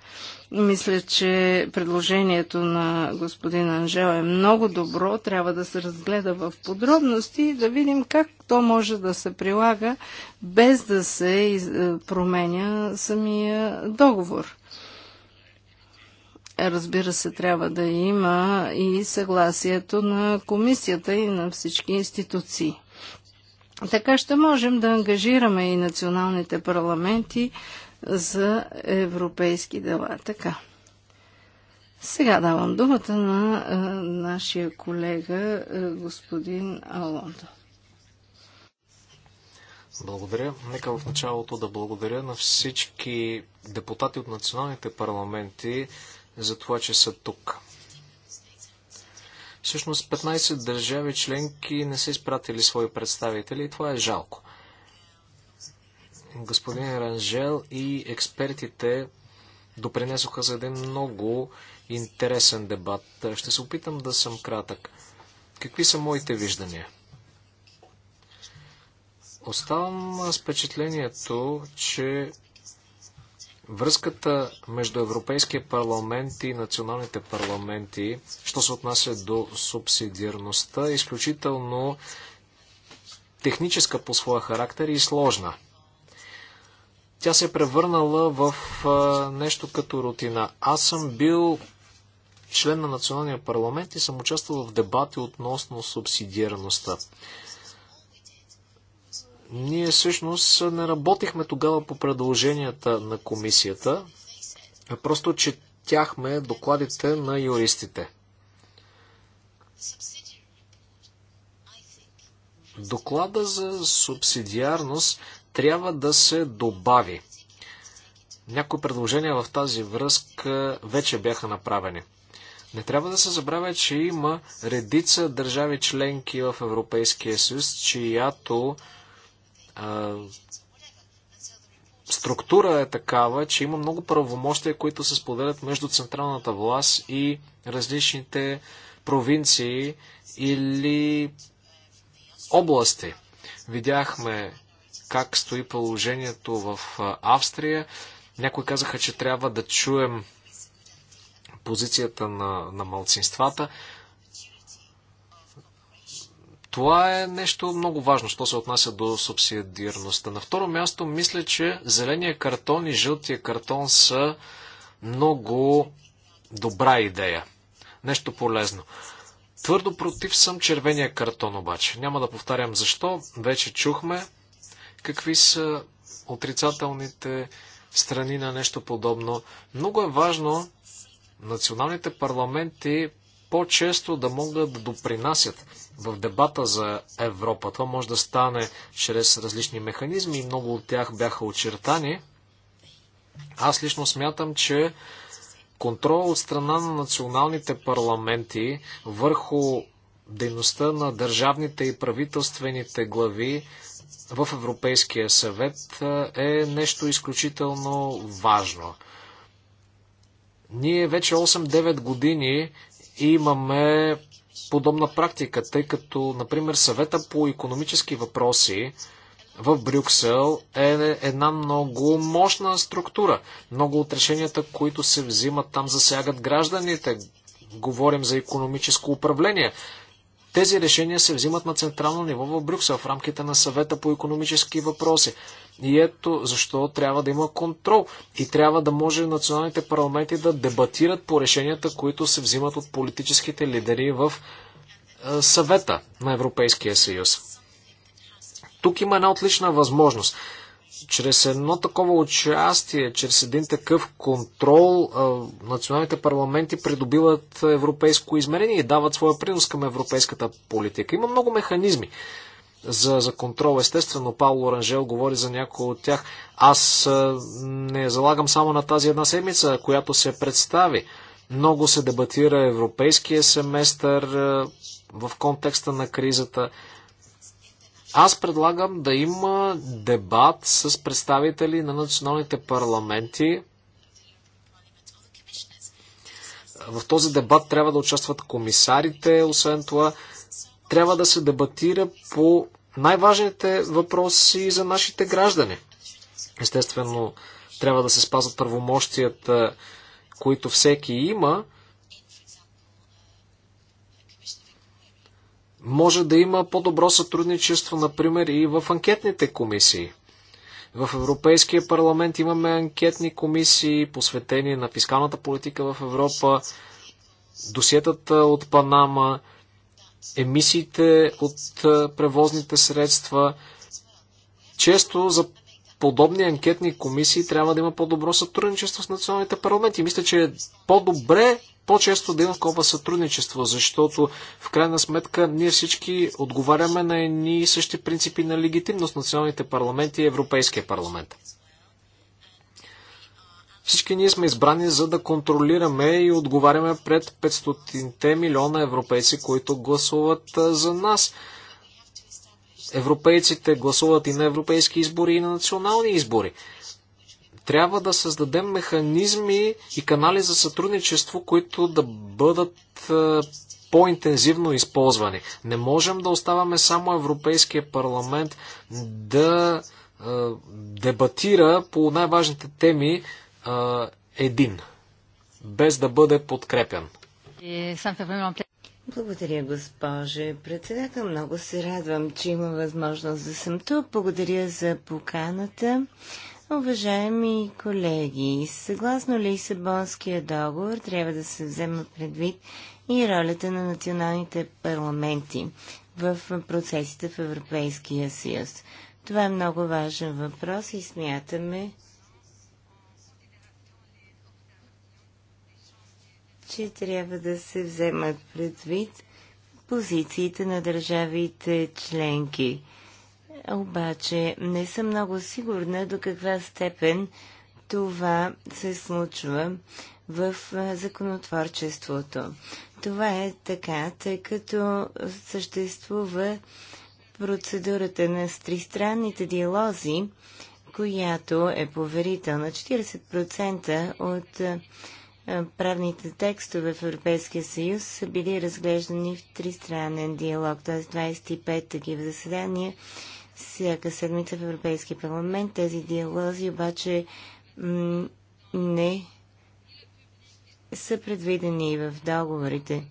Мисля, че предложението на господин Анжел е много добро, трябва да се разгледа в подробности и да видим как то може да се прилага без да се е, променя самия договор разбира се, трябва да има и съгласието на комисията и на всички институции. Така ще можем да ангажираме и националните парламенти за европейски дела. Така. Сега давам думата на а, нашия колега а, господин Алондо. Благодаря. Нека в началото да благодаря на всички депутати от националните парламенти за това, че са тук. Всъщност 15 държави членки не са изпратили свои представители и това е жалко. Господин Ранжел и експертите допринесоха за един много интересен дебат. Ще се опитам да съм кратък. Какви са моите виждания? Оставам с впечатлението, че Връзката между Европейския парламент и националните парламенти, що се отнася до субсидиарността, е изключително техническа по своя характер и сложна. Тя се е превърнала в нещо като рутина. Аз съм бил член на националния парламент и съм участвал в дебати относно субсидиарността. Ние всъщност не работихме тогава по предложенията на комисията, а просто четяхме докладите на юристите. Доклада за субсидиарност трябва да се добави. Някои предложения в тази връзка вече бяха направени. Не трябва да се забравя, че има редица държави членки в Европейския съюз, чиято структура е такава, че има много правомощия, които се споделят между централната власт и различните провинции или области. Видяхме как стои положението в Австрия. Някои казаха, че трябва да чуем позицията на, на малцинствата. Това е нещо много важно, що се отнася до субсидиарността. На второ място, мисля, че зеления картон и жълтия картон са много добра идея. Нещо полезно. Твърдо против съм червения картон обаче. Няма да повтарям защо. Вече чухме какви са отрицателните страни на нещо подобно. Много е важно националните парламенти по-често да могат да допринасят в дебата за Европа. Това може да стане чрез различни механизми и много от тях бяха очертани. Аз лично смятам, че контрол от страна на националните парламенти върху дейността на държавните и правителствените глави в Европейския съвет е нещо изключително важно. Ние вече 8-9 години имаме подобна практика, тъй като, например, съвета по економически въпроси в Брюксел е една много мощна структура. Много от решенията, които се взимат там, засягат гражданите. Говорим за економическо управление. Тези решения се взимат на централно ниво в Брюксел в рамките на съвета по економически въпроси. И ето защо трябва да има контрол и трябва да може националните парламенти да дебатират по решенията, които се взимат от политическите лидери в е, съвета на Европейския съюз. Тук има една отлична възможност. Чрез едно такова участие, чрез един такъв контрол, националните парламенти придобиват европейско измерение и дават своя принос към европейската политика. Има много механизми за, за контрол. Естествено, Павло Оранжел говори за някои от тях. Аз не залагам само на тази една седмица, която се представи. Много се дебатира европейския семестър в контекста на кризата. Аз предлагам да има дебат с представители на националните парламенти. В този дебат трябва да участват комисарите, освен това трябва да се дебатира по най-важните въпроси за нашите граждани. Естествено, трябва да се спазват правомощията, които всеки има, Може да има по-добро сътрудничество, например, и в анкетните комисии. В Европейския парламент имаме анкетни комисии, посветени на фискалната политика в Европа, досиетата от Панама, емисиите от превозните средства. Често за подобни анкетни комисии трябва да има по-добро сътрудничество с националните парламенти. Мисля, че е по-добре по-често да има такова сътрудничество, защото в крайна сметка ние всички отговаряме на едни и същи принципи на легитимност националните парламенти и Европейския парламент. Всички ние сме избрани за да контролираме и отговаряме пред 500 милиона европейци, които гласуват за нас европейците гласуват и на европейски избори, и на национални избори. Трябва да създадем механизми и канали за сътрудничество, които да бъдат е, по-интензивно използвани. Не можем да оставаме само Европейския парламент да е, дебатира по най-важните теми е, един, без да бъде подкрепен. Благодаря, госпоже председател. Много се радвам, че има възможност да съм тук. Благодаря за поканата. Уважаеми колеги, съгласно Лисабонския договор трябва да се взема предвид и ролята на националните парламенти в процесите в Европейския съюз. Това е много важен въпрос и смятаме, че трябва да се вземат предвид позициите на държавите членки. Обаче не съм много сигурна до каква степен това се случва в законотворчеството. Това е така, тъй като съществува процедурата на тристранните диалози, която е поверителна. 40% от е, правните текстове в Европейския съюз са били разглеждани в тристранен диалог, т.е. 25 такива заседания всяка седмица в Европейския парламент. Тези диалози обаче не са предвидени в договорите.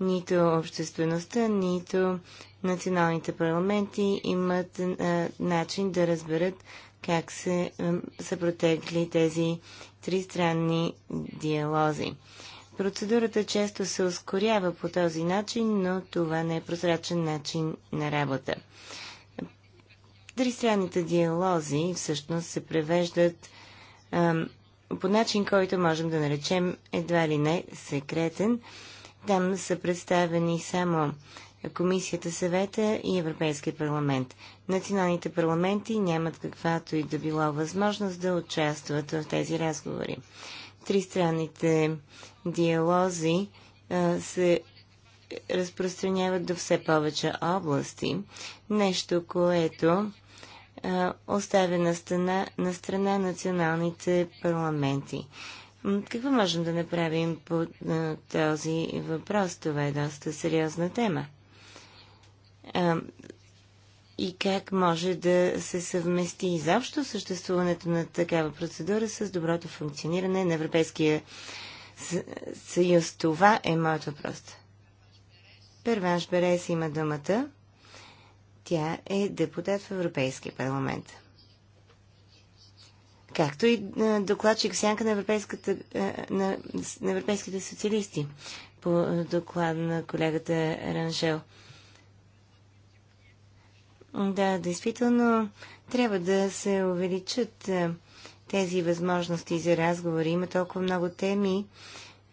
Нито обществеността, нито националните парламенти имат а, е, начин да разберат как се, а, са протекли тези тристранни диалози. Процедурата често се ускорява по този начин, но това не е прозрачен начин на работа. Тристранните диалози всъщност се превеждат по начин, който можем да наречем едва ли не секретен. Там са представени само Комисията, съвета и Европейския парламент. Националните парламенти нямат каквато и да било възможност да участват в тези разговори. Тристранните диалози а, се разпространяват до все повече области, нещо, което а, оставя на страна, на страна националните парламенти. Какво можем да направим по а, този въпрос? Това е доста сериозна тема и как може да се съвмести изобщо съществуването на такава процедура с доброто функциониране на Европейския съюз. Това е моят въпрос. Перванш Берес има думата. Тя е депутат в Европейския парламент. Както и докладчик сянка на, европейската, на, на европейските социалисти по доклад на колегата Ранжел. Да, действително трябва да се увеличат е, тези възможности за разговори. Има толкова много теми,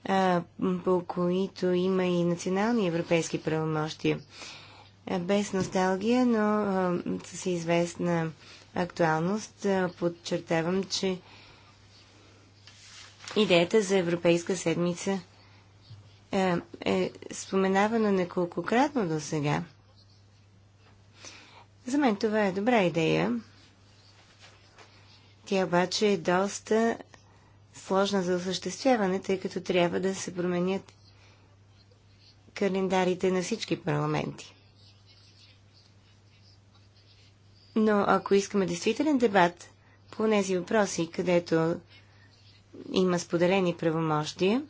е, по които има и национални европейски правомощия. Е, без носталгия, но с известна актуалност подчертавам, че идеята за Европейска седмица е споменавана неколкократно до сега – за мен това е добра идея. Тя обаче е доста сложна за осъществяване, тъй като трябва да се променят календарите на всички парламенти. Но ако искаме действителен дебат по тези въпроси, където има споделени правомощия,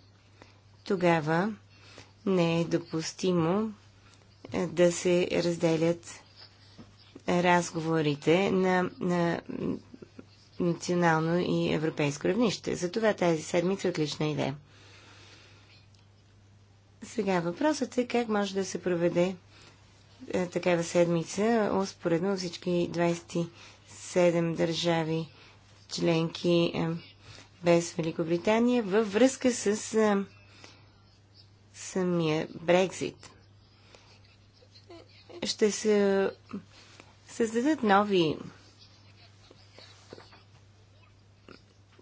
тогава не е допустимо е, да се разделят разговорите на, на национално и европейско равнище. Затова тази седмица е отлична идея. Сега въпросът е как може да се проведе е, такава седмица, успоредно всички 27 държави членки е, без Великобритания във връзка с е, самия Брекзит. Ще се създадат нови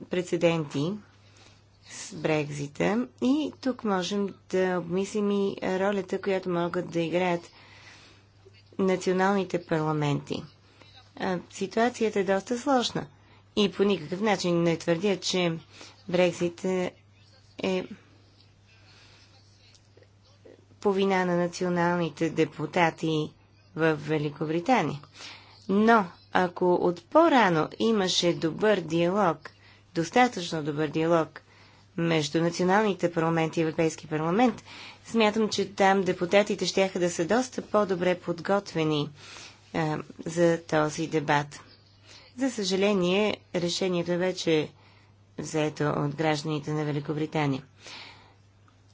прецеденти с Брекзита и тук можем да обмислим и ролята, която могат да играят националните парламенти. Ситуацията е доста сложна и по никакъв начин не твърдя, че Брекзит е по вина на националните депутати в Великобритания. Но ако от по-рано имаше добър диалог, достатъчно добър диалог между националните парламенти и Европейски парламент, смятам, че там депутатите ще да са доста по-добре подготвени а, за този дебат. За съжаление, решението е вече взето от гражданите на Великобритания.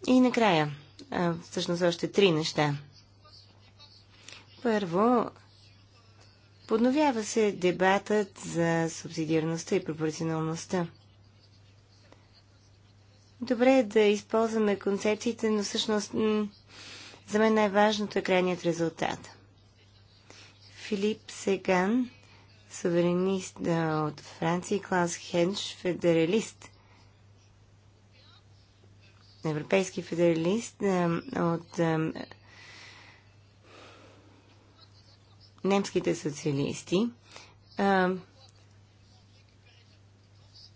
И накрая, а, всъщност още три неща. Първо, подновява се дебатът за субсидиарността и пропорционалността. Добре е да използваме концепциите, но всъщност за мен най-важното е крайният резултат. Филип Сеган, суверенист от Франция, и Клаус Хенш, федералист. Европейски федералист от немските социалисти а,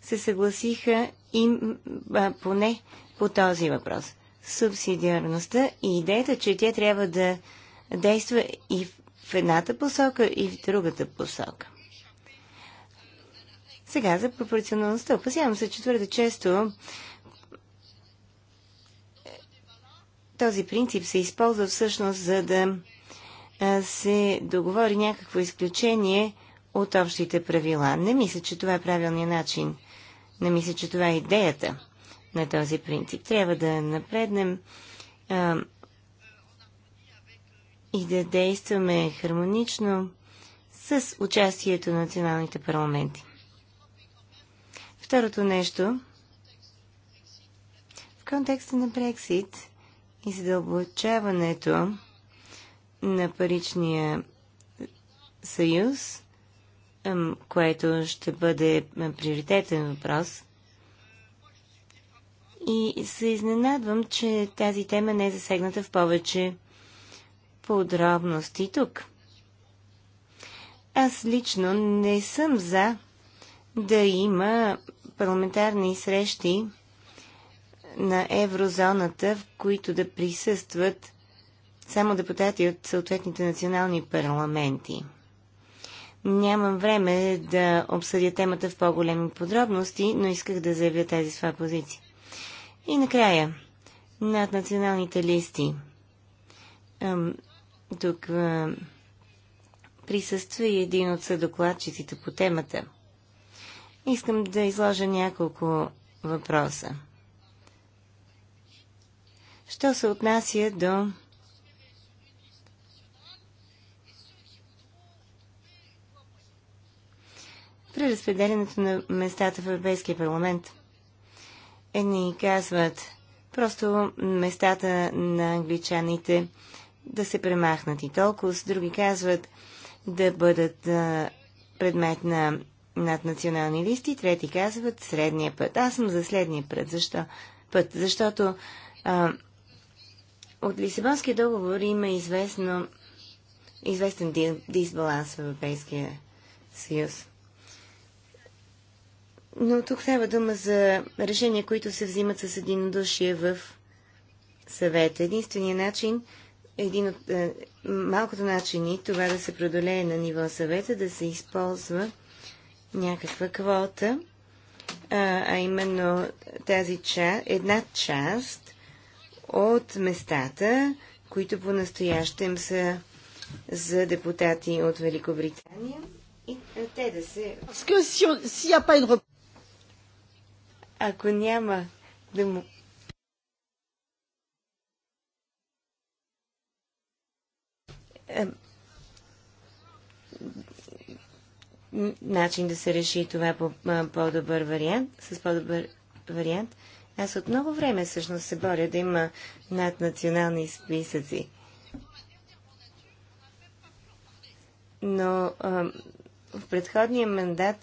се съгласиха им а, поне по този въпрос. Субсидиарността и идеята, че тя трябва да действа и в едната посока, и в другата посока. Сега за пропорционалността. Опасявам се, че твърде често този принцип се използва всъщност за да се договори някакво изключение от общите правила. Не мисля, че това е правилният начин. Не мисля, че това е идеята на този принцип. Трябва да напреднем а, и да действаме хармонично с участието на националните парламенти. Второто нещо, в контекста на Брексит и задълбочаването на паричния съюз, което ще бъде приоритетен въпрос. И се изненадвам, че тази тема не е засегната в повече подробности тук. Аз лично не съм за да има парламентарни срещи на еврозоната, в които да присъстват само депутати от съответните национални парламенти. Нямам време да обсъдя темата в по-големи подробности, но исках да заявя тази своя позиция. И накрая, над националните листи. тук присъства и един от съдокладчиците по темата. Искам да изложа няколко въпроса. Що се отнася до при разпределянето на местата в Европейския парламент. Едни казват просто местата на англичаните да се премахнат и толкова, с други казват да бъдат предмет на наднационални листи, трети казват средния път. Аз съм за следния път. Защо? Път. Защото а, от Лисабонския договор има известно, известен дисбаланс в Европейския съюз. Но тук става дума за решения, които се взимат с единодушие в съвета. Единственият начин, един от е, малкото начини това да се преодолее на ниво съвета, да се използва някаква квота, а, а именно тази част, една част от местата, които по-настоящем са за депутати от Великобритания и е, те да се... Ако няма да му. начин да се реши това по по-добър вариант, с по-добър вариант. Аз от много време всъщност се боря да има наднационални списъци. Но а, в предходния мандат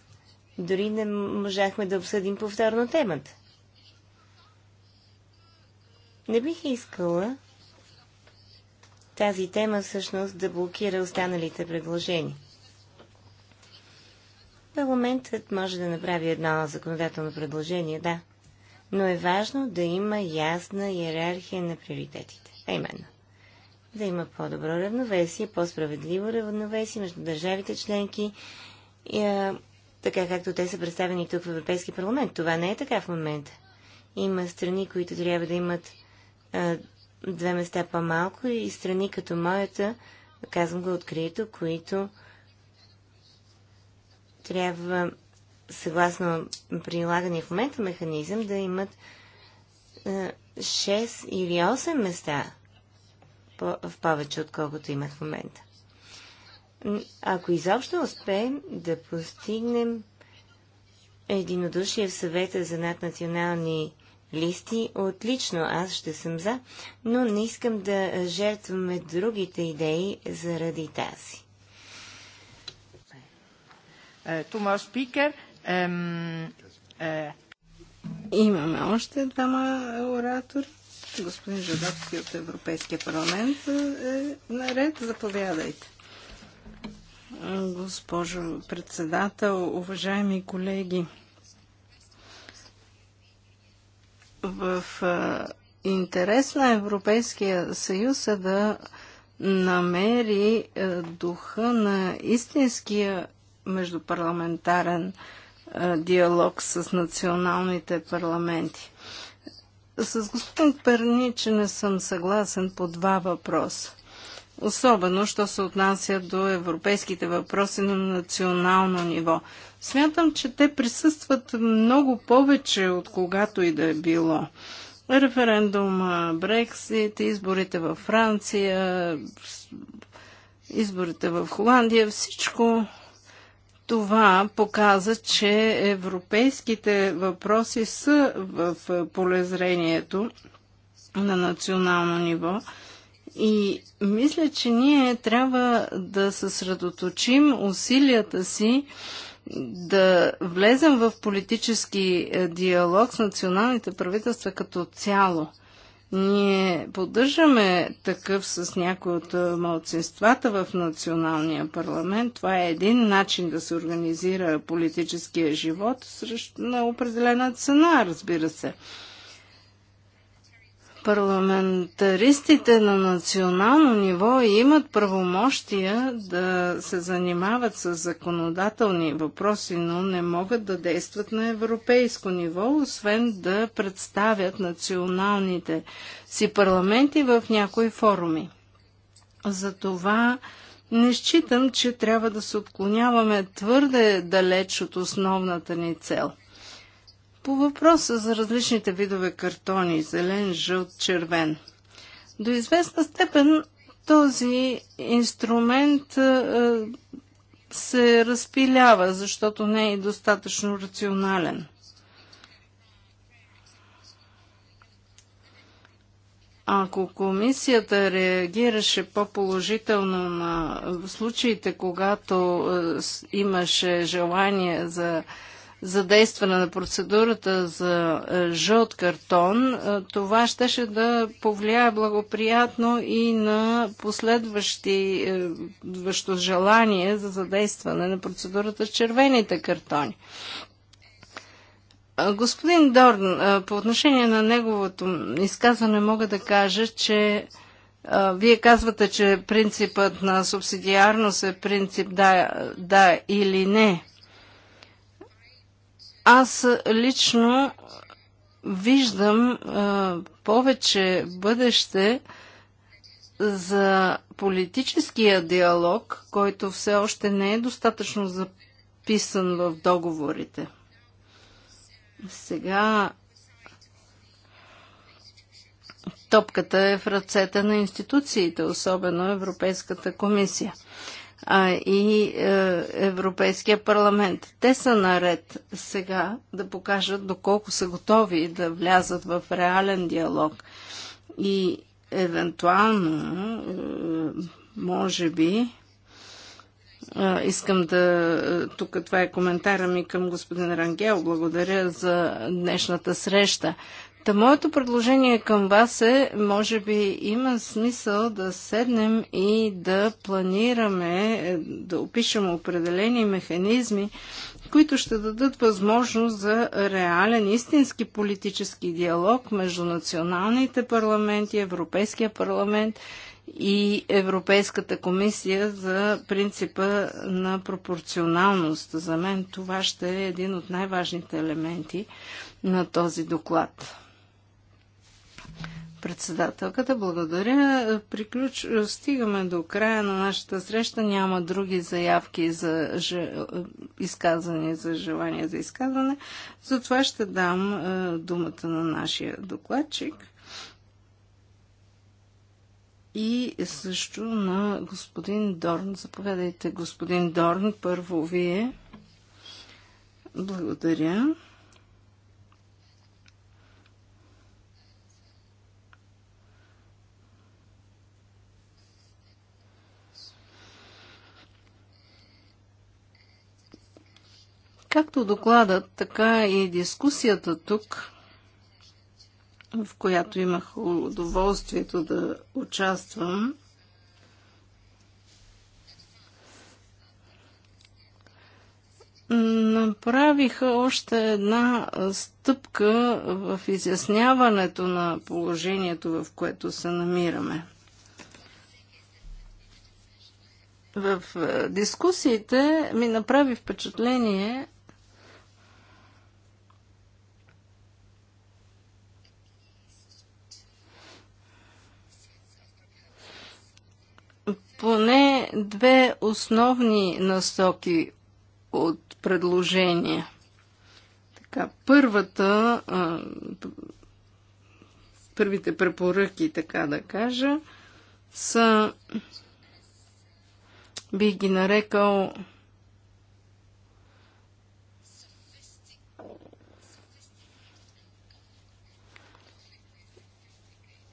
дори не можахме да обсъдим повторно темата. Не бих искала тази тема всъщност да блокира останалите предложения. Парламентът може да направи едно законодателно предложение, да, но е важно да има ясна иерархия на приоритетите. А именно, да има по-добро равновесие, по-справедливо равновесие между държавите членки, така както те са представени тук в Европейски парламент. Това не е така в момента. Има страни, които трябва да имат а, две места по-малко и страни като моята, казвам го открито, които трябва, съгласно прилагания в момента механизъм, да имат а, 6 или 8 места в повече, отколкото имат в момента ако изобщо успеем да постигнем единодушие в съвета за наднационални листи, отлично, аз ще съм за, но не искам да жертваме другите идеи заради тази. Томас е, Пикер. Имаме още двама оратори. Господин Жадовски от Европейския парламент е, е наред. Заповядайте госпожо председател, уважаеми колеги. В интерес на Европейския съюз е да намери духа на истинския междупарламентарен диалог с националните парламенти. С господин Перниче не съм съгласен по два въпроса особено, що се отнася до европейските въпроси на национално ниво. Смятам, че те присъстват много повече от когато и да е било. Референдум, Брексит, изборите във Франция, изборите в Холандия, всичко това показа, че европейските въпроси са в полезрението на национално ниво и мисля, че ние трябва да съсредоточим усилията си да влезем в политически е, диалог с националните правителства като цяло. Ние поддържаме такъв с някои от е, малцинствата в националния парламент. Това е един начин да се организира политическия живот на определена цена, разбира се парламентаристите на национално ниво имат правомощия да се занимават с законодателни въпроси, но не могат да действат на европейско ниво, освен да представят националните си парламенти в някои форуми. Затова не считам, че трябва да се отклоняваме твърде далеч от основната ни цел – по въпроса за различните видове картони зелен, жълт, червен. До известна степен този инструмент е, се разпилява, защото не е достатъчно рационален. Ако комисията реагираше по-положително на случаите, когато е, имаше желание за задействане на процедурата за е, жълт картон, е, това щеше да повлияе благоприятно и на последващо е, желание за задействане на процедурата с червените картони. Господин Дорн, по отношение на неговото изказване мога да кажа, че вие казвате, че принципът на субсидиарност е принцип да, да или не. Аз лично виждам а, повече бъдеще за политическия диалог, който все още не е достатъчно записан в договорите. Сега топката е в ръцете на институциите, особено Европейската комисия а и е, Европейския парламент. Те са наред сега да покажат доколко са готови да влязат в реален диалог и евентуално, е, може би, е, искам да. Е, тук това е коментара ми към господин Рангел. Благодаря за днешната среща. Та моето предложение към вас е, може би има смисъл да седнем и да планираме, е, да опишем определени механизми, които ще дадат възможност за реален, истински политически диалог между националните парламенти, Европейския парламент и Европейската комисия за принципа на пропорционалност. За мен това ще е един от най-важните елементи на този доклад. Председателката, благодаря. Приключ... Стигаме до края на нашата среща. Няма други заявки за ж... изказване, за желание за изказване. Затова ще дам е, думата на нашия докладчик и също на господин Дорн. Заповядайте, господин Дорн, първо вие. Благодаря. Както докладът, така и дискусията тук, в която имах удоволствието да участвам, направиха още една стъпка в изясняването на положението, в което се намираме. В е, дискусиите ми направи впечатление, поне две основни насоки от предложения. Така, първата, първите препоръки, така да кажа, са, бих ги нарекал,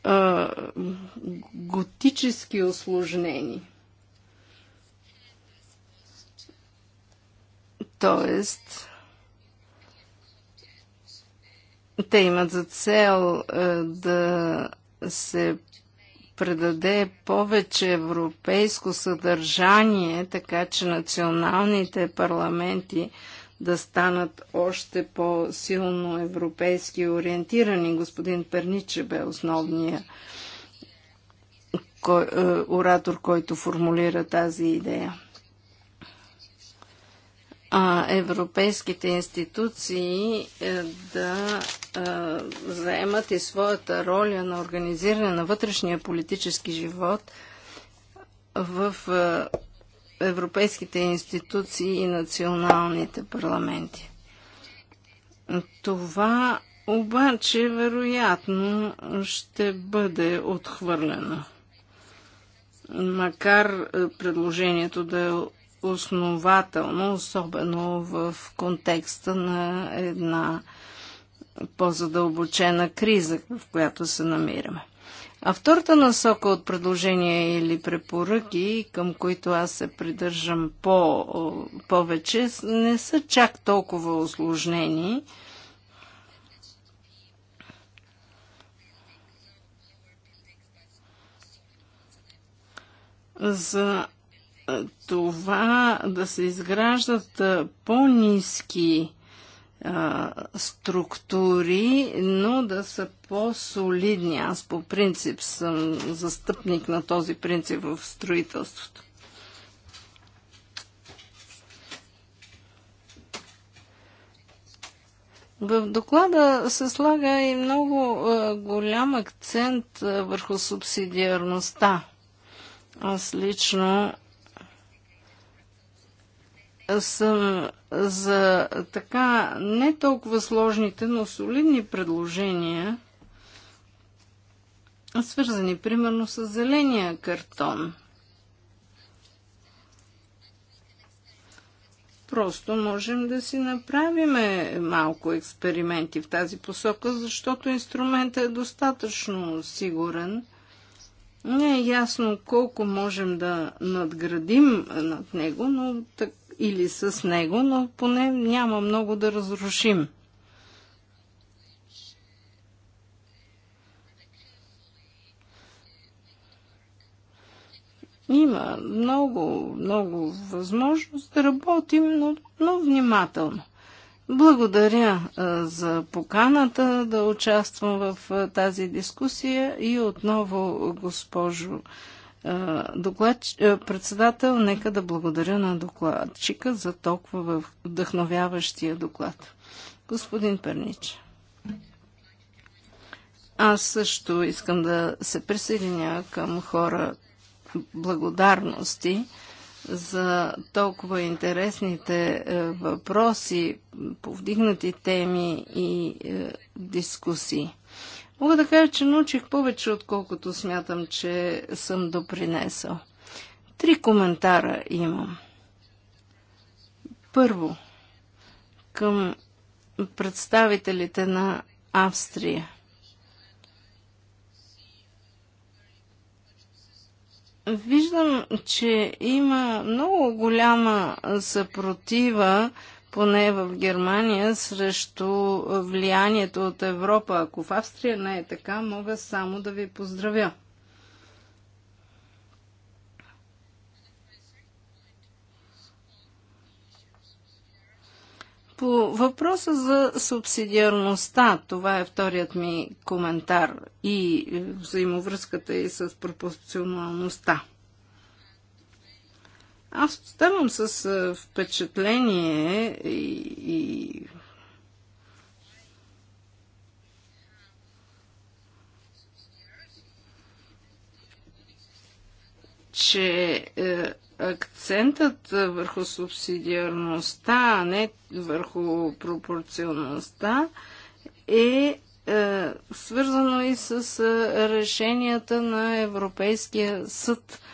а, готически осложнени. Тоест, те имат за цел а, да се предаде повече европейско съдържание, така че националните парламенти а, да станат още по-силно европейски ориентирани. Господин Перниче бе основния е, оратор, който формулира тази идея. А, европейските институции е, да е, заемат и своята роля на организиране на вътрешния политически живот в европейските институции и националните парламенти. Това обаче вероятно ще бъде отхвърлено. Макар е, предложението да е основателно, особено в контекста на една по-задълбочена криза, в която се намираме. А втората насока от предложения или препоръки, към които аз се придържам по, повече, не са чак толкова осложнени. За е, това да се изграждат е, по-низки структури, но да са по-солидни. Аз по принцип съм застъпник на този принцип в строителството. В доклада се слага и много голям акцент върху субсидиарността. Аз лично съм за така не толкова сложните, но солидни предложения, свързани примерно с зеления картон. Просто можем да си направим малко експерименти в тази посока, защото инструментът е достатъчно сигурен. Не е ясно колко можем да надградим над него, но така или с него, но поне няма много да разрушим. Има много, много възможност да работим, но, но внимателно. Благодаря а, за поканата да участвам в а, тази дискусия и отново, госпожо Доклад, председател, нека да благодаря на докладчика за толкова вдъхновяващия доклад. Господин Пернич. Аз също искам да се присъединя към хора благодарности за толкова интересните е, въпроси, повдигнати теми и е, дискусии. Мога да кажа, че научих повече, отколкото смятам, че съм допринесъл. Три коментара имам. Първо, към представителите на Австрия. Виждам, че има много голяма съпротива поне в Германия, срещу влиянието от Европа. Ако в Австрия не е така, мога само да ви поздравя. По въпроса за субсидиарността, това е вторият ми коментар и взаимовръзката и с пропорционалността. Аз ставам с впечатление и, и че е, акцентът върху субсидиарността, а не върху пропорционалността, е, е свързано и с е, решенията на Европейския съд –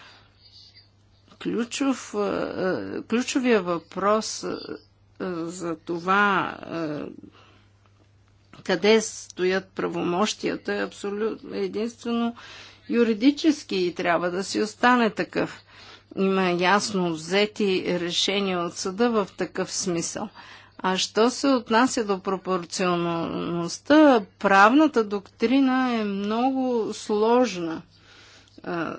ключов, е, е, ключовия въпрос е, за това къде стоят правомощията е абсолютно единствено юридически и трябва да си остане такъв. Има ясно взети решения от съда в такъв смисъл. А що се отнася до пропорционалността, правната доктрина е много сложна –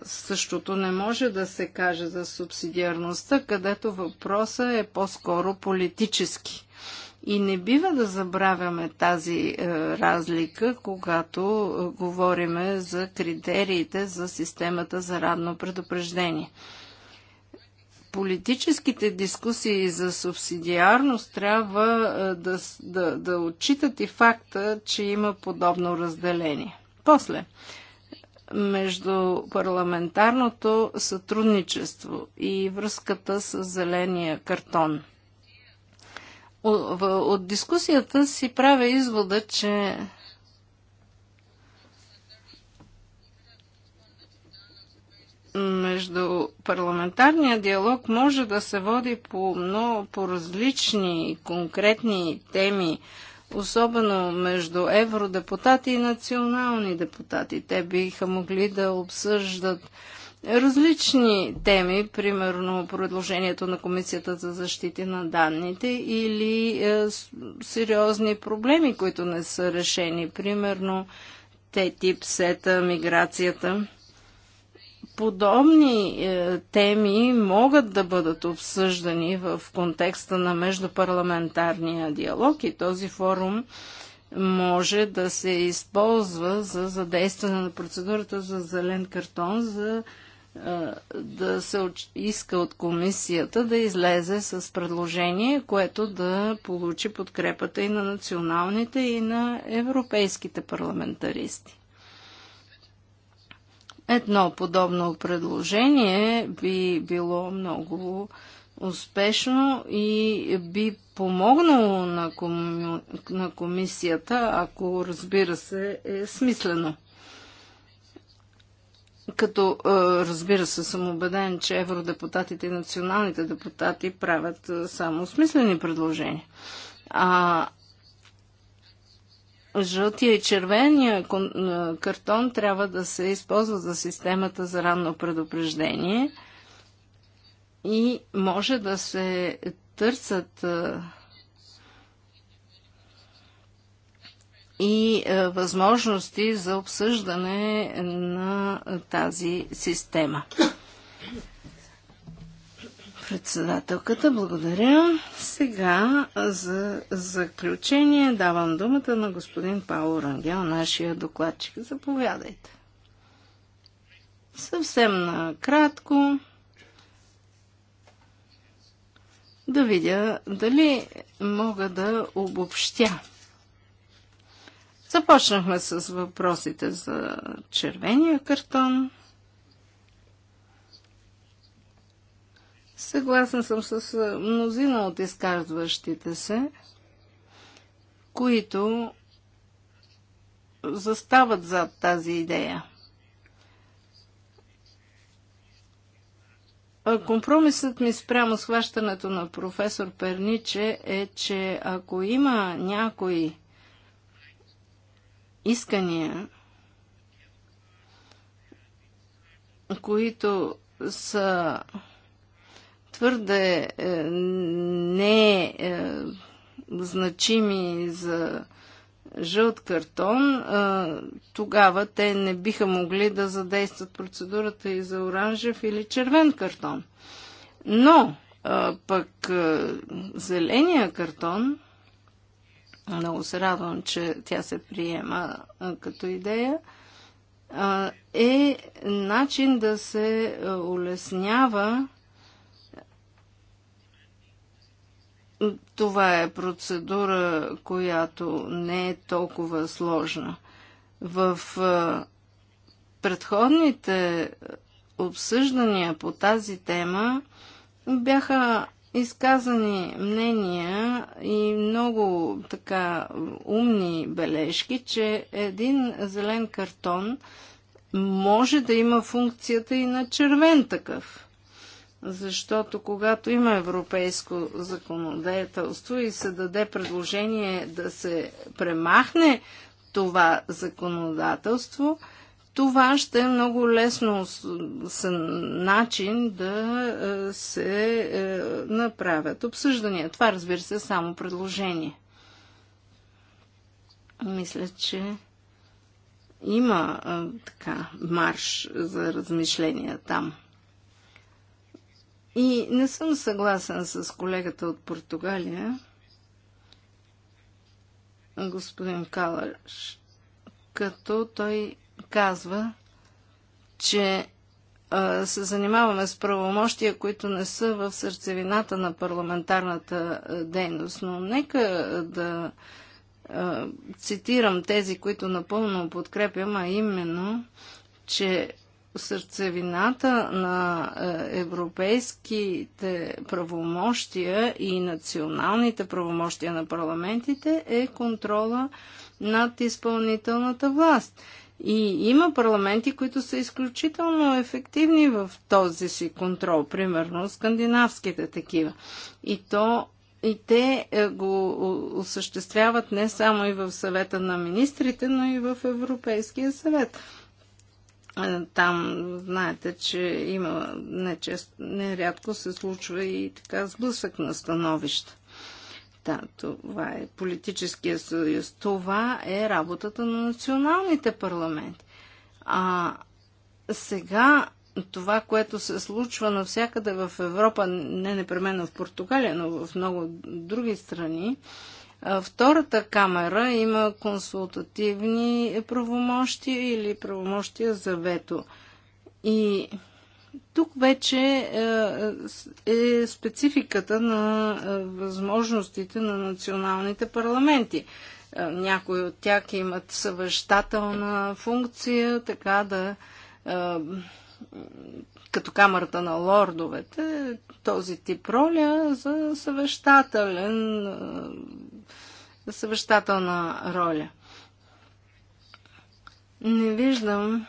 Същото не може да се каже за субсидиарността, където въпросът е по-скоро политически. И не бива да забравяме тази е, разлика, когато е, говориме за критериите за системата за радно предупреждение. Политическите дискусии за субсидиарност трябва е, да, да, да отчитат и факта, че има подобно разделение. После, между парламентарното сътрудничество и връзката с зеления картон. От дискусията си правя извода, че между парламентарния диалог може да се води по, много, по различни конкретни теми, особено между евродепутати и национални депутати. Те биха могли да обсъждат различни теми, примерно предложението на Комисията за защита на данните или е, сериозни проблеми, които не са решени, примерно те тип сета, миграцията подобни е, теми могат да бъдат обсъждани в контекста на междупарламентарния диалог и този форум може да се използва за задействане на процедурата за зелен картон, за е, да се иска от комисията да излезе с предложение, което да получи подкрепата и на националните, и на европейските парламентаристи. Едно подобно предложение би било много успешно и би помогнало на, коми... на комисията, ако разбира се е смислено. Като разбира се съм убеден, че евродепутатите и националните депутати правят само смислени предложения. А жълтия и червения картон трябва да се използва за системата за ранно предупреждение и може да се търсят и възможности за обсъждане на тази система. Председателката, благодаря. Сега за заключение давам думата на господин Павло Рангел, нашия докладчик. Заповядайте. Съвсем накратко да видя дали мога да обобщя. Започнахме с въпросите за червения картон – Съгласна съм с мнозина от изказващите се, които застават зад тази идея. Компромисът ми спрямо схващането на професор Перниче е, че ако има някои искания, които са твърде е, не е, значими за жълт картон, е, тогава те не биха могли да задействат процедурата и за оранжев или червен картон. Но е, пък е, зеления картон, много се радвам, че тя се приема е, като идея, е, е начин да се е, улеснява Това е процедура, която не е толкова сложна. В предходните обсъждания по тази тема бяха изказани мнения и много така умни бележки, че един зелен картон може да има функцията и на червен такъв защото когато има европейско законодателство и се даде предложение да се премахне това законодателство, това ще е много лесно с, начин да е, се е, направят обсъждания. Това, разбира се, е само предложение. Мисля, че има е, така марш за размишления там. И не съм съгласен с колегата от Португалия, господин Калаш, като той казва, че а, се занимаваме с правомощия, които не са в сърцевината на парламентарната дейност. Но нека да а, цитирам тези, които напълно подкрепям, а именно, че сърцевината на е, европейските правомощия и националните правомощия на парламентите е контрола над изпълнителната власт. И има парламенти, които са изключително ефективни в този си контрол, примерно скандинавските такива. И то и те е, го осъществяват не само и в съвета на министрите, но и в Европейския съвет. Там знаете, че има нечест, нерядко се случва и така сблъсък на становища. Да, това е политическия съюз. Това е работата на националните парламенти. А сега това, което се случва навсякъде в Европа, не непременно в Португалия, но в много други страни, Втората камера има консултативни правомощия или правомощия за вето. И тук вече е, е спецификата на е, възможностите на националните парламенти. Е, някои от тях имат съвещателна функция, така да като камерата на лордовете, този тип роля за съвещателен съвещателна роля. Не виждам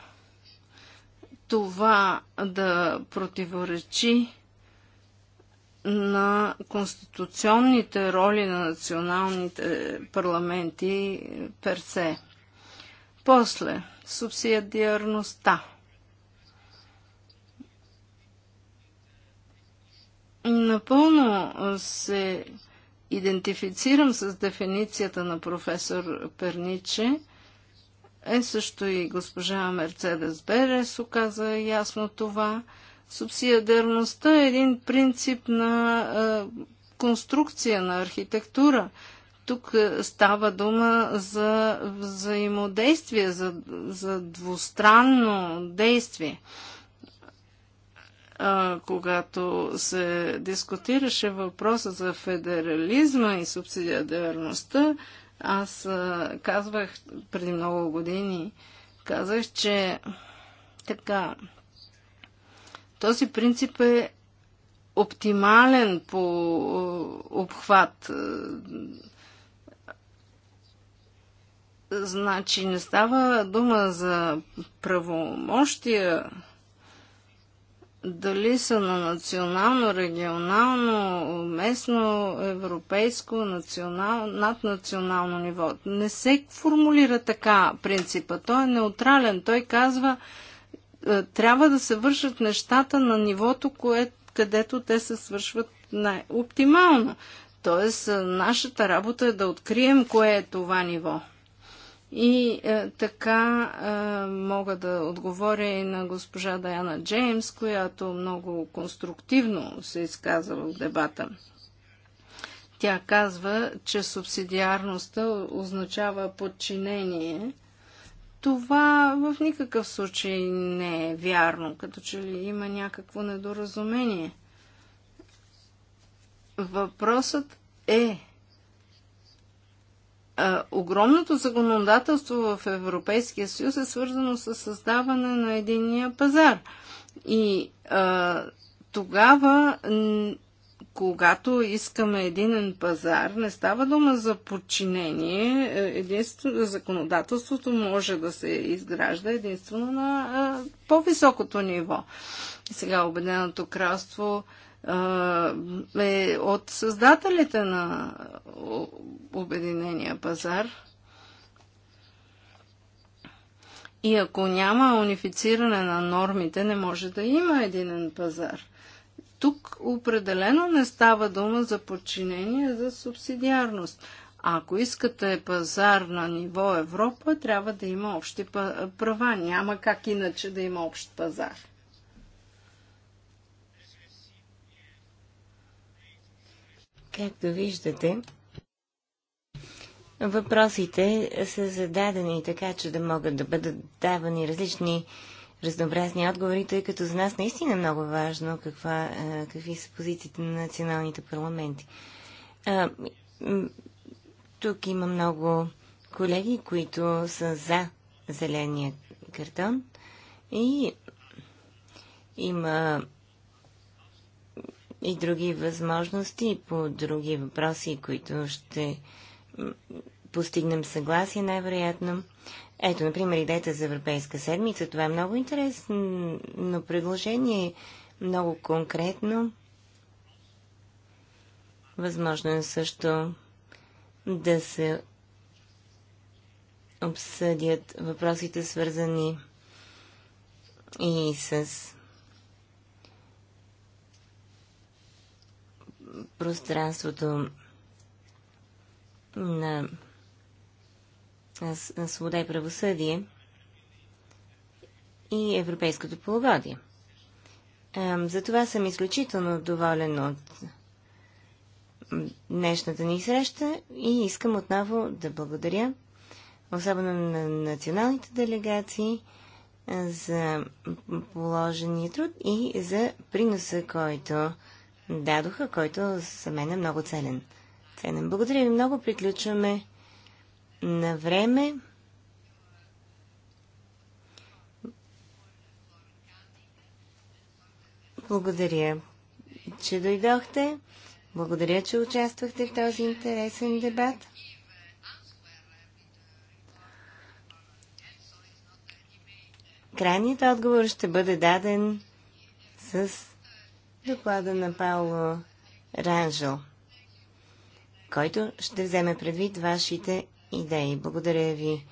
това да противоречи на конституционните роли на националните парламенти персе. После, субсидиарността. Напълно се идентифицирам с дефиницията на професор Перниче, е също и госпожа Мерцедес Берес оказа ясно това. Субсидиарността е един принцип на е, конструкция, на архитектура. Тук е, става дума за взаимодействие, за, за двустранно действие а, когато се дискутираше въпроса за федерализма и субсидиарността, аз а, казвах преди много години, казах, че така, този принцип е оптимален по обхват. Значи не става дума за правомощия дали са на национално, регионално, местно, европейско, национал, наднационално ниво. Не се формулира така принципа. Той е неутрален. Той казва, е, трябва да се вършат нещата на нивото, кое, където те се свършват най-оптимално. Тоест, е, нашата работа е да открием кое е това ниво. И е, така е, мога да отговоря и на госпожа Даяна Джеймс, която много конструктивно се изказа в дебата. Тя казва, че субсидиарността означава подчинение. Това в никакъв случай не е вярно, като че ли има някакво недоразумение. Въпросът е, огромното законодателство в Европейския съюз е свързано с създаване на единия пазар. И а, тогава, когато искаме единен пазар, не става дума за подчинение. Е, единствено, законодателството може да се изгражда единствено на по-високото ниво. Сега Обединеното кралство а, е от създателите на Обединения пазар. И ако няма унифициране на нормите, не може да има единен пазар. Тук определено не става дума за подчинение, за субсидиарност. Ако искате пазар на ниво Европа, трябва да има общи права. Няма как иначе да има общ пазар. Както виждате, въпросите са зададени така, че да могат да бъдат давани различни разнообразни отговори, тъй като за нас наистина е много важно каква, е, какви са позициите на националните парламенти. тук има много колеги, които са за зеления картон и има и други възможности по други въпроси, които ще постигнем съгласие най-вероятно. Ето, например, идеята за Европейска седмица. Това е много интересно предложение, много конкретно. Възможно е също да се обсъдят въпросите свързани и с пространството на, на свобода и правосъдие и европейското полугодие. Затова съм изключително доволен от днешната ни среща и искам отново да благодаря, особено на националните делегации, за положения труд и за приноса, който дадоха, който за мен е много ценен. ценен. Благодаря ви много. Приключваме на време. Благодаря, че дойдохте. Благодаря, че участвахте в този интересен дебат. Крайният отговор ще бъде даден с доклада на Пауло Ранжо, който ще вземе предвид вашите идеи. Благодаря ви